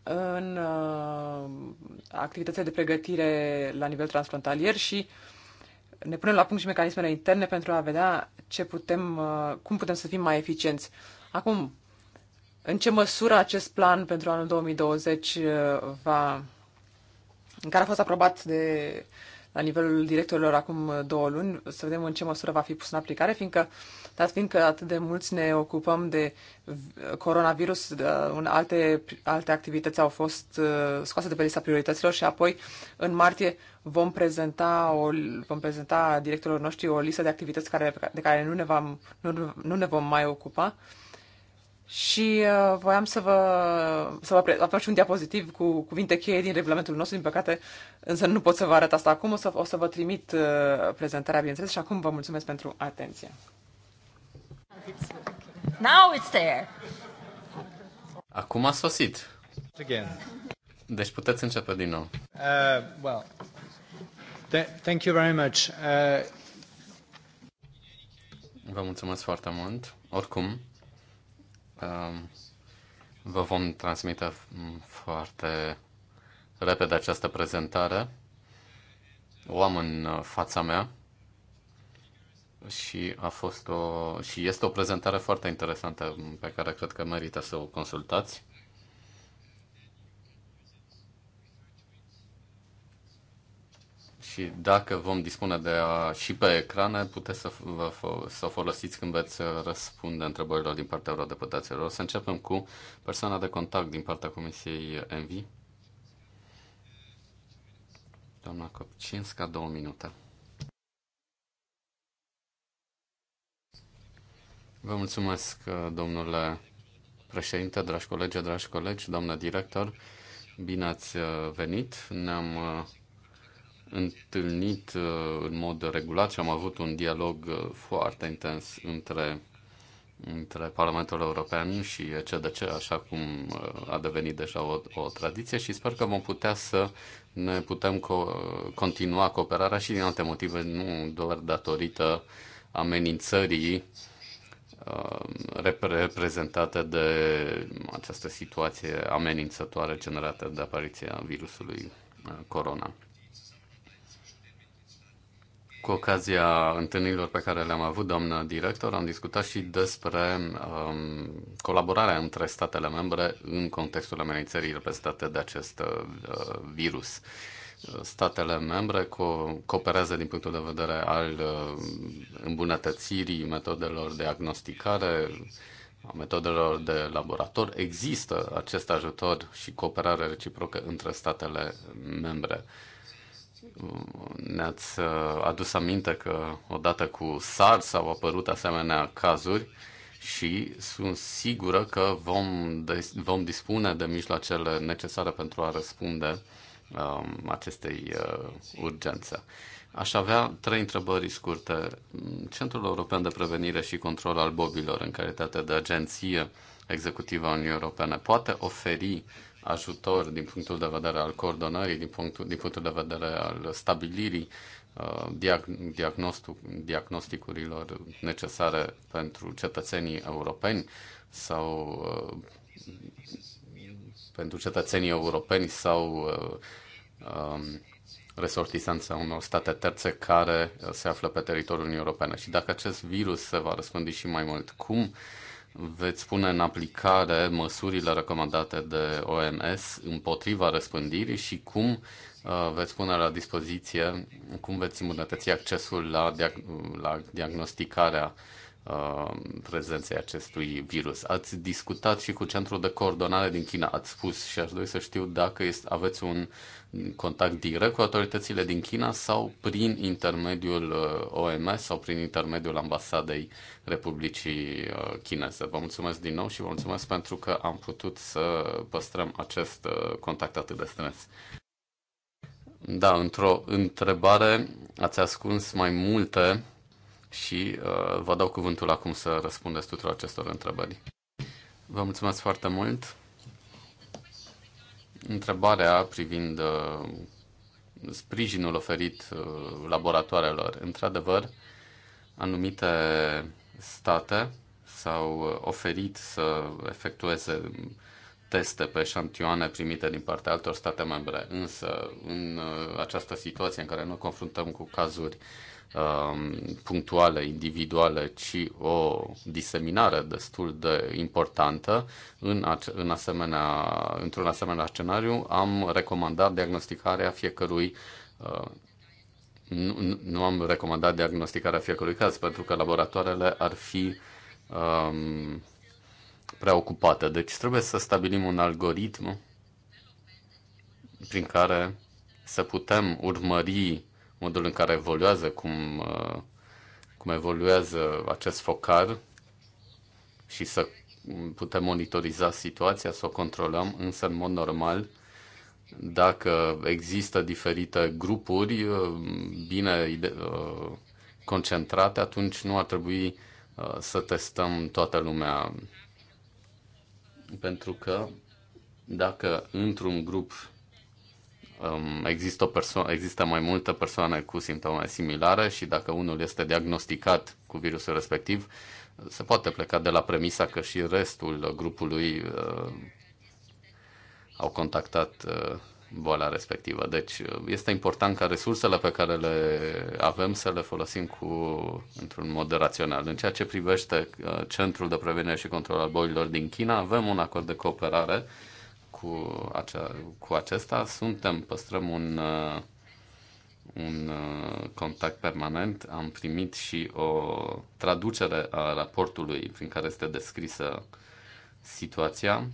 C: în uh, activitățile de pregătire la nivel transfrontalier și ne punem la punct și mecanismele interne pentru a vedea ce putem, uh, cum putem să fim mai eficienți. Acum, în ce măsură acest plan pentru anul 2020 uh, va, în care a fost aprobat de uh, la nivelul directorilor acum două luni, să vedem în ce măsură va fi pus în aplicare, fiindcă, dat fiindcă atât de mulți ne ocupăm de coronavirus, în alte, alte activități au fost uh, scoase de pe lista priorităților și apoi în martie vom prezenta, o, vom prezenta directorilor noștri o listă de activități care, de care nu ne, vom, nu, nu ne vom mai ocupa. Și uh, voiam să vă, să vă și un diapozitiv cu cuvinte cheie din regulamentul nostru, din păcate, însă nu pot să vă arăt asta acum, o să, o să vă trimit uh, prezentarea, bineînțeles, și acum vă mulțumesc pentru atenție. Now it's there.
B: Acum a sosit. Again. Deci puteți începe din nou.
A: Uh, well, th- thank you very much. Uh...
B: Vă mulțumesc foarte mult. Oricum, Um, vă vom transmite foarte repede această prezentare. O am în uh, fața mea și a fost o, și este o prezentare foarte interesantă pe care cred că merită să o consultați. și dacă vom dispune de a, și pe ecrane, puteți să, vă, să o folosiți când veți răspunde întrebărilor din partea eurodeputaților. O să începem cu persoana de contact din partea Comisiei MV. Doamna Copcinska, două minute. Vă mulțumesc, domnule președinte, dragi colegi, dragi colegi, doamnă director. Bine ați venit. Ne-am întâlnit uh, în mod regulat și am avut un dialog uh, foarte intens între, între Parlamentul European și CDC, așa cum uh, a devenit deja o, o tradiție și sper că vom putea să ne putem co- continua cooperarea și din alte motive, nu doar datorită amenințării reprezentate de această situație amenințătoare generată de apariția virusului corona. Cu ocazia întâlnirilor pe care le-am avut, doamnă director, am discutat și despre um, colaborarea între statele membre în contextul amenințării reprezentate de acest uh, virus. Statele membre co- cooperează din punctul de vedere al uh, îmbunătățirii metodelor de diagnosticare, a metodelor de laborator. Există acest ajutor și cooperare reciprocă între statele membre. Uh, ne-ați uh, adus aminte că odată cu SARS au apărut asemenea cazuri și sunt sigură că vom, vom dispune de mijloacele necesare pentru a răspunde um, acestei uh, urgențe. Aș avea trei întrebări scurte. Centrul European de Prevenire și Control al Bobilor, în calitate de agenție executivă a Uniunii Europene, poate oferi uh, ajutor din punctul de vedere al coordonării, din punctul, din punctul de vedere al stabilirii uh, diagnosticurilor necesare pentru cetățenii europeni sau uh, pentru cetățenii europeni sau uh, um, resortisanța unor state terțe care se află pe teritoriul Uniunii Europene. Și dacă acest virus se va răspândi și mai mult, cum uh, veți pune în aplicare măsurile recomandate de OMS împotriva răspândirii și cum uh, veți pune la dispoziție, cum veți îmbunătăți accesul la, diag- la diagnosticarea uh, prezenței acestui virus. Ați discutat și cu Centrul de Coordonare din China, ați spus și aș dori să știu dacă este, aveți un uh, contact direct cu autoritățile din China sau prin intermediul uh, OMS sau prin intermediul ambasadei Republicii uh, Chineze. Vă mulțumesc din nou și vă mulțumesc pentru că am putut să păstrăm acest uh, contact atât de strâns. Da, într-o întrebare ați ascuns mai multe și uh, vă dau cuvântul acum să răspundeți tuturor acestor întrebări. Vă mulțumesc foarte mult! întrebarea privind uh, sprijinul oferit uh, laboratoarelor. Într-adevăr, anumite state s-au uh, oferit să efectueze teste pe șantioane primite din partea altor state membre. Însă, în această situație în care ne confruntăm cu cazuri Um, punctuale, individuale, ci o diseminare destul de importantă. În, în asemenea, într-un asemenea scenariu am recomandat diagnosticarea fiecărui uh, nu, nu am recomandat diagnosticarea fiecărui caz, pentru că laboratoarele ar fi um, preocupate. Deci trebuie să stabilim un algoritm prin care să putem urmări modul în care evoluează, cum, uh, cum evoluează acest focar și să putem monitoriza situația, să o controlăm, însă în mod normal, dacă există diferite grupuri uh, bine uh, concentrate, atunci nu ar trebui să testăm toată lumea. Pentru că dacă într-un grup Um, există, o perso- există mai multă persoane cu simptome similare și dacă unul este diagnosticat cu virusul respectiv, se poate pleca de la premisa că și restul grupului uh, au contactat uh, boala respectivă. Deci uh, este important ca resursele pe care le avem să le folosim cu, într-un mod rațional. În ceea ce privește uh, Centrul de Prevenire și Control al Bolilor din China, avem un acord de cooperare cu, acea, cu acesta. Suntem, păstrăm un, uh, un uh, contact permanent. Am primit și o traducere a raportului prin care este descrisă situația.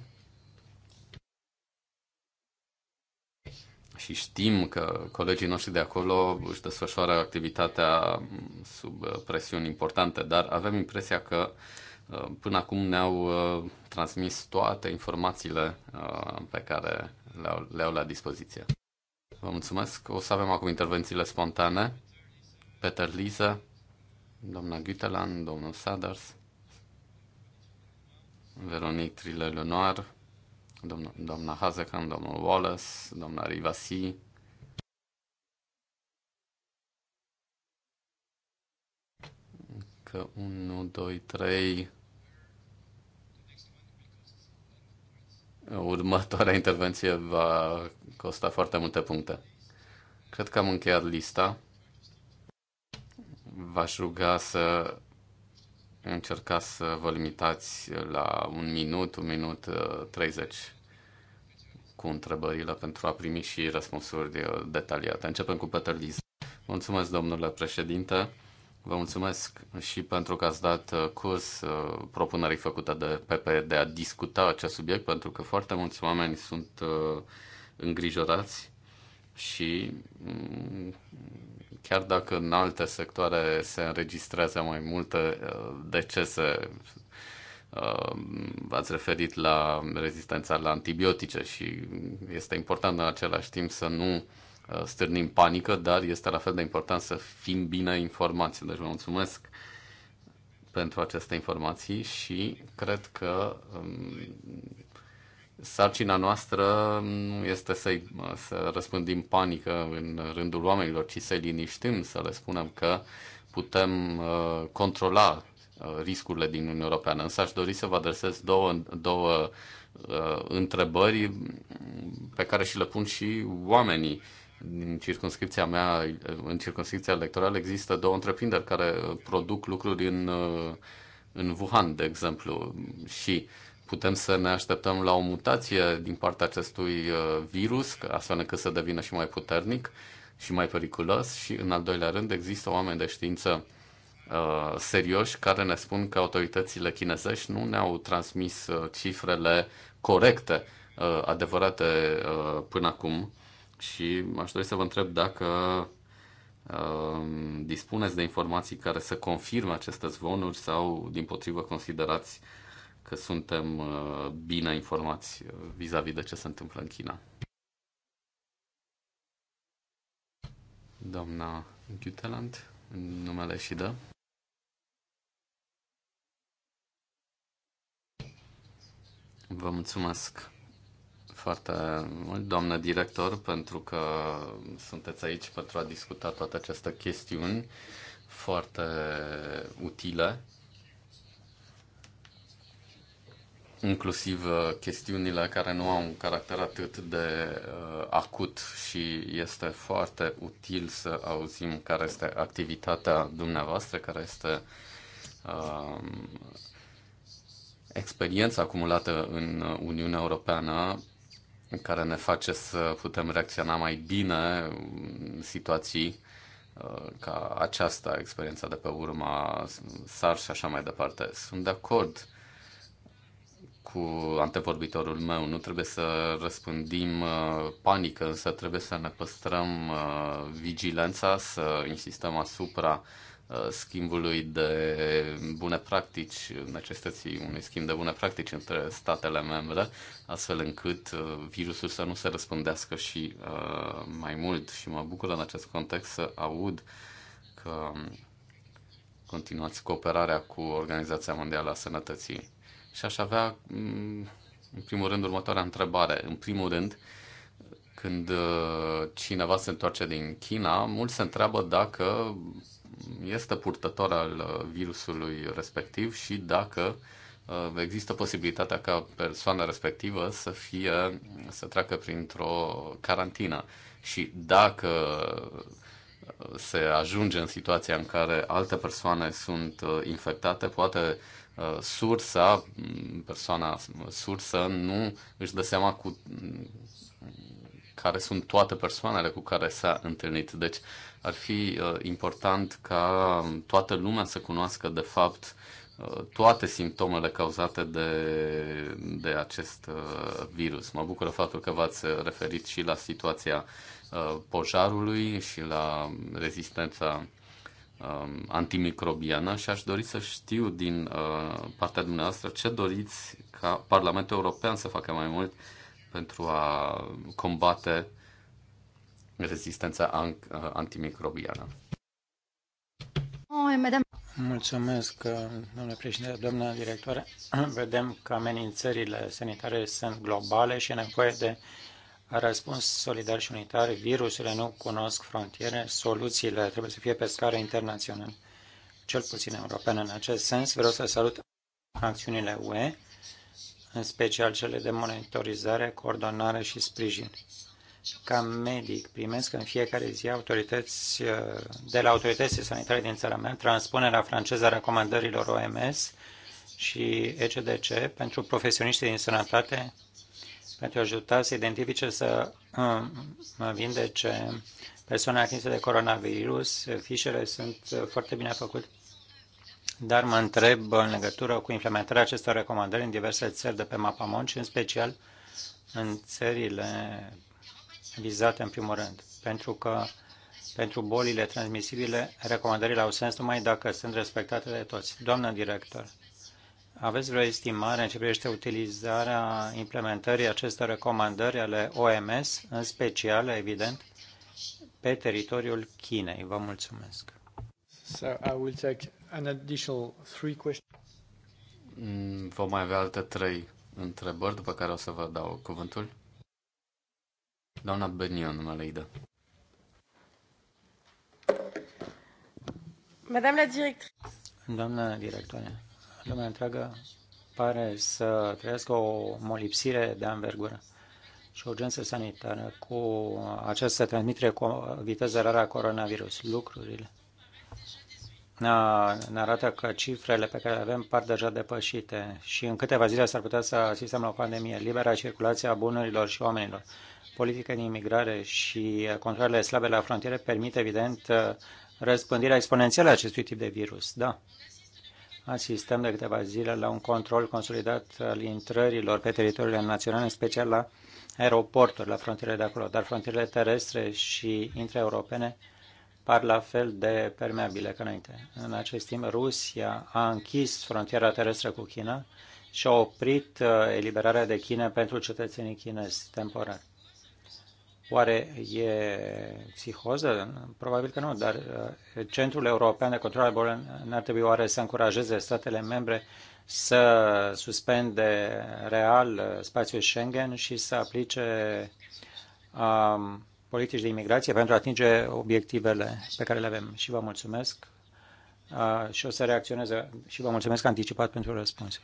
B: și știm că colegii noștri de acolo își desfășoară activitatea sub presiuni importante, dar avem impresia că uh, Uh, până acum ne-au uh, transmis toate informațiile uh, pe care le-au, le-au la dispoziție. Vă mulțumesc. O să avem acum intervențiile spontane. Peter Liza, doamna Gütelan, domnul Saders, Veronique Trille Lenoir, doamna Hazekan, domnul Wallace, doamna Rivasi, Încă 1, 2, 3 următoarea intervenție va costa foarte multe puncte. Cred că am încheiat lista. V-aș ruga să încercați să vă limitați la un minut, un minut 30 uh, cu întrebările pentru a primi și răspunsuri detaliate. Începem cu Peter Liz. Mulțumesc, domnule președinte. Vă mulțumesc și pentru că ați dat uh, curs uh, propunerii făcute de PP de a discuta acest subiect, pentru că foarte mulți oameni sunt uh, îngrijorați și mm, chiar dacă în alte sectoare se înregistrează mai multe decese, v-ați referit la rezistența la antibiotice și este important în același timp să nu Uh, stârnim panică, dar este la fel de important să fim bine informați. Deci vă mulțumesc pentru aceste informații și cred că um, sarcina noastră nu este să, să răspândim panică în rândul oamenilor, ci să-i liniștim, să le spunem că putem uh, controla uh, riscurile din Uniunea Europeană. Însă aș dori să vă adresez două, două întrebări pe care și le pun și oamenii din circunscripția mea, în circunscripția electorală, există două întreprinderi care produc lucruri în, uh, în Wuhan, de exemplu, și putem să ne așteptăm la o mutație din partea acestui uh, virus, astfel încât să devină și mai puternic și mai periculos și, în al doilea rând, există oameni de știință uh, serioși care ne spun că autoritățile chinezești nu ne-au transmis cifrele corecte, adevărate până acum și aș dori să vă întreb dacă um, dispuneți de informații care să confirme aceste zvonuri sau, din potrivă, considerați că suntem uh, bine informați uh, vis-a-vis -vis de ce se întâmplă în China. Doamna Guteland, numele și dă. Vă mulțumesc foarte mult, doamnă director, pentru că sunteți aici pentru a discuta toate aceste chestiuni foarte utile, inclusiv uh, chestiunile care nu au un caracter atât de uh, acut și este foarte util să auzim care este activitatea dumneavoastră, care este uh, experiența acumulată în Uniunea Europeană care ne face să putem reacționa mai bine în situații uh, ca aceasta, experiența de pe urma SAR și așa mai departe. Sunt de acord cu antevorbitorul meu. Nu trebuie să răspândim uh, panică, însă trebuie să ne păstrăm uh, vigilența, să insistăm asupra Uh, schimbului de bune practici, necesității unui schimb de bune practici între statele membre, astfel încât uh, virusul să nu se răspândească și uh, mai mult. Și mă bucur în acest context să aud că um, continuați cooperarea cu Organizația Mondială a Sănătății. Și aș avea, mm, în primul rând, următoarea întrebare. În primul rând, când cineva se întoarce din China, mulți se întreabă dacă este purtător al uh, virusului respectiv și dacă uh, există posibilitatea ca persoana respectivă să fie, să treacă printr-o carantină. Și dacă uh, se ajunge în situația în care alte persoane sunt infectate, poate sursa, mm, persoana sursă nu își dă seama cu mm, care sunt toate persoanele cu care s-a întâlnit. Deci ar fi uh, important ca toată lumea să cunoască de fapt uh, toate simptomele cauzate de, de acest uh, virus. Mă bucură faptul că v-ați referit și la situația pojarului și la rezistența um, antimicrobiană și aș dori să știu din partea dumneavoastră ce doriți ca Parlamentul European să facă mai mult pentru a combate uh, rezistența antimicrobiană.
A: Mulțumesc, domnule președinte, doamna directoare. Vedem că amenințările sanitare sunt globale și e nevoie de răspuns solidar și unitar. Virusurile nu cunosc frontiere, soluțiile trebuie să fie pe scară internațională, cel puțin europeană. În acest sens, vreau să salut acțiunile UE, în special cele de monitorizare, coordonare și sprijin ca medic primesc în fiecare zi autorități, uh, de la autoritățile sanitare din țara mea transpunerea franceză a recomandărilor OMS și ECDC pentru profesioniștii din sănătate pentru a ajuta să identifice, să mă uh, vindece persoane atinse de coronavirus. Fișele sunt uh, foarte bine făcute, dar mă întreb în legătură cu implementarea acestor recomandări în diverse țări de pe mapamon și în special în țările vizate în primul rând, pentru că pentru bolile transmisibile, recomandările au sens numai dacă sunt respectate de toți. Doamna director, aveți vreo estimare în ce privește utilizarea implementării acestor recomandări ale OMS, în special, evident, pe teritoriul Chinei? Vă mulțumesc. So I will take an additional three questions.
B: Mm, vom mai avea alte trei întrebări, după care o să vă dau cuvântul. Doamna Benion, numele Ida.
C: Madame la directrice.
A: Doamna directoare, lumea întreagă pare să trăiască o molipsire de anvergură și urgență sanitară cu această transmitere cu viteză rară a coronavirus. Lucrurile ne arată că cifrele pe care le avem par deja depășite și în câteva zile s-ar putea să asistăm la o pandemie. Libera circulație a bunurilor și oamenilor politica de imigrare și controlele slabe la frontiere permit, evident, răspândirea exponențială a acestui tip de virus. Da. Asistăm de câteva zile la un control consolidat al intrărilor pe teritoriile naționale, în special la aeroporturi, la frontierele de acolo, dar frontierele terestre și intraeuropene par la fel de permeabile ca înainte. În acest timp, Rusia a închis frontiera terestră cu China și a oprit uh, eliberarea de China pentru cetățenii chinezi temporar. Oare e psihoză? Probabil că nu, dar uh, Centrul European de Control al Bolilor n-ar trebui oare să încurajeze statele membre să suspende real uh, spațiul Schengen și să aplice um, politici de imigrație pentru a atinge obiectivele pe care le avem. Și vă mulțumesc uh, și o să reacționez și vă mulțumesc anticipat pentru răspuns. Uh,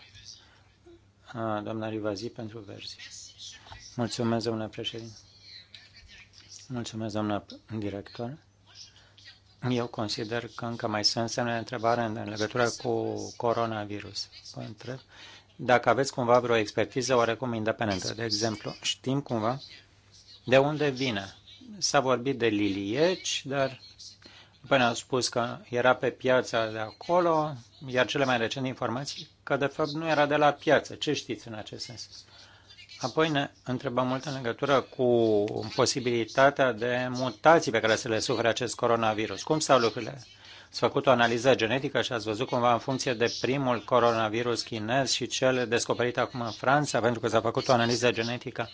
A: doamna Rivazi pentru verzi. Mulțumesc, domnule președinte. Mulțumesc, doamna director. Eu consider că încă mai sunt semne de întrebare în legătură cu coronavirus. Vă întreb dacă aveți cumva vreo expertiză oarecum independentă. De exemplu, știm cumva de unde vine. S-a vorbit de lilieci, dar până au spus că era pe piața de acolo, iar cele mai recente informații că de fapt nu era de la piață. Ce știți în acest sens? Apoi ne întrebăm mult în legătură cu posibilitatea de mutații pe care să le sufere acest coronavirus. Cum stau lucrurile? Ați făcut o analiză genetică și ați văzut cumva în funcție de primul coronavirus chinez și cel descoperit acum în Franța, pentru că s-a făcut o analiză genetică,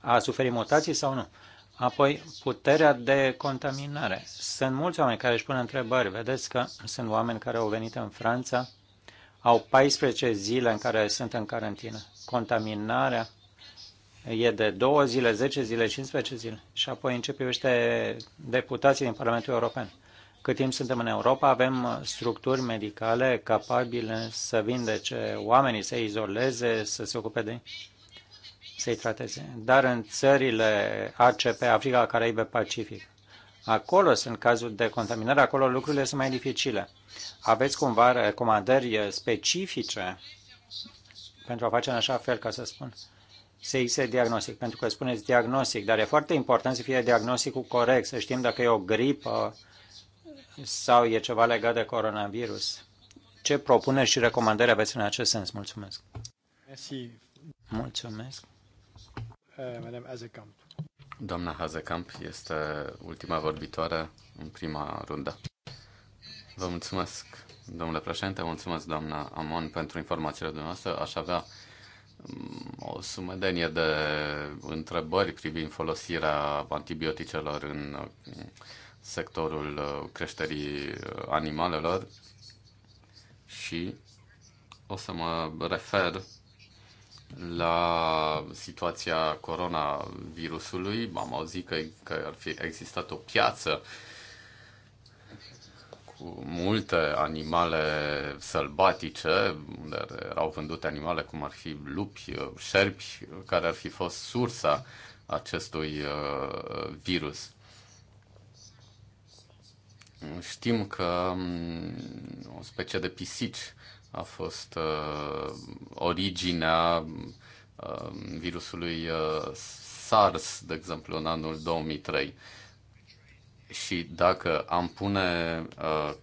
A: a suferit mutații sau nu? Apoi, puterea de contaminare. Sunt mulți oameni care își pun întrebări. Vedeți că sunt oameni care au venit în Franța, au 14 zile în care sunt în carantină. Contaminarea e de două zile, 10 zile, 15 zile și apoi încep ce privește deputații din Parlamentul European. Cât timp suntem în Europa, avem structuri medicale capabile să vindece oamenii, să izoleze, să se ocupe de ei, să-i trateze. Dar în țările ACP, Africa, Caraibe, Pacific, acolo sunt cazuri de contaminare, acolo lucrurile sunt mai dificile. Aveți cumva recomandări specifice pentru a face în așa fel, ca să spun, se iese diagnostic, pentru că spuneți diagnostic, dar e foarte important să fie diagnosticul corect, să știm dacă e o gripă sau e ceva legat de coronavirus. Ce propuneri și recomandări aveți în acest sens? Mulțumesc. Merci. Mulțumesc. Eh, Madame Hazekamp.
B: Doamna Hazekamp este ultima vorbitoare în prima rundă. Vă mulțumesc, domnule președinte, mulțumesc, doamna Amon, pentru informațiile dumneavoastră. Aș avea o sumedenie de întrebări privind folosirea antibioticelor în uh, sectorul uh, creșterii uh, animalelor și o să mă refer la situația coronavirusului. Am auzit că, că ar fi existat o piață uh, cu multe animale sălbatice, unde erau vândute animale cum ar fi lupi, uh, șerpi, uh, care ar fi fost sursa acestui uh, virus. Știm că mm, o specie de pisici a fost originea virusului SARS, de exemplu, în anul 2003 și dacă am pune uh,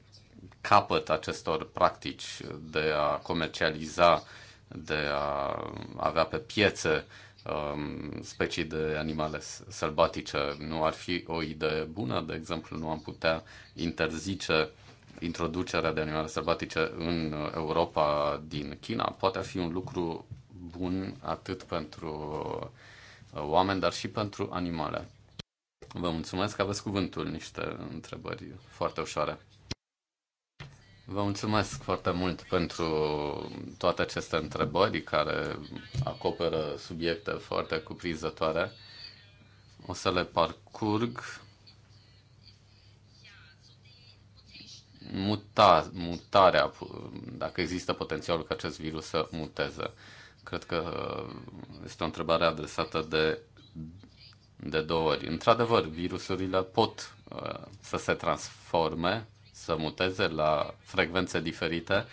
B: capăt acestor practici de a comercializa, de a avea pe piețe um, specii de animale sălbatice, nu ar fi o idee bună? De exemplu, nu am putea interzice introducerea de animale sălbatice în Europa din China? Poate fi un lucru bun atât pentru oameni, dar și pentru animale. Vă mulțumesc că aveți cuvântul niște întrebări foarte ușoare. Vă mulțumesc foarte mult pentru toate aceste întrebări care acoperă subiecte foarte cuprinzătoare. O să le parcurg muta, mutarea, dacă există potențialul ca acest virus să muteze. Cred că este o întrebare adresată de de două ori. Într-adevăr, virusurile pot uh, să se transforme, să muteze la frecvențe diferite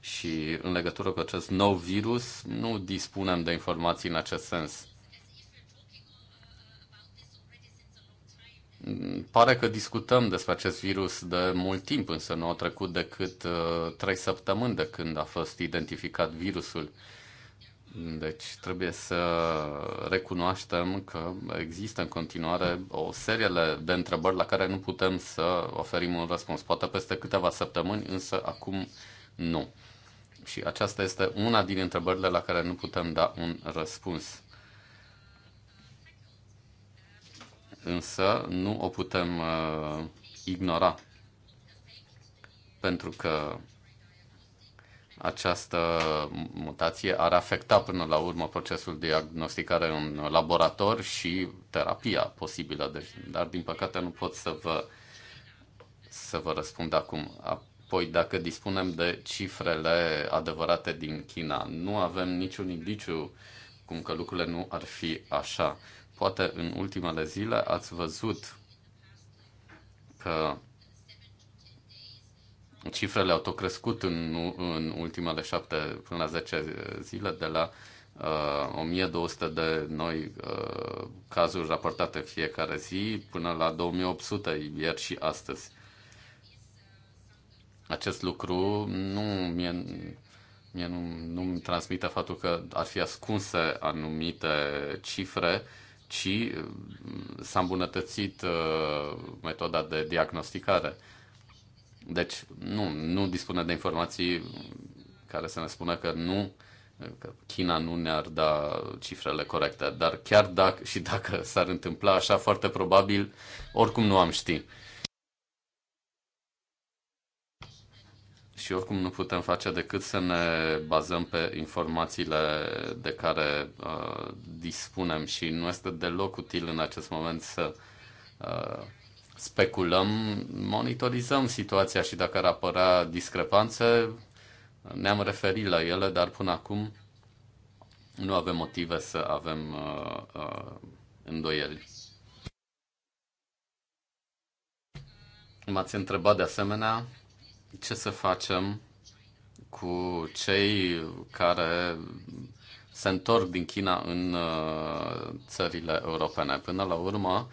B: și în legătură cu acest nou virus nu dispunem de informații în acest sens. Pare că discutăm despre acest virus de mult timp, însă nu au trecut decât uh, trei uh, săptămâni de când a fost identificat virusul. Deci trebuie să recunoaștem că există în continuare o serie de întrebări la care nu putem să oferim un răspuns. Poate peste câteva săptămâni, însă acum nu. Și aceasta este una din întrebările la care nu putem da un răspuns. Însă nu o putem uh, ignora. Pentru că această mutație ar afecta până la urmă procesul de diagnosticare în laborator și terapia posibilă. Deci, dar din păcate nu pot să vă, să vă răspund acum. Apoi, dacă dispunem de cifrele adevărate din China, nu avem niciun indiciu cum că lucrurile nu ar fi așa. Poate în ultimele zile ați văzut că cifrele au tot crescut în, în ultimele șapte până la zece zile de la uh, 1200 de noi uh, cazuri raportate fiecare zi până la 2800 ieri și astăzi. Acest lucru nu mie, mie nu, nu mi transmite faptul că ar fi ascunse anumite cifre, ci uh, s-a îmbunătățit uh, metoda de diagnosticare. Uh, deci nu, nu dispune de informații care să ne spună că nu că China nu ne-ar da cifrele corecte, dar chiar dacă și dacă s-ar întâmpla așa, foarte probabil, oricum nu am ști. Și oricum nu putem face decât să ne bazăm pe informațiile de care uh, dispunem și nu este deloc util în acest moment să uh, speculăm, monitorizăm situația și dacă ar apărea discrepanțe, ne-am referit la ele, dar până acum nu avem motive să avem uh, uh, îndoieli. M-ați întrebat de asemenea ce să facem cu cei care se întorc din China în uh, țările europene. Până la urmă, uh,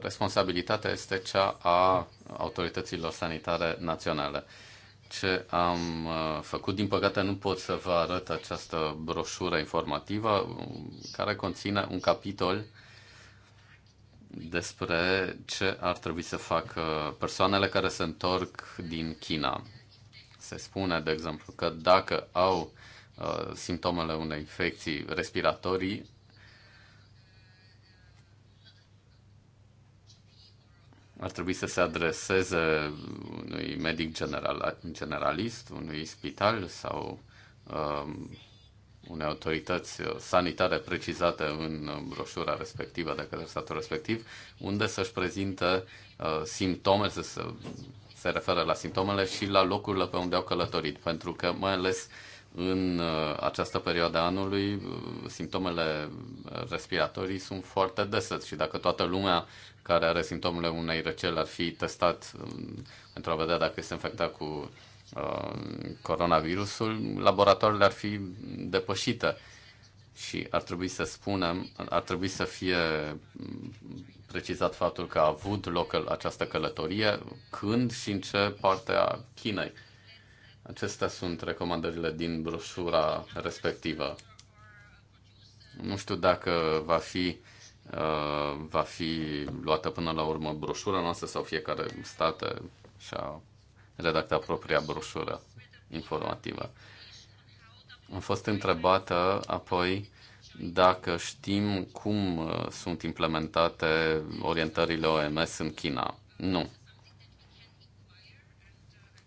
B: responsabilitatea este cea a autorităților sanitare naționale. Ce am uh, făcut, din păcate nu pot să vă arăt această broșură informativă um, care conține un capitol despre ce ar trebui să facă persoanele care se întorc din China. Se spune, de exemplu, că dacă au uh, simptomele unei infecții respiratorii, ar trebui să se adreseze unui medic general, generalist, unui spital sau um, unei autorități sanitare precizate în broșura respectivă de către statul respectiv, unde să-și prezinte uh, simptome, să se, se referă la simptomele și la locurile pe unde au călătorit, pentru că mai ales în uh, această perioadă a anului, uh, simptomele respiratorii sunt foarte dese și dacă toată lumea care are simptomele unei răceli ar fi testat um, pentru a vedea dacă este infectat cu um, coronavirusul, laboratoarele ar fi depășite și ar trebui să spunem, ar trebui să fie um, precizat faptul că a avut loc această călătorie, când și în ce parte a Chinei. Acestea sunt recomandările din broșura respectivă. Nu știu dacă va fi uh, Uh, va fi luată până la urmă broșura noastră sau fiecare stat și-a redactat propria broșură informativă. Am fost întrebată apoi dacă știm cum uh, sunt implementate orientările OMS în China. Nu.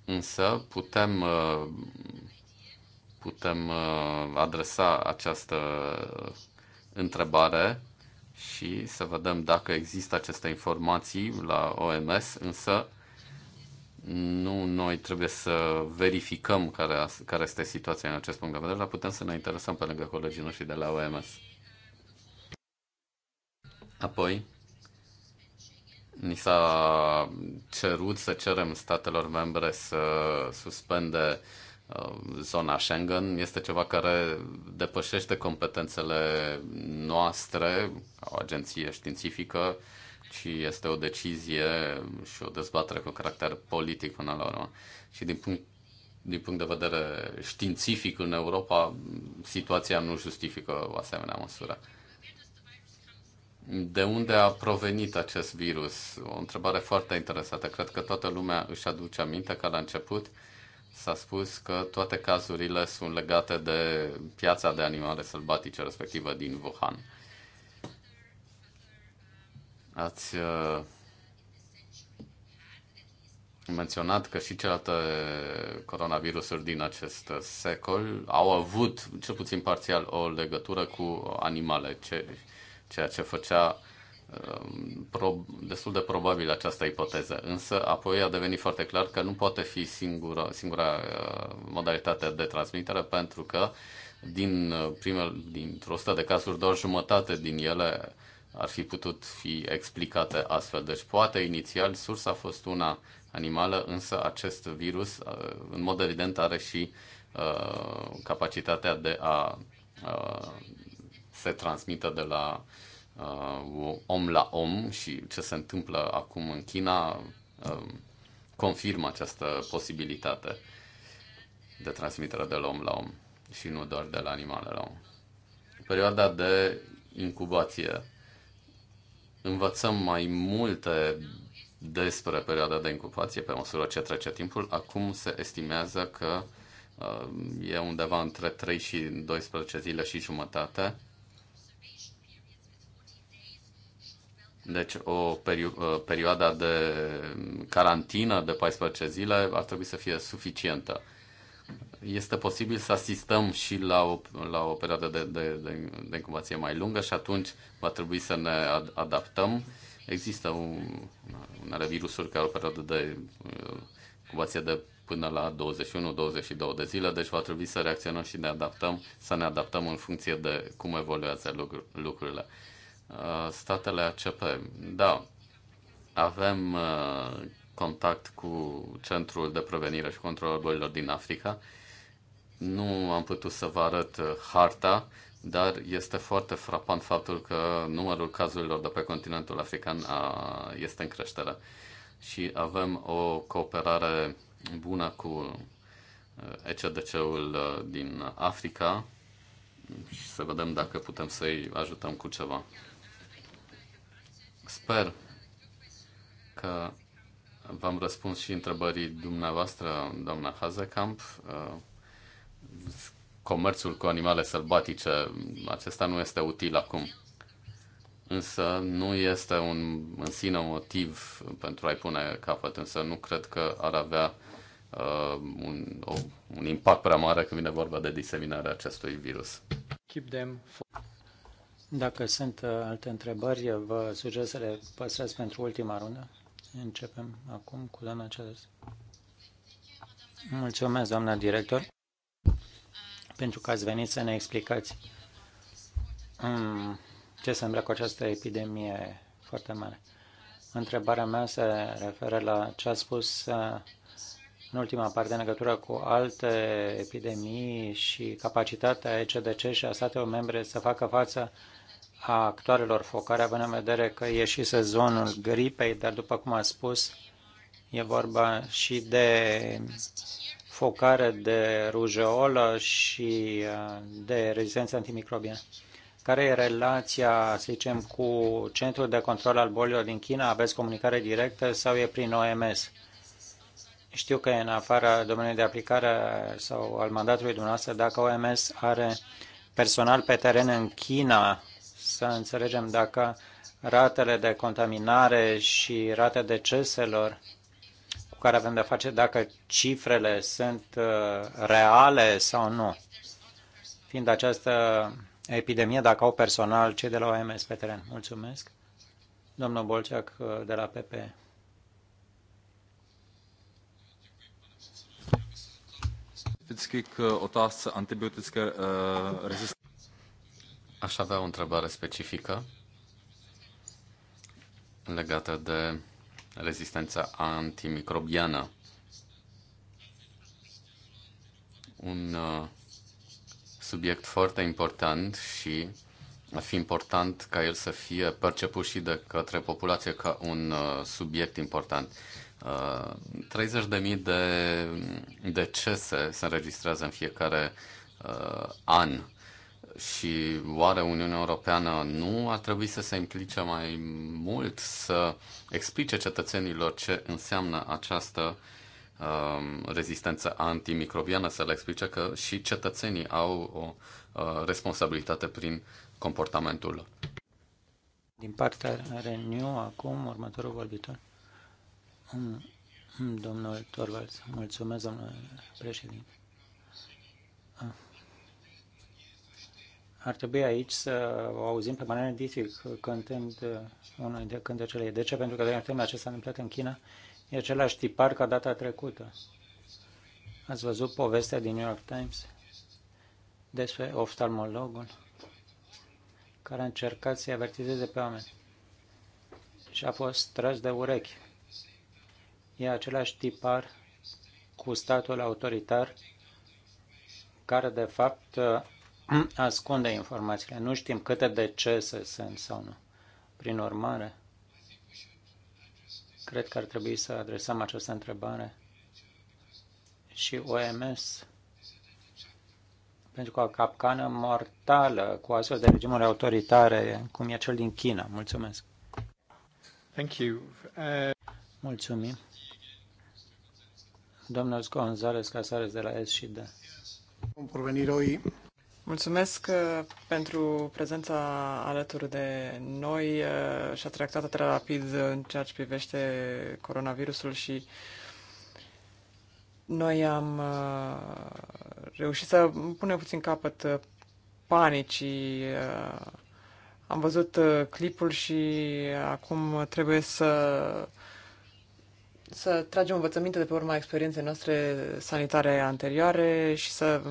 B: Însă putem, uh, putem adresa această întrebare și să vedem dacă există aceste informații la OMS, însă nu noi trebuie să verificăm care, care este situația în acest punct de vedere, dar putem să ne interesăm pe lângă colegii noștri de la OMS. Apoi, ni s-a cerut să cerem statelor membre să suspende uh, Uh, zona Schengen este ceva care depășește competențele noastre, o agenție științifică, și este o decizie și o dezbatere cu caracter politic până la urmă. Și din punct, din punct de vedere științific în Europa, situația nu justifică o asemenea măsură. De unde a provenit acest virus? O întrebare foarte interesată. Cred că toată lumea își aduce aminte că la început uh, s-a spus că toate cazurile sunt legate de piața de animale sălbatice, respectivă din Wuhan. Ați uh, menționat că și celelalte coronavirusuri din acest secol au avut, cel puțin parțial, o legătură cu animale, ce, ceea ce făcea destul de probabil această ipoteză, însă apoi a devenit foarte clar că nu poate fi singura, singura uh, modalitate de transmitere pentru că din uh, primele, dintr-o sută de cazuri, doar jumătate din ele ar fi putut fi explicate astfel. Deci poate inițial sursa a fost una animală, însă acest virus uh, în mod evident are și uh, capacitatea de a uh, se transmită de la uh, uh, om la om și ce se întâmplă acum în China uh, confirmă această posibilitate de transmitere de la om la om și nu doar de la animale la om. Perioada de incubație. Învățăm mai multe despre perioada de incubație pe măsură ce trece timpul. Acum se estimează că uh, e undeva între 3 și 12 zile și jumătate Deci o perio- uh, perioada de carantină de 14 zile ar trebui să fie suficientă. Este posibil să asistăm și la o, la o perioadă de, de, de, de incubație mai lungă și atunci va trebui să ne ad- adaptăm. Există un, unele virusuri care au o perioadă de uh, incubație de până la 21-22 de zile, deci va trebui să reacționăm și ne adaptăm, să ne adaptăm în funcție de cum evoluează lucr- lucrurile. Uh, statele ACP. Da, avem uh, contact cu Centrul de Prevenire și Control al Bolilor din Africa. Nu am putut să vă arăt uh, harta, dar este foarte frapant faptul că numărul cazurilor de pe continentul african a, este în creștere. Și avem o cooperare bună cu ECDC-ul din Africa și să vedem dacă putem să-i ajutăm cu ceva. Sper că v-am răspuns și întrebării dumneavoastră, doamna Hazekamp. Comerțul cu animale sălbatice, acesta nu este util acum. Însă nu este un, în sine un motiv pentru a-i pune capăt, însă nu cred că ar avea uh, un, o, un impact prea mare când vine vorba de diseminarea acestui virus.
A: Keep them dacă sunt uh, alte întrebări, vă sugerez să le păstrați pentru ultima rundă. Începem acum cu doamna Celes. Mulțumesc, doamna director, pentru că ați venit să ne explicați um, ce se îmbră cu această epidemie foarte mare. Întrebarea mea se referă la ce a spus uh, în ultima parte în legătură cu alte epidemii și capacitatea ECDC și a statelor membre să facă față a actualelor focare, având în vedere că e și sezonul gripei, dar după cum am spus, e vorba și de focare de rujeolă și uh, de rezistență antimicrobiană. Care e relația, să zicem, cu Centrul de Control al Bolilor din China? Aveți comunicare directă sau e prin OMS? Știu că e în afara domeniului de aplicare sau al mandatului dumneavoastră, dacă OMS are personal pe teren în China să înțelegem dacă ratele de contaminare și de deceselor cu care avem de face, dacă cifrele sunt uh, reale sau nu. Fiind această epidemie, dacă au personal cei de la OMS pe teren. Mulțumesc. Domnul Bolceac uh, de la PP.
B: specificky uh, otázce antibiotické rezistence. Aș avea o întrebare specifică legată de rezistența antimicrobiană. Un uh, subiect foarte important și ar fi important ca el să fie perceput și de către populație ca un uh, subiect important. 30.000 uh, de decese se înregistrează în fiecare an și oare Uniunea Europeană nu ar trebui să se implice mai mult, să explice cetățenilor ce înseamnă această um, rezistență antimicrobiană, să le explice că și cetățenii au o uh, responsabilitate prin comportamentul lor.
A: Din partea Renew, acum, următorul vorbitor. Domnul Torvalds, mulțumesc, domnule președinte. Ah, ar trebui aici să o auzim pe Marianne Dietrich cântând uh, unul dintre cântecele. De ce? Pentru că de ce s-a întâmplat în China e același tipar ca data trecută. Ați văzut povestea din New York Times despre oftalmologul care a încercat să-i avertizeze pe oameni și a fost tras de urechi. E același tipar cu statul autoritar care, de fapt, uh, ascunde informațiile. Nu știm câte decese sunt sau nu. Prin urmare, cred că ar trebui să adresăm această întrebare și OMS pentru că o capcană mortală cu astfel de regimuri autoritare, cum e cel din China. Mulțumesc. Thank you. Uh... Mulțumim. Domnul González Casares de la S și D. Vom proveni hoy
C: Mulțumesc uh, pentru prezența alături de noi uh, și a tractat atât rapid în ceea ce privește coronavirusul și noi am uh, reușit să punem puțin capăt panicii. Am văzut clipul și acum trebuie să să tragem învățăminte de pe urma experienței noastre sanitare anterioare și să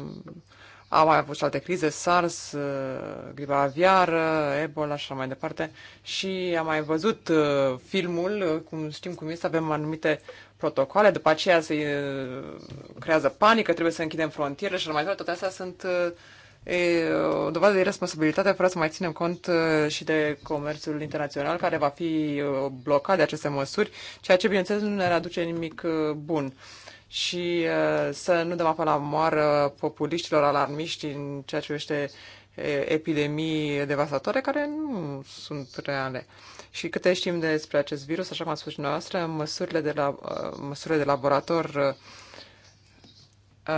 C: au mai avut și alte crize, SARS, uh, gripa aviară, Ebola și așa mai departe. Și am mai văzut uh, filmul, uh, cum știm cum este, avem anumite protocoale, după aceea se creează panică, trebuie să închidem frontiere și așa mai departe. Toate astea sunt e, o dovadă de responsabilitate fără să mai ținem cont și de comerțul internațional care va fi blocat de aceste măsuri, ceea ce, bineînțeles, nu ne aduce nimic bun și uh, să nu dăm apă la moară populiștilor alarmiști în ceea ce este epidemii devastatoare care nu sunt reale. Și câte știm despre acest virus, așa cum ați spus și noastră, măsurile de, la, uh, măsurile de laborator uh,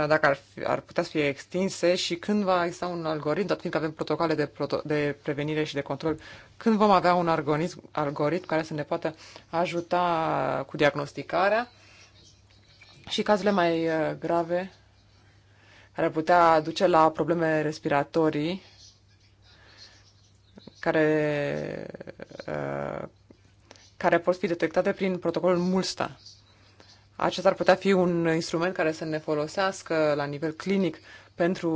C: dacă ar, fi, ar putea să fie extinse și când va exista un algoritm, dat fiindcă avem protocoale de, proto- de prevenire și de control, când vom avea un algoritm, algoritm care să ne poată ajuta cu diagnosticarea și cazurile mai uh, grave care putea duce la probleme respiratorii care, uh, care pot fi detectate prin protocolul MULSTA. Acesta ar putea fi un instrument care să ne folosească la nivel clinic pentru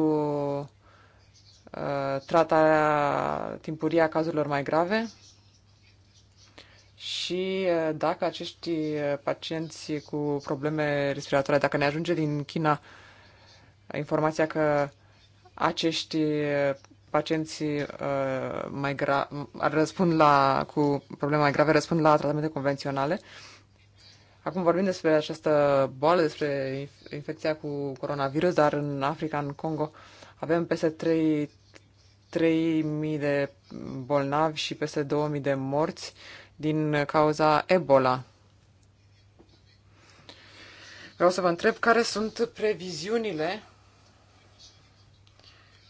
C: uh, tratarea timpurie a cazurilor mai grave și uh, dacă acești uh, pacienți cu probleme respiratoare, dacă ne ajunge din China informația că acești uh, pacienții uh, mai gra- răspund la, cu probleme mai grave răspund la tratamente convenționale. Acum vorbim despre această boală, despre infecția cu coronavirus, dar în Africa, în Congo, avem peste 3, 3.000 de bolnavi și peste 2.000 de morți din cauza Ebola. Vreau să vă întreb care sunt previziunile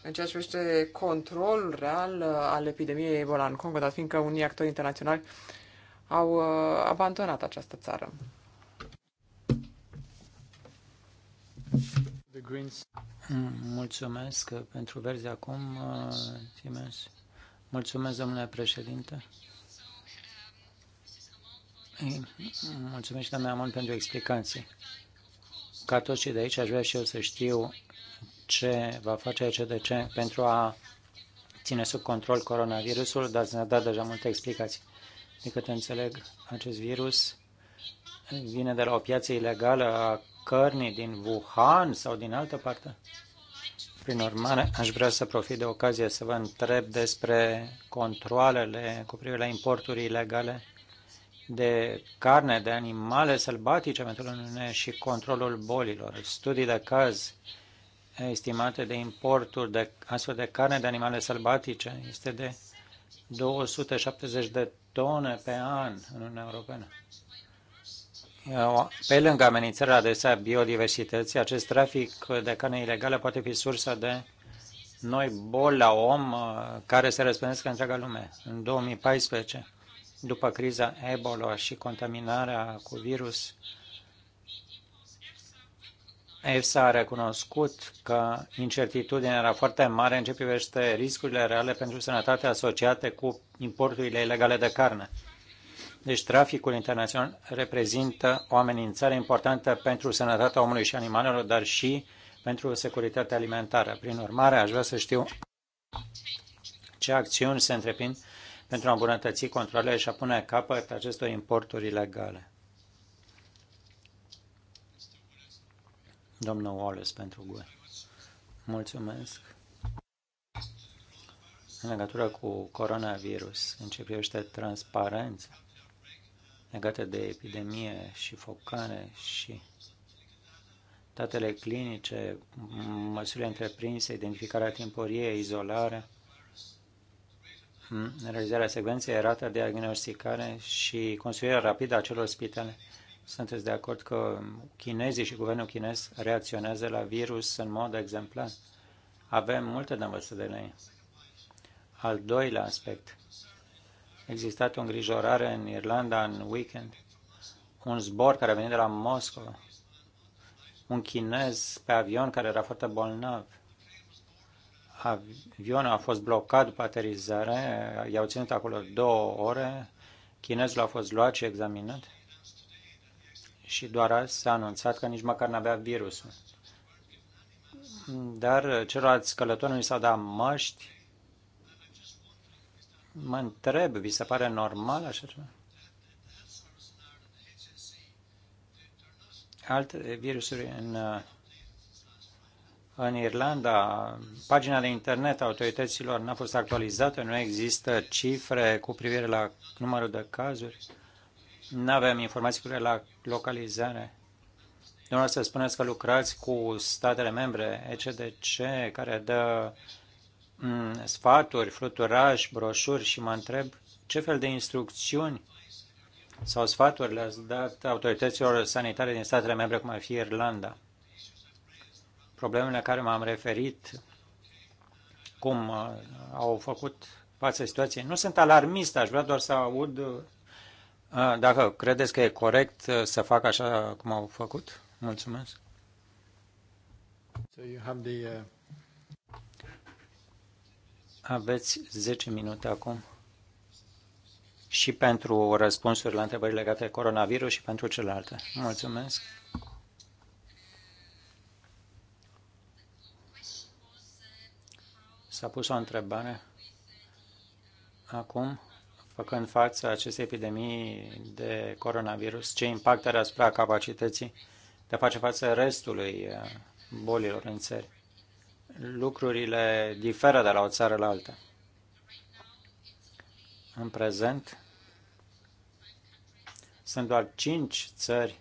C: în ceea ce privește controlul real uh, al epidemiei Ebola în Congo, dar fiindcă unii actori internaționali au uh, abandonat această țară.
A: The Greens. Mm, mulțumesc uh, pentru verzi acum, Times. Mulțumesc, domnule președinte. Mulțumesc, doamne Amon, pentru explicații. Ca toți cei de aici, aș vrea și eu să știu ce va face CDC pentru a ține sub control coronavirusul, dar ne-a dat deja multe explicații. De cât înțeleg, acest virus vine de la o piață ilegală a cărnii din Wuhan sau din altă parte. Prin urmare, aș vrea să profit de ocazie să vă întreb despre controlele cu privire la importuri ilegale de carne de animale sălbatice pentru Uniune și controlul bolilor. Studii de caz eh, estimate de importuri de astfel de carne de animale sălbatice este de 270 de tone pe an în Uniunea Europeană. Eh, pe lângă amenințarea adesea biodiversității, acest trafic de carne ilegală poate fi sursa de noi boli la om eh, care se răspândesc în întreaga lume. În 2014, după criza Ebola și contaminarea cu virus, EFSA a recunoscut că incertitudinea era foarte mare în ce privește riscurile reale pentru sănătate asociate cu importurile ilegale de carne. Deci traficul internațional reprezintă o amenințare importantă pentru sănătatea omului și animalelor, dar și pentru securitatea alimentară. Prin urmare, aș vrea să știu ce acțiuni se întreprind pentru a îmbunătăți controlele și a pune capăt acestor importuri ilegale. Domnul Wallace pentru GUE. Mulțumesc. În legătură cu coronavirus, în ce privește transparența legată de epidemie și focare și datele clinice, măsurile întreprinse, identificarea timpurie, izolarea realizarea secvenței, rata diagnosticare și construirea rapidă a celor spitale. Sunteți de acord că chinezii și guvernul chinez reacționează la virus în mod exemplar? Avem multe de învățat de noi. Al doilea aspect. Existat o îngrijorare în Irlanda în weekend. Un zbor care a venit de la Moscova. Un chinez pe avion care era foarte bolnav Avionul a fost blocat după aterizare, i-au ținut acolo două ore, chinezul a fost luat și examinat și doar azi s-a anunțat că nici măcar n-avea virusul. Dar celorlalți călători nu i s-au dat măști. Mă întreb, vi se pare normal așa ceva? Alte virusuri în în Irlanda, pagina de internet a autorităților n-a fost actualizată, nu există cifre cu privire la numărul de cazuri, nu avem informații cu privire la localizare. Dumneavoastră spuneți că lucrați cu statele membre, ECDC, care dă mm, sfaturi, fluturaj, broșuri și mă întreb ce fel de instrucțiuni sau sfaturi le-ați dat autorităților sanitare din statele membre, cum ar fi Irlanda? problemele la care m-am referit, cum uh, au făcut față situației. Nu sunt alarmist, aș vrea doar să aud uh, dacă credeți că e corect uh, să fac așa cum au făcut. Mulțumesc. So you have the, uh... Aveți 10 minute acum și pentru răspunsuri la întrebări legate de coronavirus și pentru celelalte. Mulțumesc. S-a pus o întrebare acum, făcând față acestei epidemii de coronavirus, ce impact are asupra capacității de a face față restului uh, bolilor în țări. Lucrurile diferă de la o țară la alta. În prezent, sunt doar cinci țări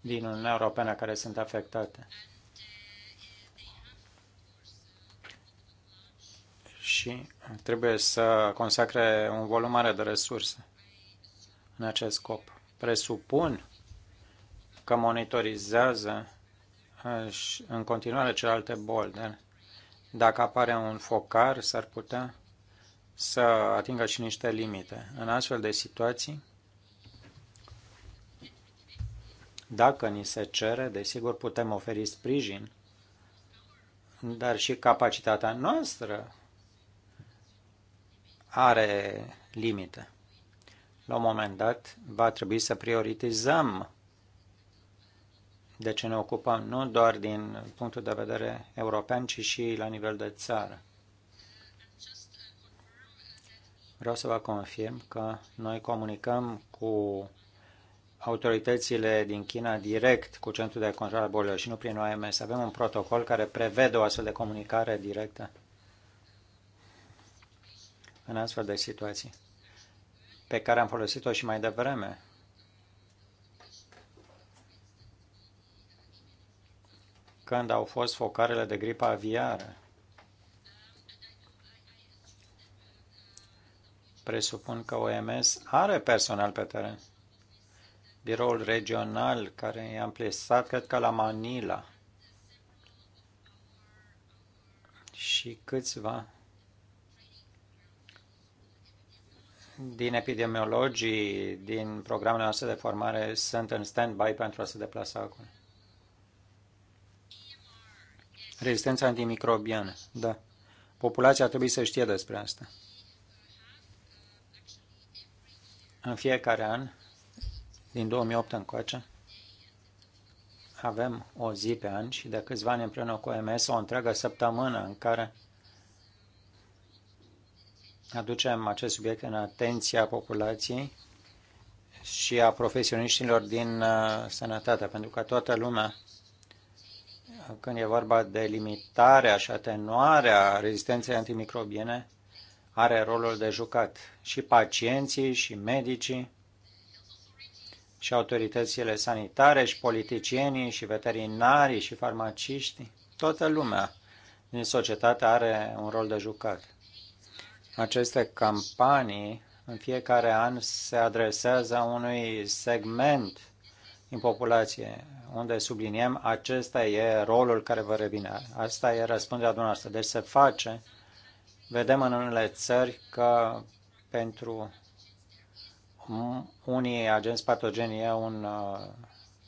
A: din Uniunea Europeană care sunt afectate. și trebuie să consacre un volum mare de resurse în acest scop. Presupun că monitorizează în continuare celelalte boli. dacă apare un focar, s-ar putea să atingă și niște limite. În astfel de situații, dacă ni se cere, desigur putem oferi sprijin, dar și capacitatea noastră are limite. La un moment dat va trebui să prioritizăm de ce ne ocupăm, nu doar din punctul de vedere european, ci și la nivel de țară. Vreau să vă confirm că noi comunicăm cu autoritățile din China direct cu Centrul de Control al Bolilor și nu prin OMS. Avem un protocol care prevede o astfel de comunicare directă în astfel de situații, pe care am folosit-o și mai devreme. când au fost focarele de gripă aviară. Presupun că OMS are personal pe teren. Biroul regional care e amplisat, cred că la Manila. Și câțiva din epidemiologii din programele noastre de formare sunt în stand-by pentru a se deplasa acum. Rezistența antimicrobiană, da. Populația trebuie să știe despre asta. În fiecare an, din 2008 încoace, avem o zi pe an și de câțiva ani împreună cu OMS o întreagă săptămână în care aducem acest subiect în atenția populației și a profesioniștilor din uh, sănătate, pentru că toată lumea, uh, când e vorba de limitarea și atenuarea rezistenței antimicrobiene, are rolul de jucat. Și pacienții, și medicii, și autoritățile sanitare, și politicienii, și veterinarii, și farmaciștii, toată lumea din societate are un rol de jucat. Aceste campanii în fiecare an se adresează unui segment din populație, unde subliniem acesta e rolul care vă revine. Asta e răspunderea dumneavoastră. Deci se face. Vedem în unele țări că pentru unii agenți patogeni e un uh,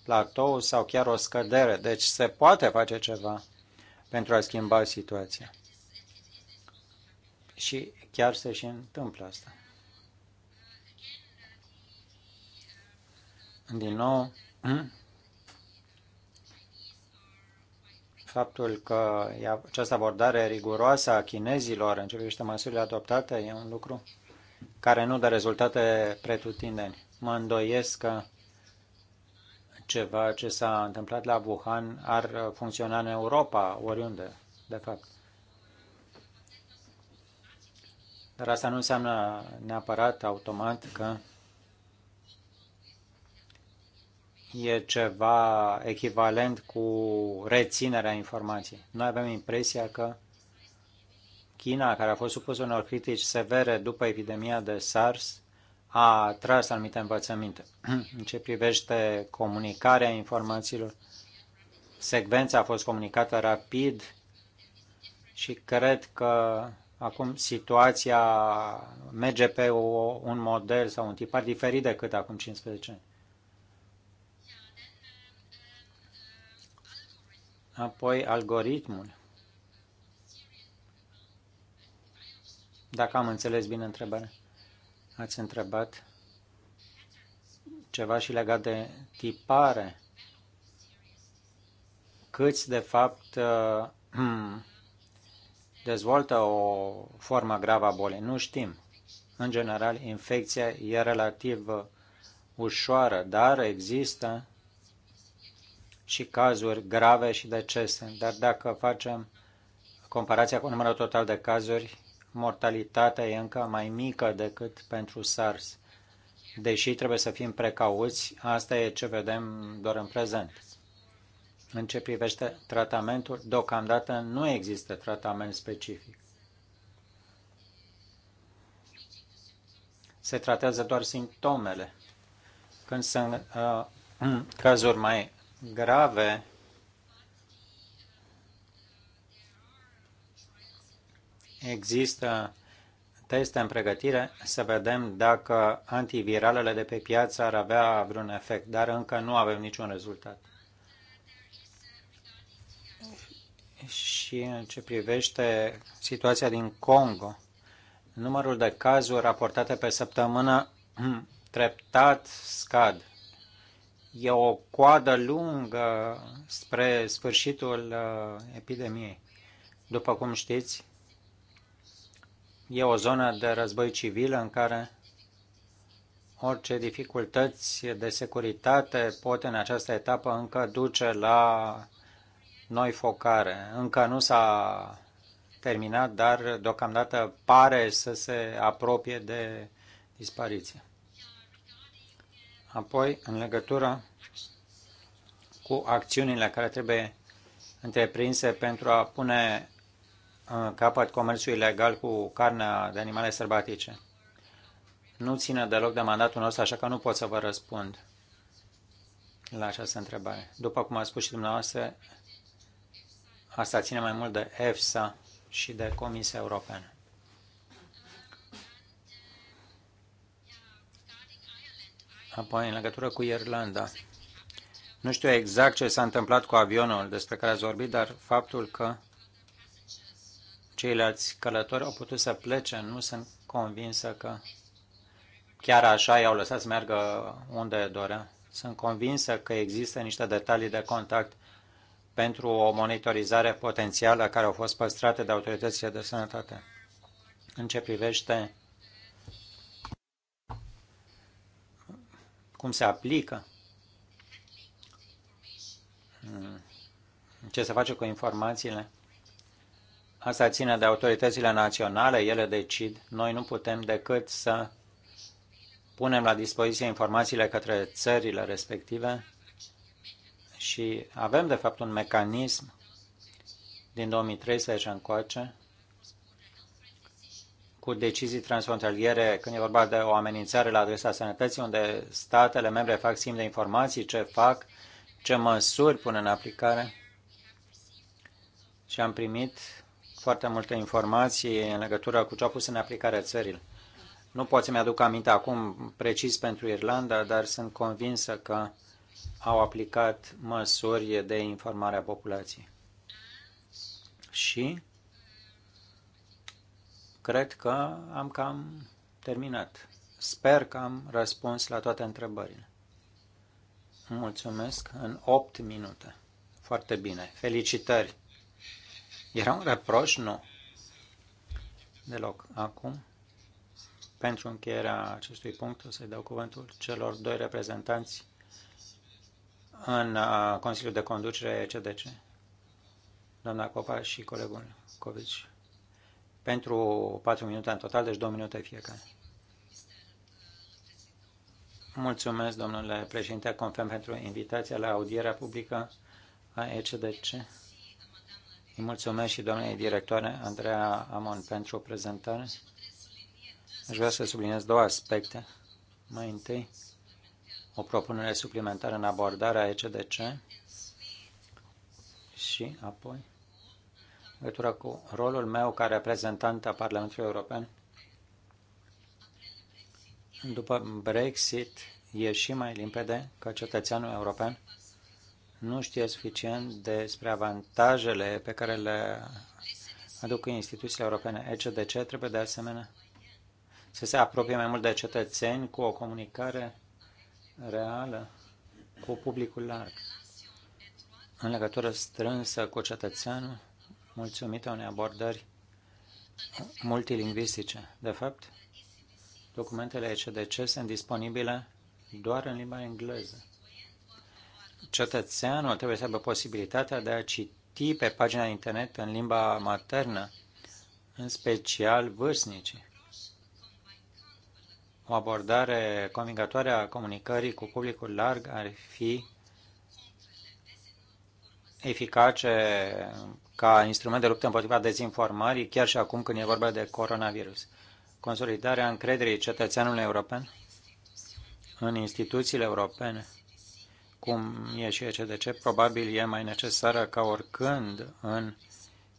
A: platou sau chiar o scădere. Deci se poate face ceva pentru a schimba situația. Și chiar se și întâmplă asta. Din nou, faptul că această abordare riguroasă a chinezilor în ce privește măsurile adoptate e un lucru care nu dă rezultate pretutindeni. Mă îndoiesc că ceva ce s-a întâmplat la Wuhan ar funcționa în Europa, oriunde, de fapt. Dar asta nu înseamnă neapărat automat că e ceva echivalent cu reținerea informației. Noi avem impresia că China, care a fost supusă unor critici severe după epidemia de SARS, a tras anumite învățăminte în ce privește comunicarea informațiilor. Secvența a fost comunicată rapid și cred că Acum situația merge pe o, un model sau un tipar diferit decât acum 15 ani. Apoi algoritmul. Dacă am înțeles bine întrebarea, ați întrebat ceva și legat de tipare. Câți, de fapt, uh, dezvoltă o formă gravă a bolii. Nu știm. În general, infecția e relativ uh, ușoară, dar există și cazuri grave și decese. Dar dacă facem comparația cu numărul total de cazuri, mortalitatea e încă mai mică decât pentru SARS. Deși trebuie să fim precauți, asta e ce vedem doar în prezent. În ce privește tratamentul, deocamdată nu există tratament specific. Se tratează doar simptomele. Când sunt uh, cazuri mai grave, există teste în pregătire să vedem dacă antiviralele de pe piață ar avea vreun efect, dar încă nu avem niciun rezultat. și în ce privește situația din Congo. Numărul de cazuri raportate pe săptămână treptat scad. E o coadă lungă spre sfârșitul uh, epidemiei. După cum știți, e o zonă de război civil în care orice dificultăți de securitate pot în această etapă încă duce la noi focare. Încă nu s-a terminat, dar deocamdată pare să se apropie de dispariție. Apoi, în legătură cu acțiunile care trebuie întreprinse pentru a pune în uh, capăt comerțului ilegal cu carnea de animale sărbatice. Nu ține deloc de mandatul nostru, așa că nu pot să vă răspund la această întrebare. După cum a spus și dumneavoastră, Asta ține mai mult de EFSA și de Comisia Europeană. Apoi, în legătură cu Irlanda, nu știu exact ce s-a întâmplat cu avionul despre care ați vorbit, dar faptul că ceilalți călători au putut să plece, nu sunt convinsă că chiar așa i-au lăsat să meargă unde dorea. Sunt convinsă că există niște detalii de contact pentru o monitorizare potențială care au fost păstrate de autoritățile de sănătate. În ce privește cum se aplică, ce se face cu informațiile, asta ține de autoritățile naționale, ele decid. Noi nu putem decât să punem la dispoziție informațiile către țările respective și avem, de fapt, un mecanism din 2013 încoace cu decizii transfrontaliere când e vorba de o amenințare la adresa sănătății, unde statele membre fac schimb de informații, ce fac, ce măsuri pun în aplicare. Și am primit foarte multe informații în legătură cu ce au pus în aplicare țările. Nu pot să-mi aduc aminte acum precis pentru Irlanda, dar sunt convinsă că au aplicat măsuri de informare a populației. Și cred că am cam terminat. Sper că am răspuns la toate întrebările. Mulțumesc în 8 minute. Foarte bine. Felicitări. Era un reproș? Nu. Deloc. Acum, pentru încheierea acestui punct, o să-i dau cuvântul celor doi reprezentanți în uh, Consiliul de Conducere CDC, doamna Copa și colegul Covici, pentru 4 minute în total, deci 2 minute fiecare. Mulțumesc, domnule președinte, confirm pentru invitația la audierea publică a ECDC. Îi mulțumesc și domnului directoare Andreea Amon pentru o prezentare. Aș vrea să subliniez două aspecte. Mai întâi, o propunere suplimentară în abordarea ECDC și apoi legătură cu rolul meu ca reprezentant a Parlamentului European. După Brexit e și mai limpede că cetățeanul european nu știe suficient despre avantajele pe care le aduc instituțiile europene. ECDC trebuie de asemenea să se apropie mai mult de cetățeni cu o comunicare reală cu publicul larg, în legătură strânsă cu cetățeanul, mulțumită unei abordări multilingvistice. De fapt, documentele ECDC sunt disponibile doar în limba engleză. Cetățeanul trebuie să aibă posibilitatea de a citi pe pagina internet în limba maternă, în special vârstnicii. O abordare convingătoare a comunicării cu publicul larg ar fi eficace ca instrument de luptă împotriva dezinformării, chiar și acum când e vorba de coronavirus. Consolidarea încrederii cetățeanului european în instituțiile europene, cum e și ECDC, probabil e mai necesară ca oricând în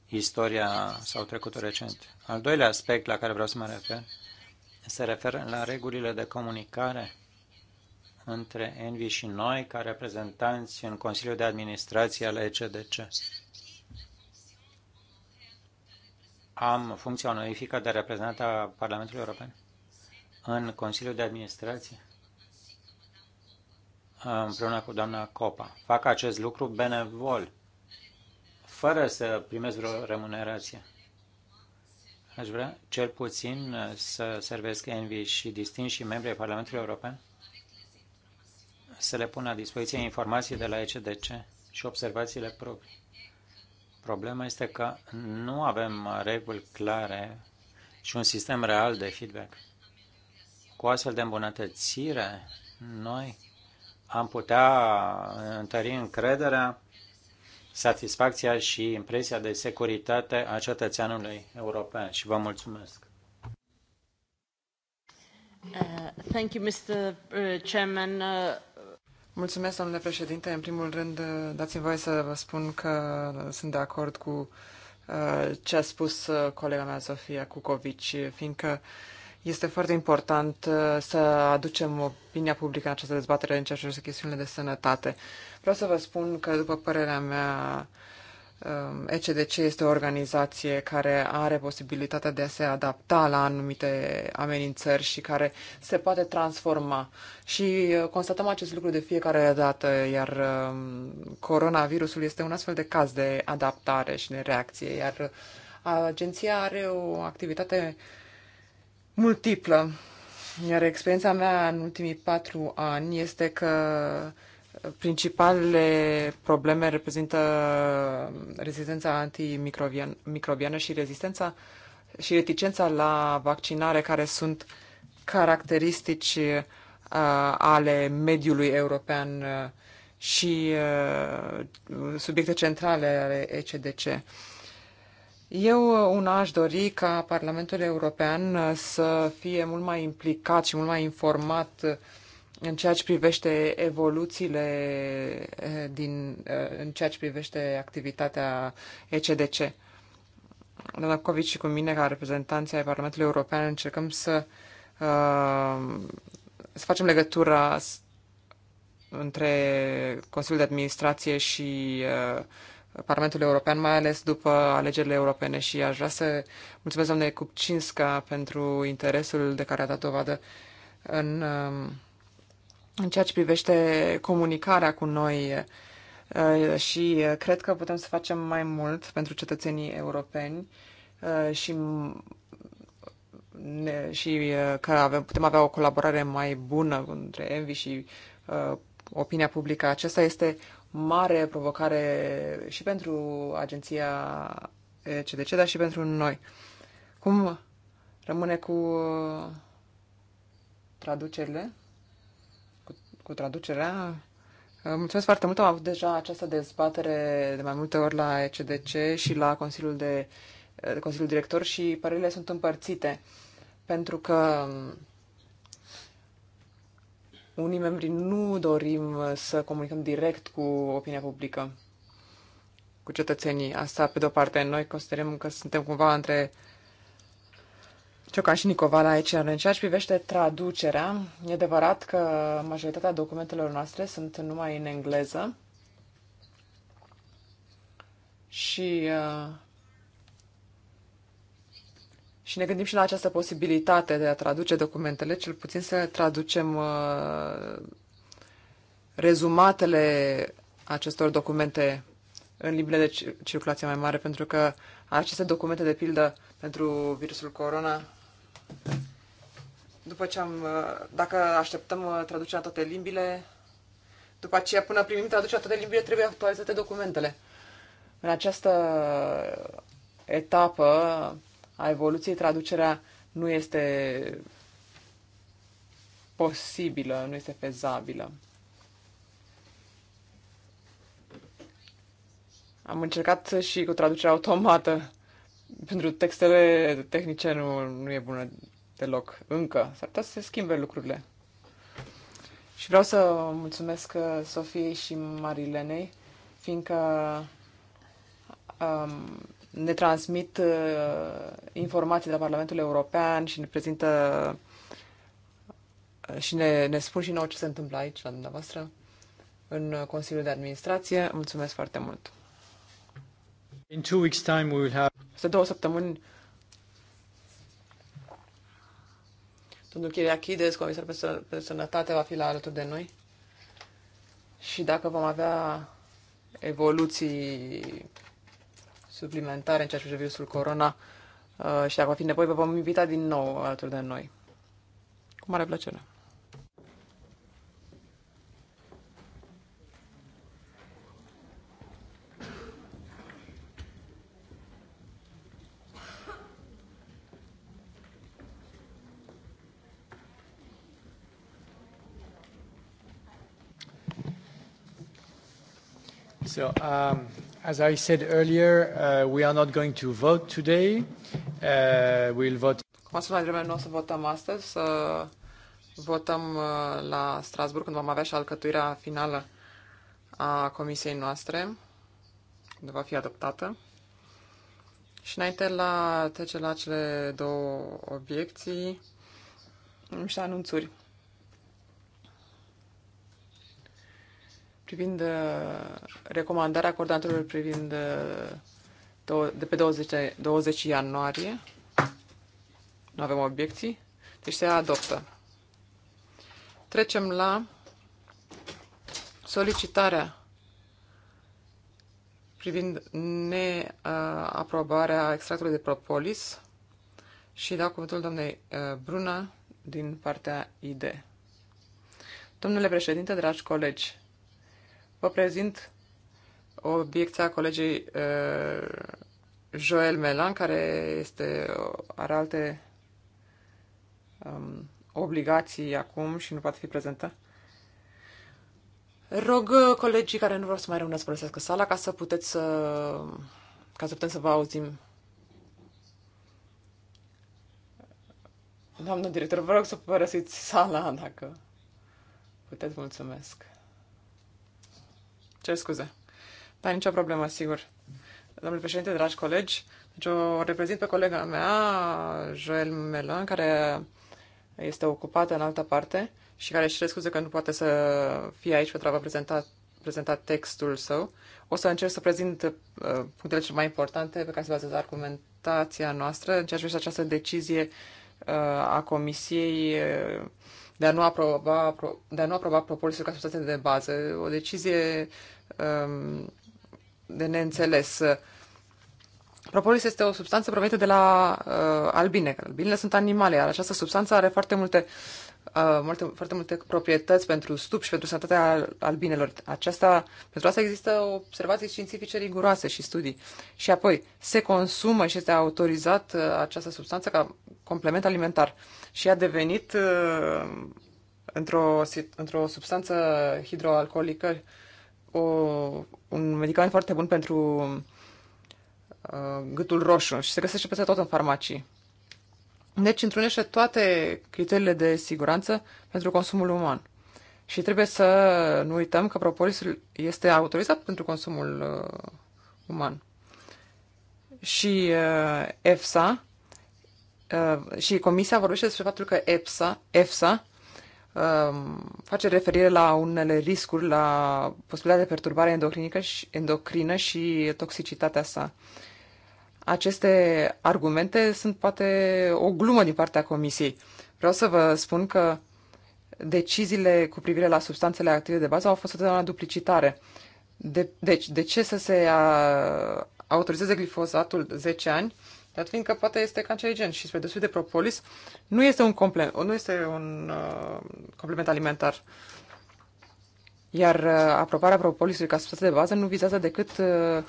A: istoria sau trecutul recent. Al doilea aspect la care vreau să mă refer se referă la regulile de comunicare între Envi și noi, ca reprezentanți în Consiliul de Administrație al ECDC. Am funcția onorifică de reprezentant a Parlamentului European în Consiliul de Administrație împreună cu doamna Copa. Fac acest lucru benevol, fără să primesc vreo remunerație. Aș vrea cel puțin uh, să servesc Envi și distinși membrii Parlamentului European să le pun la dispoziție informații de la ECDC și observațiile proprii. Problema este că nu avem reguli clare și un sistem real de feedback. Cu astfel de îmbunătățire, noi am putea întări încrederea satisfacția și impresia de securitate a cetățeanului european și vă mulțumesc.
C: Uh, thank you, Mr. Uh, Chairman. Uh, mulțumesc, domnule președinte. În primul rând, uh, dați-mi voie să vă spun că sunt de acord cu uh, ce a spus colega mea, Sofia Cucovici, fiindcă uh, este foarte important uh, să aducem opinia publică în această dezbatere în ceea ce privește chestiunile de sănătate. Vreau să vă spun că, după părerea mea, um, ECDC este o organizație care are posibilitatea de a se adapta la anumite amenințări și care se poate transforma. Și uh, constatăm acest lucru de fiecare dată, iar um, coronavirusul este un astfel de caz de adaptare și de reacție, iar uh, agenția are o activitate uh, multiplă. Iar experiența mea în ultimii patru ani este că principalele probleme reprezintă rezistența antimicrobiană și rezistența și reticența la vaccinare care sunt caracteristici uh, ale mediului european uh, și uh, subiecte centrale ale ECDC. Eu uh, una aș dori ca Parlamentul European uh, să fie mult mai implicat și mult mai informat uh, în ceea ce privește evoluțiile din, în ceea ce privește activitatea ECDC. Doamna Covici și cu mine, ca reprezentanții ai Parlamentului European, încercăm să, să facem legătura între Consiliul de Administrație și Parlamentul European, mai ales după alegerile europene și aș vrea să mulțumesc doamnei Cupcinska pentru interesul de care a dat dovadă în, um, în ceea ce privește comunicarea cu noi uh, și cred că putem să facem mai mult pentru cetățenii europeni uh, și și uh, că avem, putem avea o colaborare mai bună între Envi și uh, opinia publică. Acesta este mare provocare și pentru agenția CDC, dar și pentru noi. Cum rămâne cu traducerile? Cu, cu traducerea? Mulțumesc foarte mult. Am avut deja această dezbatere de mai multe ori la ECDC și la Consiliul, de, Consiliul Director și părerile sunt împărțite pentru că unii membri nu dorim uh, să comunicăm direct cu opinia publică, cu cetățenii. Asta, pe de-o parte, noi considerăm că suntem cumva între Ciocan și Nicovala aici. În ceea ce privește traducerea, e adevărat că majoritatea documentelor noastre sunt numai în engleză și uh, și ne gândim și la această posibilitate de a traduce documentele, cel puțin să traducem uh, rezumatele acestor documente în limbile de circulație mai mare, pentru că aceste documente, de pildă, pentru virusul corona, după ce am, uh, dacă așteptăm uh, traducerea toate limbile, după aceea, până primim traducerea toate limbile, trebuie actualizate documentele. În această etapă, a evoluției, traducerea nu este posibilă, nu este fezabilă. Am încercat și cu traducerea automată. Pentru textele tehnice nu, nu e bună deloc încă. S-ar putea să se schimbe lucrurile. Și vreau să mulțumesc uh, Sofiei și Marilenei, fiindcă um, ne transmit uh, informații de la Parlamentul European și ne prezintă uh, și ne, ne spun și nouă ce se întâmplă aici la dumneavoastră în Consiliul de Administrație. Mulțumesc foarte mult! In two weeks time we will have... Peste două săptămâni Domnul Chiriachides, comisar pentru sănătate, va fi la alături de noi. Și dacă vom avea evoluții suplimentare în ceea ce privește virusul corona uh, și dacă va fi nevoie, vă vom invita din nou alături de noi. Cu mare plăcere!
B: So, um, As I said
C: earlier, uh, we are not going to vote today. Uh, we'll vote. Cum am spus mai devreme, nu o să votăm astăzi, să votăm uh, la Strasburg când vom avea și alcătuirea finală a comisiei noastre, când va fi adoptată. Și înainte la trece la cele două obiecții, niște anunțuri. privind uh, recomandarea coordonatorilor privind uh, de pe 20, 20 ianuarie. Nu avem obiecții. Deci se adoptă. Trecem la solicitarea privind neaprobarea extractului de propolis și dau cuvântul doamnei uh, Bruna din partea ID. Domnule președinte, dragi colegi, Vă prezint obiecția colegii uh, Joel Melan, care este, are alte um, obligații acum și nu poate fi prezentă. Rog uh, colegii care nu vor să mai rămână să folosească sala ca să puteți să, uh, ca să putem să vă auzim. Doamnă director, vă rog să părăsiți sala dacă puteți, mulțumesc. Cer scuze. Dar nicio problemă, sigur. Domnule președinte, dragi colegi, deci o reprezint pe colega mea, Joel Melan, care este ocupată în altă parte și care își scuze că nu poate să fie aici pentru a vă prezenta, prezenta textul său. O să încerc să prezint uh, punctele cele mai importante pe care se bazează argumentația noastră în ceea ce privește această decizie uh, a Comisiei uh, de a nu aproba, de a nu aproba propoziția ca substanțe de bază. O decizie Um, de neînțeles. Propolis este o substanță provenită de la uh, albine. Albinele sunt animale, iar această substanță are foarte multe, uh, multe, foarte multe proprietăți pentru stup și pentru sănătatea albinelor. Aceasta, pentru asta există observații științifice riguroase și studii. Și apoi, se consumă și este autorizat uh, această substanță ca complement alimentar. Și a devenit uh, într-o, într-o substanță hidroalcoolică uh, o, un medicament foarte bun pentru uh, gâtul roșu și se găsește peste tot în farmacii. Deci întrunește toate criteriile de siguranță pentru consumul uman. Și trebuie să nu uităm că propolisul este autorizat pentru consumul uh, uman. Și uh, EFSA uh, și Comisia vorbește despre faptul că EFSA, EFSA Um, face referire la unele riscuri, la posibilitatea de perturbare endocrinică și, endocrină și toxicitatea sa. Aceste argumente sunt poate o glumă din partea Comisiei. Vreau să vă spun că deciziile cu privire la substanțele active de bază au fost totdeauna duplicitare. De, deci, de ce să se a, autorizeze glifosatul 10 ani dar fiindcă poate este cancerigen și spre deosebire de propolis, nu este un, comple- nu este un uh, complement alimentar. Iar uh, aprobarea propolisului ca substanță de bază nu vizează decât uh,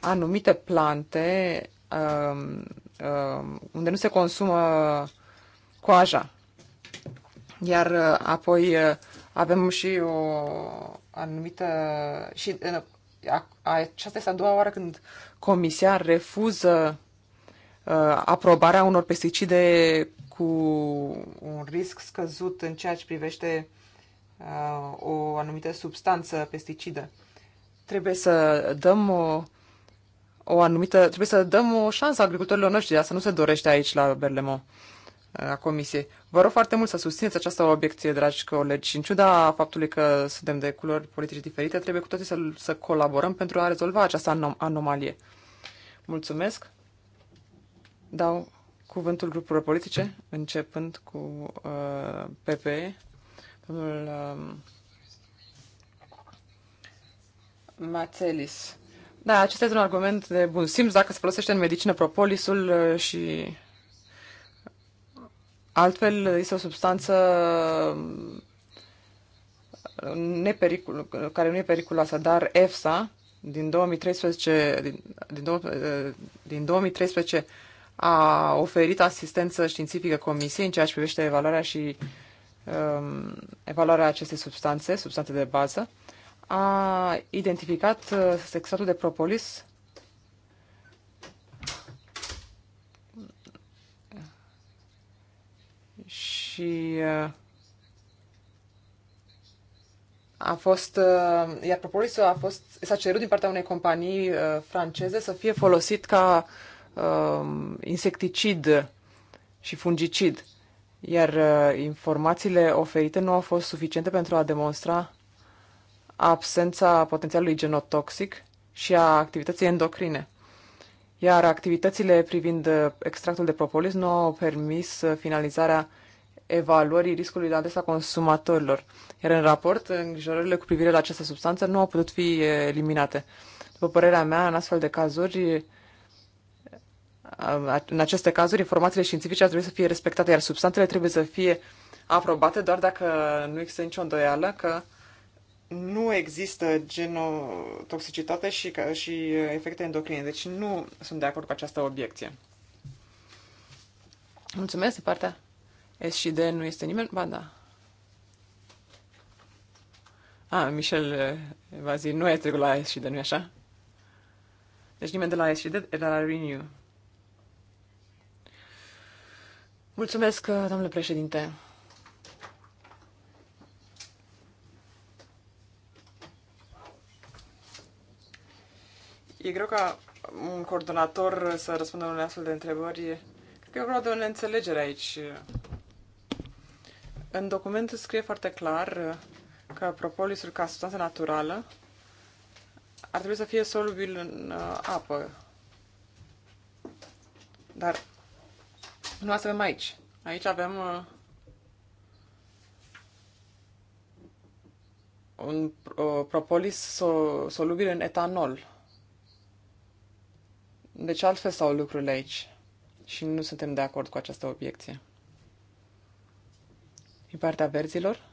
C: anumite plante uh, uh, unde nu se consumă coaja. Iar uh, apoi uh, avem și o anumită... și uh, aceasta este a doua oară când Comisia refuză Uh, aprobarea unor pesticide cu un risc scăzut în ceea ce privește uh, o anumită substanță pesticidă. Trebuie să dăm o, o anumită, trebuie să dăm o șansă agricultorilor noștri, asta nu se dorește aici la Berlemo, uh, a comisie Vă rog foarte mult să susțineți această obiecție, dragi colegi, și în ciuda faptului că suntem de culori politice diferite, trebuie cu toții să, să colaborăm pentru a rezolva această anom- anomalie. Mulțumesc! Dau cuvântul grupurilor politice, începând cu uh, PPE. Domnul uh, Mațelis. Da, acesta este un argument de bun simț. Dacă se folosește în medicină propolisul uh, și altfel este o substanță um, nepericul, care nu e periculoasă, dar EFSA din 2013, din, din, uh, din 2013 a oferit asistență științifică Comisiei în ceea ce privește evaluarea și um, evaluarea acestei substanțe, substanțe de bază, a identificat uh, sexatul de propolis și uh, a fost, uh, iar propolisul a fost, s-a cerut din partea unei companii franceze să fie folosit ca Um, insecticid și fungicid, iar uh, informațiile oferite nu au fost suficiente pentru a demonstra absența potențialului genotoxic și a activității endocrine. Iar activitățile privind uh, extractul de propolis nu au permis uh, finalizarea evaluării riscului la adresa consumatorilor, iar în raport îngrijorările cu privire la această substanță nu au putut fi eliminate. După părerea mea, în astfel de cazuri, în aceste cazuri, informațiile științifice ar trebui să fie respectate, iar substanțele trebuie să fie aprobate doar dacă nu există nicio îndoială că nu există genotoxicitate și, și uh, efecte endocrine. Deci nu sunt de acord cu această obiecție. Mulțumesc de partea S și D nu este nimeni? Ba da. A, Michel uh, zi, nu e trecut la S și D, nu-i așa? Deci nimeni de la S și D, de la Renew. Mulțumesc, uh, domnule președinte. E greu ca un coordonator să răspundă unei astfel de întrebări. Cred că e vorba de o neînțelegere aici. În document scrie foarte clar că propolisul ca substanță naturală ar trebui să fie solubil în uh, apă. Dar nu asta avem aici. Aici avem uh, un uh, propolis so, solubil în etanol. Deci altfel stau lucrurile aici și nu suntem de acord cu această obiecție. Din partea verzilor?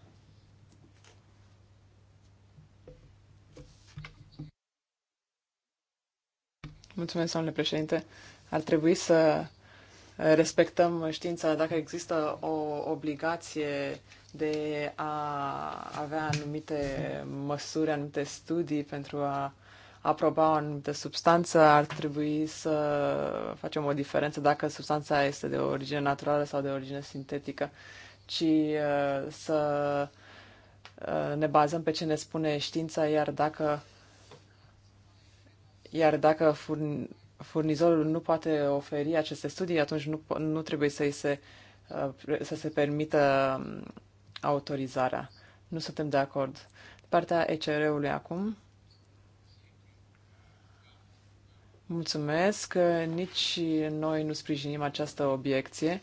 C: Mulțumesc, domnule președinte. Ar trebui să respectăm știința, dacă există o obligație de a avea anumite măsuri, anumite studii pentru a aproba o anumită substanță, ar trebui să facem o diferență dacă substanța este de origine naturală sau de origine sintetică, ci uh, să uh, ne bazăm pe ce ne spune știința, iar dacă iar dacă furn, furnizorul nu poate oferi aceste studii, atunci nu, nu trebuie să se, uh, să se permită um, autorizarea. Nu suntem de acord. Partea ECR-ului acum. Mulțumesc. Nici noi nu sprijinim această obiecție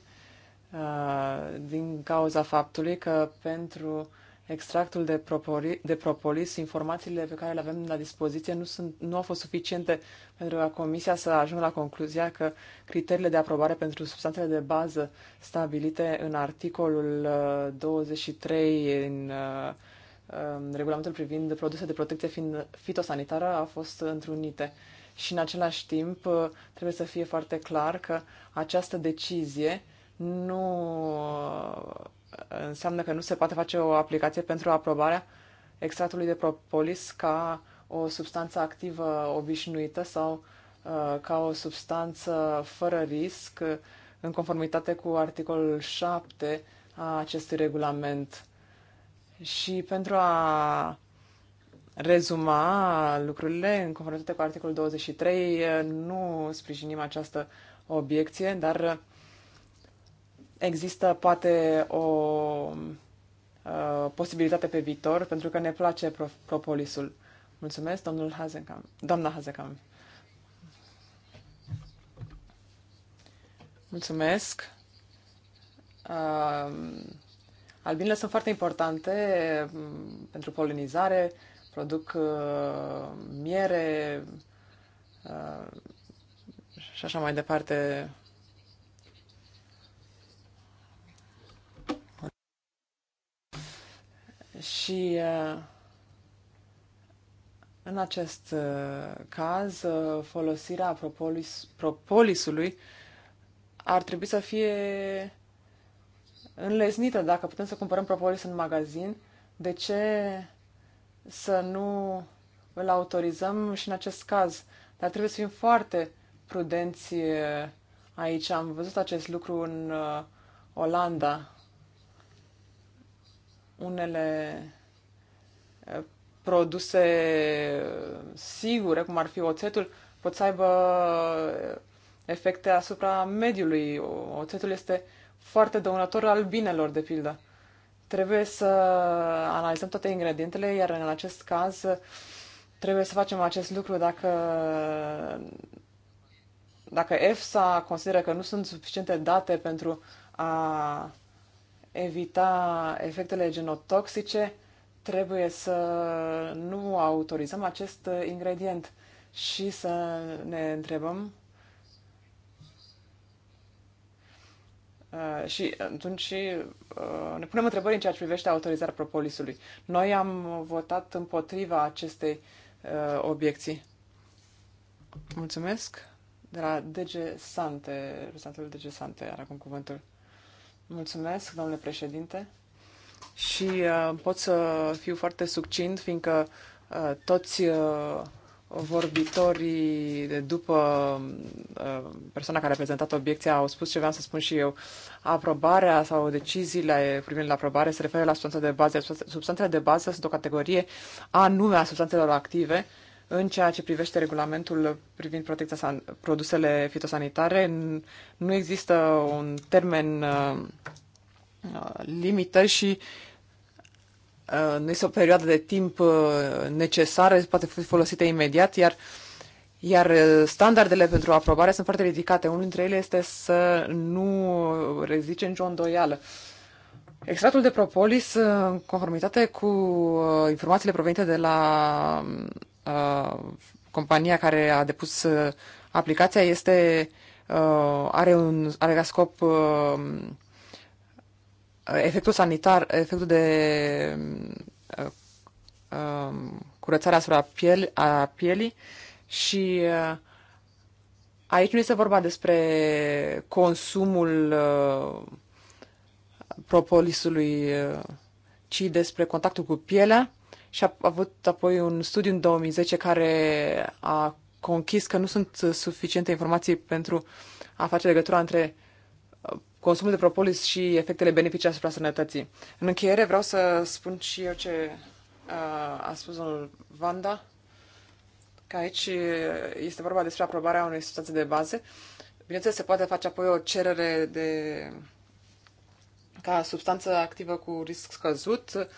C: uh, din cauza faptului că pentru extractul de, propori, de propolis, informațiile pe care le avem la dispoziție nu, sunt, nu au fost suficiente pentru ca Comisia să ajungă la concluzia că criteriile de aprobare pentru substanțele de bază stabilite în articolul 23 uh, în uh, um, regulamentul privind produse de protecție fitosanitară a fost întrunite. Și în același timp uh, trebuie să fie foarte clar că această decizie nu înseamnă că nu se poate face o aplicație pentru aprobarea extractului de propolis ca o substanță activă obișnuită sau uh, ca o substanță fără risc în conformitate cu articolul 7 a acestui regulament. Și pentru a rezuma lucrurile, în conformitate cu articolul 23, nu sprijinim această obiecție, dar există poate o uh, posibilitate pe viitor, pentru că ne place pro- propolisul. Mulțumesc, domnul Hazencam. Doamna Hazencam. Mulțumesc. Uh, albinele sunt foarte importante mm, pentru polinizare, produc uh, miere uh, și așa mai departe, Și uh, în acest uh, caz, uh, folosirea propolis, propolisului ar trebui să fie înlesnită. Dacă putem să cumpărăm propolis în magazin, de ce să nu îl autorizăm și în acest caz? Dar trebuie să fim foarte prudenți aici. Am văzut acest lucru în Olanda, unele produse sigure, cum ar fi oțetul, pot să aibă efecte asupra mediului. Oțetul este foarte dăunător albinelor, de pildă. Trebuie să analizăm toate ingredientele, iar în acest caz trebuie să facem acest lucru dacă, dacă EFSA consideră că nu sunt suficiente date pentru a evita efectele genotoxice, trebuie să nu autorizăm acest ingredient și să ne întrebăm Uh, și atunci uh, ne punem întrebări în ceea ce privește autorizarea propolisului. Noi am votat împotriva acestei uh, obiecții. Mulțumesc. De la DG Sante, reprezentantul DG Sante are acum cuvântul. Mulțumesc, domnule președinte. Și uh, pot să fiu foarte succint, fiindcă uh, toți uh, vorbitorii de după uh, persoana care a prezentat obiecția au spus ce vreau să spun și eu. Aprobarea sau deciziile privind la aprobare se referă la substanțele de bază. Substanțele de bază sunt o categorie anume a substanțelor active uh, în ceea ce privește regulamentul privind protecția produsele fitosanitare, nu există un termen uh, uh, limită și uh, nu este o perioadă de timp necesară, poate fi folosită imediat, iar iar standardele pentru aprobare sunt foarte ridicate. Unul dintre ele este să nu rezice nicio îndoială. Extractul de propolis, în conformitate cu informațiile provenite de la um, compania care a depus uh, aplicația este uh, are un are ca scop uh, efectul sanitar, efectul de uh, uh, curățare asupra piel, a pielii și uh, aici nu este vorba despre consumul uh, propolisului, uh, ci despre contactul cu pielea și a avut apoi un studiu în 2010 care a conchis că nu sunt suficiente informații pentru a face legătura între uh, consumul de propolis și efectele benefice asupra sănătății. În încheiere vreau să spun și eu ce uh, a spus domnul Vanda, că aici uh, este vorba despre aprobarea unei substanțe de bază. Bineînțeles, se poate face apoi o cerere de ca substanță activă cu risc scăzut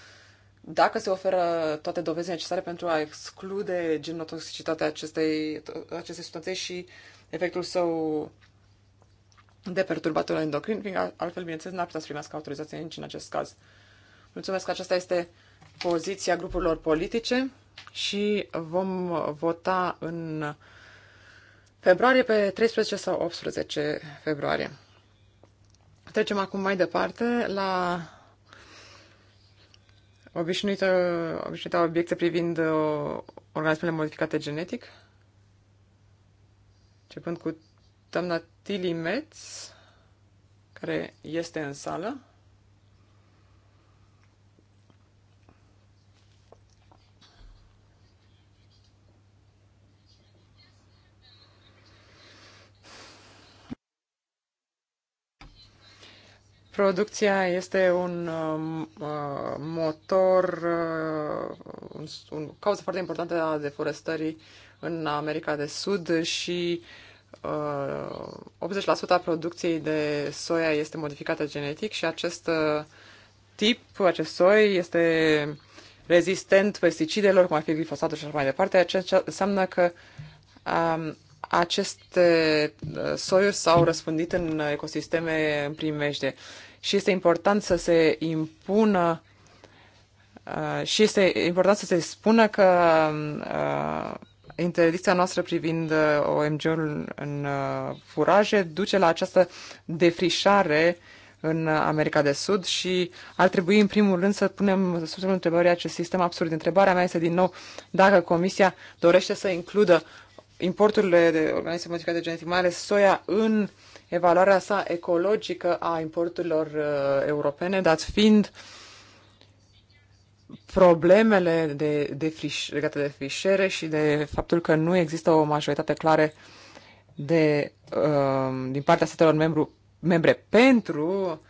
C: dacă se oferă toate dovezile necesare pentru a exclude genotoxicitatea acestei, acestei substanțe și efectul său de perturbator endocrin, fiindcă altfel, bineînțeles, n-ar putea să primească autorizație nici în acest caz. Mulțumesc că aceasta este poziția grupurilor politice și vom vota în februarie, pe 13 sau 18 februarie. Trecem acum mai departe la Obișnuită, obișnuită obiecte privind uh, organismele modificate genetic. Începând cu doamna Tilly Metz, care este în sală. Producția este un um, uh, motor, uh, un, un cauză foarte importantă a deforestării în America de Sud și uh, 80% a producției de soia este modificată genetic și acest uh, tip, acest soi, este rezistent pesticidelor, cum ar fi glifosatul și așa mai departe, ceea ce înseamnă că um, aceste uh, soiuri s-au răspândit în ecosisteme în primejde și este important să se impună uh, și este important să se spună că uh, interdicția noastră privind OMG-ul în furaje duce la această defrișare în America de Sud și ar trebui în primul rând să punem sub semnul întrebării acest sistem absurd. Întrebarea mea este din nou dacă Comisia dorește să includă importurile de organisme modificate genetic, mai ales soia, în evaluarea sa ecologică a importurilor uh, europene, dat fiind problemele de, de friș, legate de frișere și de faptul că nu există o majoritate clare de, uh, din partea statelor membru, membre pentru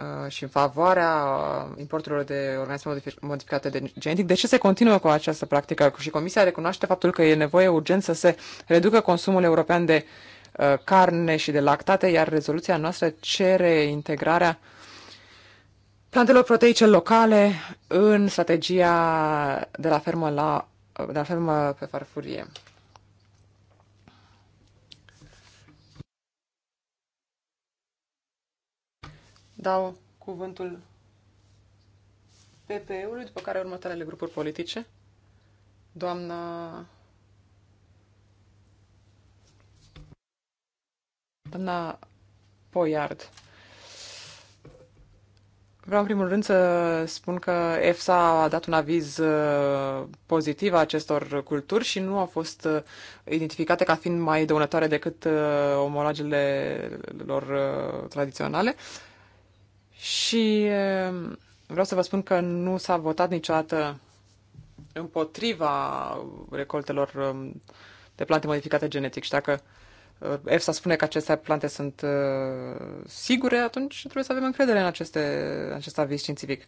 C: Uh, și în favoarea uh, importurilor de organisme modificate de genetic. De ce se continuă cu această practică? Și Comisia recunoaște faptul că e nevoie urgent să se reducă consumul european de uh, carne și de lactate, iar rezoluția noastră cere integrarea plantelor proteice locale în strategia de la fermă, la, de la fermă pe farfurie. Dau cuvântul PPE-ului, după care următoarele grupuri politice. Doamna Doamna Poiard. Vreau în primul rând să spun că EFSA a dat un aviz uh, pozitiv a acestor culturi și nu au fost uh, identificate ca fiind mai dăunătoare decât uh, omologele lor tradiționale. Și ehm, vreau să vă spun că nu s-a votat niciodată împotriva recoltelor ehm, de plante modificate genetic. Și dacă ehm, EFSA spune că aceste plante sunt sigure, atunci trebuie să avem încredere în, aceste, în acest aviz științific.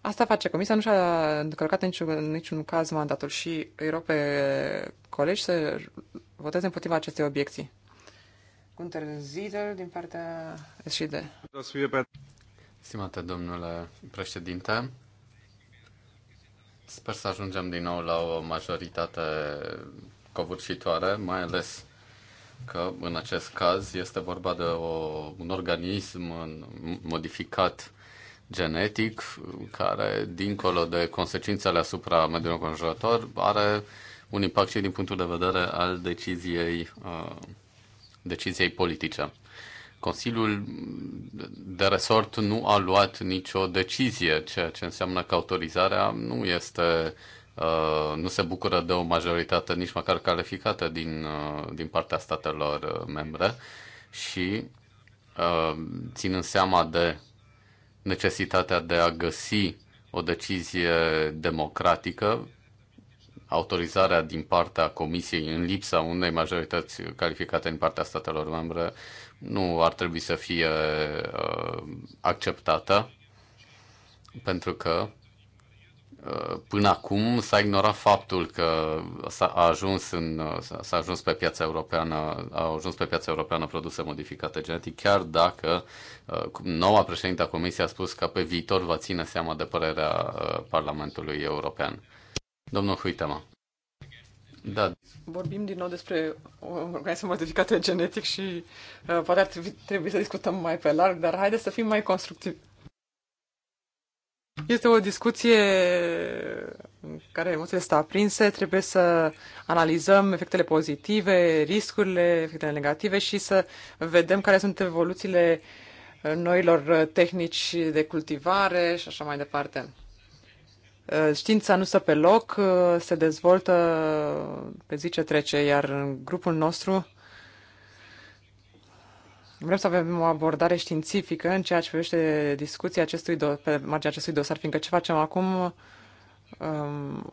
C: Asta face comisia, nu și-a încălcat în niciun, în niciun caz mandatul și îi rog pe colegi să voteze împotriva acestei obiecții. Gunter Zidel din partea SD.
B: Stimate domnule președinte, sper să ajungem din nou la o majoritate covârșitoare, mai ales că în acest caz este vorba de o, un organism modificat genetic care, dincolo de consecințele asupra mediului înconjurător, are un impact și din punctul de vedere al deciziei uh, deciziei politice. Consiliul de resort nu a luat nicio decizie, ceea ce înseamnă că autorizarea nu este uh, nu se bucură de o majoritate nici măcar calificată din, uh, din partea statelor uh, membre și ținând seama de necesitatea de a găsi o decizie democratică, autorizarea din partea Comisiei în lipsa unei majorități calificate în partea statelor membre nu ar trebui să fie uh, acceptată, pentru că uh, până acum s-a ignorat faptul că s-a ajuns, în, uh, s-a ajuns pe piața europeană, a ajuns pe piața europeană produse modificate genetic, chiar dacă uh, noua președintă a Comisiei a spus că pe viitor va ține seama de părerea Parlamentului European. Domnul Huitama. Da.
C: Vorbim din nou despre organismul modificat genetic și uh, poate ar trebui, trebui să discutăm mai pe larg, dar haideți să fim mai constructivi. Este o discuție în care emoțiile sunt aprinse, trebuie să analizăm efectele pozitive, riscurile, efectele negative și să vedem care sunt evoluțiile noilor tehnici de cultivare și așa mai departe. Uh, știința nu stă pe loc, uh, se dezvoltă uh, pe zi ce trece, iar în grupul nostru vrem să avem o abordare științifică în ceea ce privește discuția acestui do- pe marginea acestui dosar, fiindcă ce facem acum um,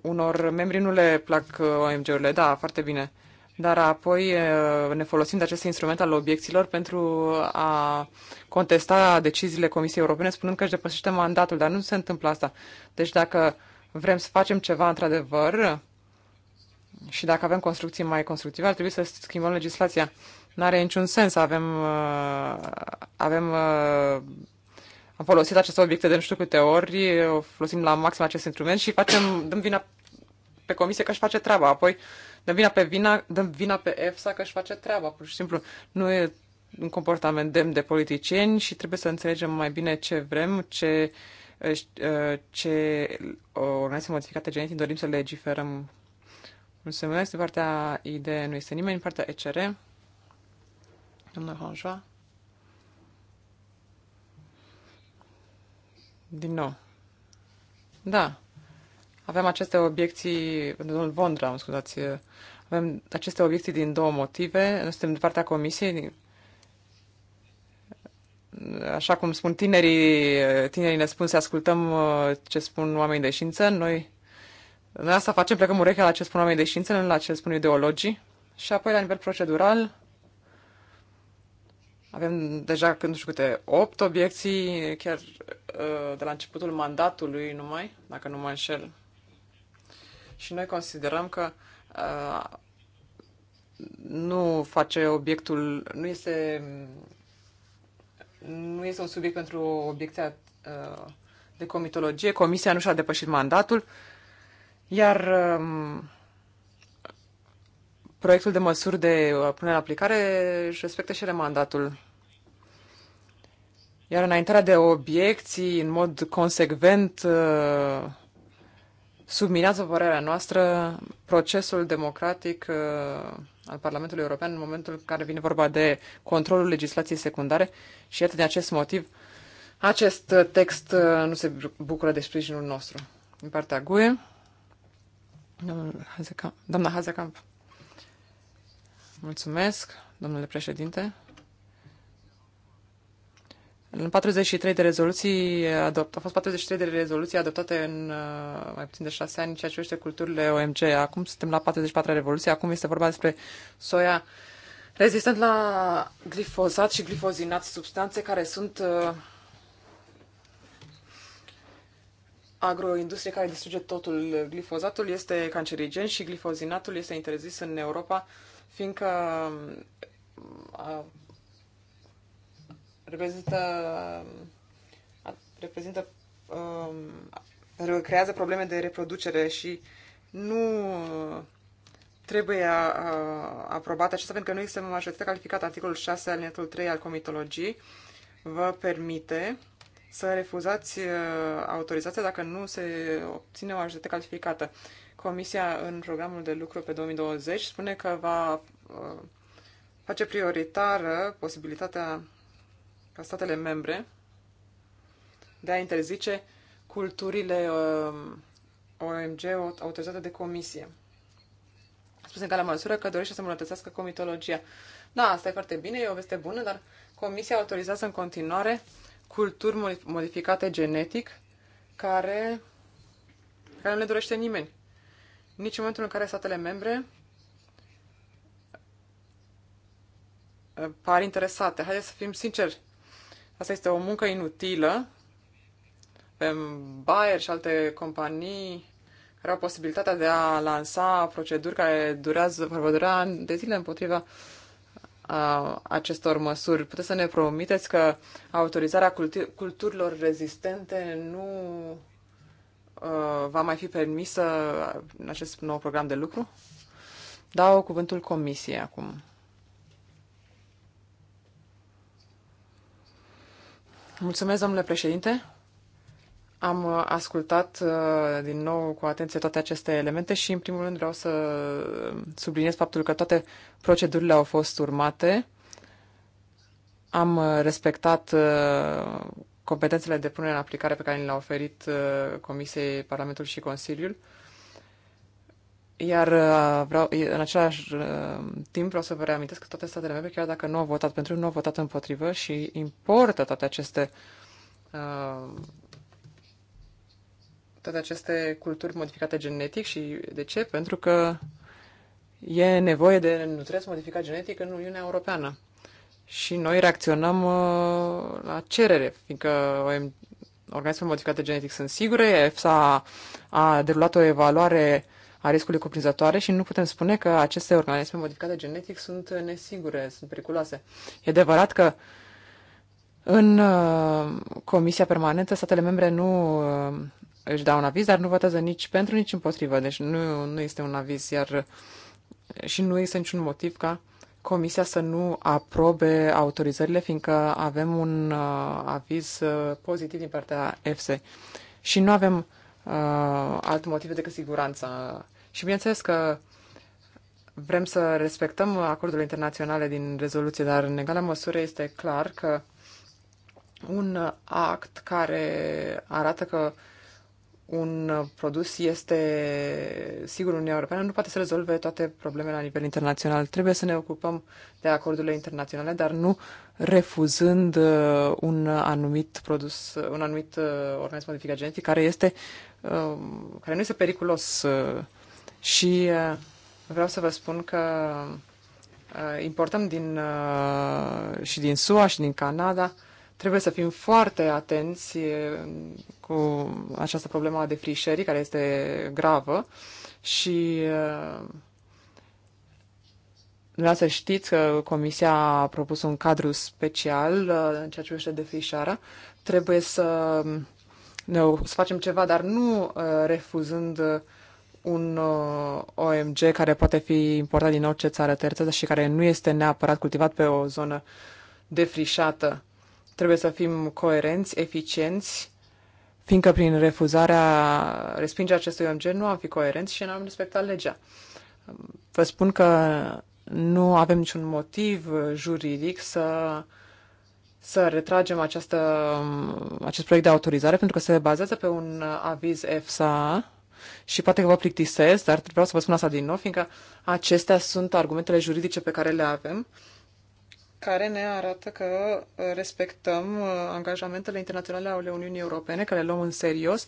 C: unor membri nu le plac OMG-urile. Da, foarte bine dar apoi ne folosim de acest instrument al obiecțiilor pentru a contesta deciziile Comisiei Europene, spunând că își depășește mandatul, dar nu se întâmplă asta. Deci dacă vrem să facem ceva într-adevăr și dacă avem construcții mai constructive, ar trebui să schimbăm legislația. N-are niciun sens. Avem, uh, avem uh, am folosit aceste obiecte de nu știu câte ori, folosim la maxim acest instrument și facem, dăm vina pe comisie că își face treaba. Apoi uh, dăm vina pe, vina, dăm vina pe EFSA că își face treaba, pur și simplu. Nu e un comportament demn de politicieni și trebuie să înțelegem mai bine ce vrem, ce, eh, eh, ce organizații modificate genetic dorim să legiferăm. Mulțumesc. Din partea ID nu este nimeni, în partea ECR. Domnul Honjoa. Din nou. Da. Avem aceste obiecții, domnul Vondra, mă scuzați, avem aceste obiecții din două motive. Noi suntem de partea comisiei, așa cum spun tinerii, tinerii ne spun să ascultăm uh, ce spun oamenii de știință. Noi, noi asta facem, plecăm urechea la ce spun oamenii de știință, nu la ce spun ideologii. Și apoi, la nivel procedural, avem deja, când știu câte, opt obiecții, chiar uh, de la începutul mandatului numai, dacă nu mă înșel, și noi considerăm că uh, nu face obiectul, nu este, nu este un subiect pentru obiecția uh, de comitologie. Comisia nu și-a depășit mandatul, iar uh, proiectul de măsuri de uh, punere în aplicare își respectă și ele mandatul. Iar înaintarea de obiecții în mod consecvent uh, subminează părerea noastră procesul democratic uh, al Parlamentului European în momentul în care vine vorba de controlul legislației secundare și iată de acest motiv acest text uh, nu se bucură de sprijinul nostru. Din partea GUE, doamna Hazekamp. Mulțumesc, domnule președinte. În 43 de rezoluții adopt, au fost 43 de rezoluții adoptate în uh, mai puțin de 6 ani, ceea ce privește culturile OMG. Acum suntem la 44 revoluție, acum este vorba despre soia rezistent la glifozat și glifozinat, substanțe care sunt uh, agroindustrie care distruge totul. Glifozatul este cancerigen și glifozinatul este interzis în Europa, fiindcă uh, reprezintă, reprezintă um, creează probleme de reproducere și nu uh, trebuie a, uh, a, aprobat acesta pentru că nu există majoritatea calificată. Articolul 6 al 3 al comitologiei vă permite să refuzați uh, autorizația dacă nu se obține o majoritate calificată. Comisia în programul de lucru pe 2020 spune că va face prioritară posibilitatea ca statele membre de a interzice culturile uh, OMG autorizate de comisie. Spus în la măsură că dorește să îmbunătățească comitologia. Da, asta e foarte bine, e o veste bună, dar comisia autorizează în continuare culturi modificate genetic care, care nu le dorește nimeni. Nici în momentul în care statele membre uh, par interesate. Haideți să fim sinceri. Asta este o muncă inutilă. Avem Bayer și alte companii care au posibilitatea de a lansa proceduri care durează, vor dura de zile împotriva a, acestor măsuri. Puteți să ne promiteți că autorizarea culti- culturilor rezistente nu a, va mai fi permisă în acest nou program de lucru? Dau cuvântul comisiei acum. Mulțumesc, domnule președinte. Am uh, ascultat uh, din nou cu atenție toate aceste elemente și, în primul rând, vreau să uh, subliniez faptul că toate procedurile au fost urmate. Am respectat competențele de punere în aplicare pe care le-a oferit Comisiei, Parlamentul și Consiliul iar uh, vreau, în același uh, timp vreau să vă reamintesc că toate statele membre, chiar dacă nu au votat pentru, nu au votat împotrivă și importă toate aceste uh, toate aceste culturi modificate genetic și de ce? Pentru că e nevoie de nutreț modificat genetic în Uniunea Europeană. Și noi reacționăm la cerere, fiindcă organismele modificate genetic sunt sigure, EFSA a, derulat o evaluare a riscului cuprinzătoare și nu putem spune că aceste organisme modificate genetic sunt nesigure, sunt periculoase. E adevărat că în uh, Comisia Permanentă statele membre nu uh, își dau un aviz, dar nu votează nici pentru, nici împotrivă. Deci nu, nu este un aviz, iar și nu este niciun motiv ca Comisia să nu aprobe autorizările, fiindcă avem un uh, aviz pozitiv din partea EFSE și nu avem uh, alte motive decât siguranța. Și bineînțeles că vrem să respectăm acordurile internaționale din rezoluție, dar în egală măsură este clar că un act care arată că uh, un produs este, sigur, Uniunea Europeană nu poate să rezolve toate problemele la nivel internațional. Trebuie să ne ocupăm de acordurile internaționale, dar nu refuzând uh, un anumit produs, uh, un anumit uh, organism modificat genetic care este, care nu este periculos. Și vreau să vă spun că importăm din, și din SUA și din Canada Trebuie să fim foarte atenți cu această problemă a defrișării, care este gravă și să știți că Comisia a propus un cadru special în ceea ce privește defrișarea. Trebuie să, ne, să facem ceva, dar nu refuzând un OMG care poate fi importat din orice țară terță și care nu este neapărat cultivat pe o zonă defrișată. Trebuie să fim coerenți, eficienți, fiindcă prin refuzarea, respingerea acestui gen, nu am fi coerenți și n-am respectat legea. Vă spun că nu avem niciun motiv juridic să să retragem această, acest proiect de autorizare pentru că se bazează pe un aviz EFSA și poate că vă plictisesc, dar vreau să vă spun asta din nou, fiindcă acestea sunt argumentele juridice pe care le avem care ne arată că uh, respectăm uh, angajamentele internaționale ale Uniunii Europene, că le luăm în serios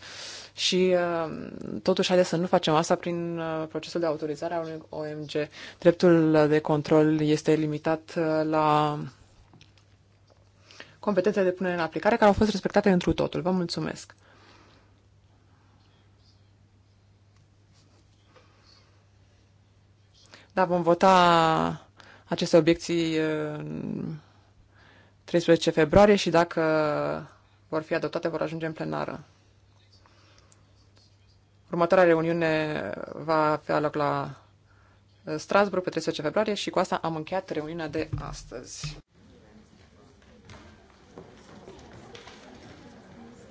C: și uh, totuși haideți să nu facem asta prin procesul de autorizare a unui OMG. Dreptul de control este limitat la competențele de punere în aplicare care au fost respectate întru totul. Vă mulțumesc! Da, vom vota aceste obiecții în 13 februarie și dacă vor fi adoptate, vor ajunge în plenară. Următoarea reuniune va avea loc la Strasburg pe 13 februarie și cu asta am încheiat reuniunea de astăzi.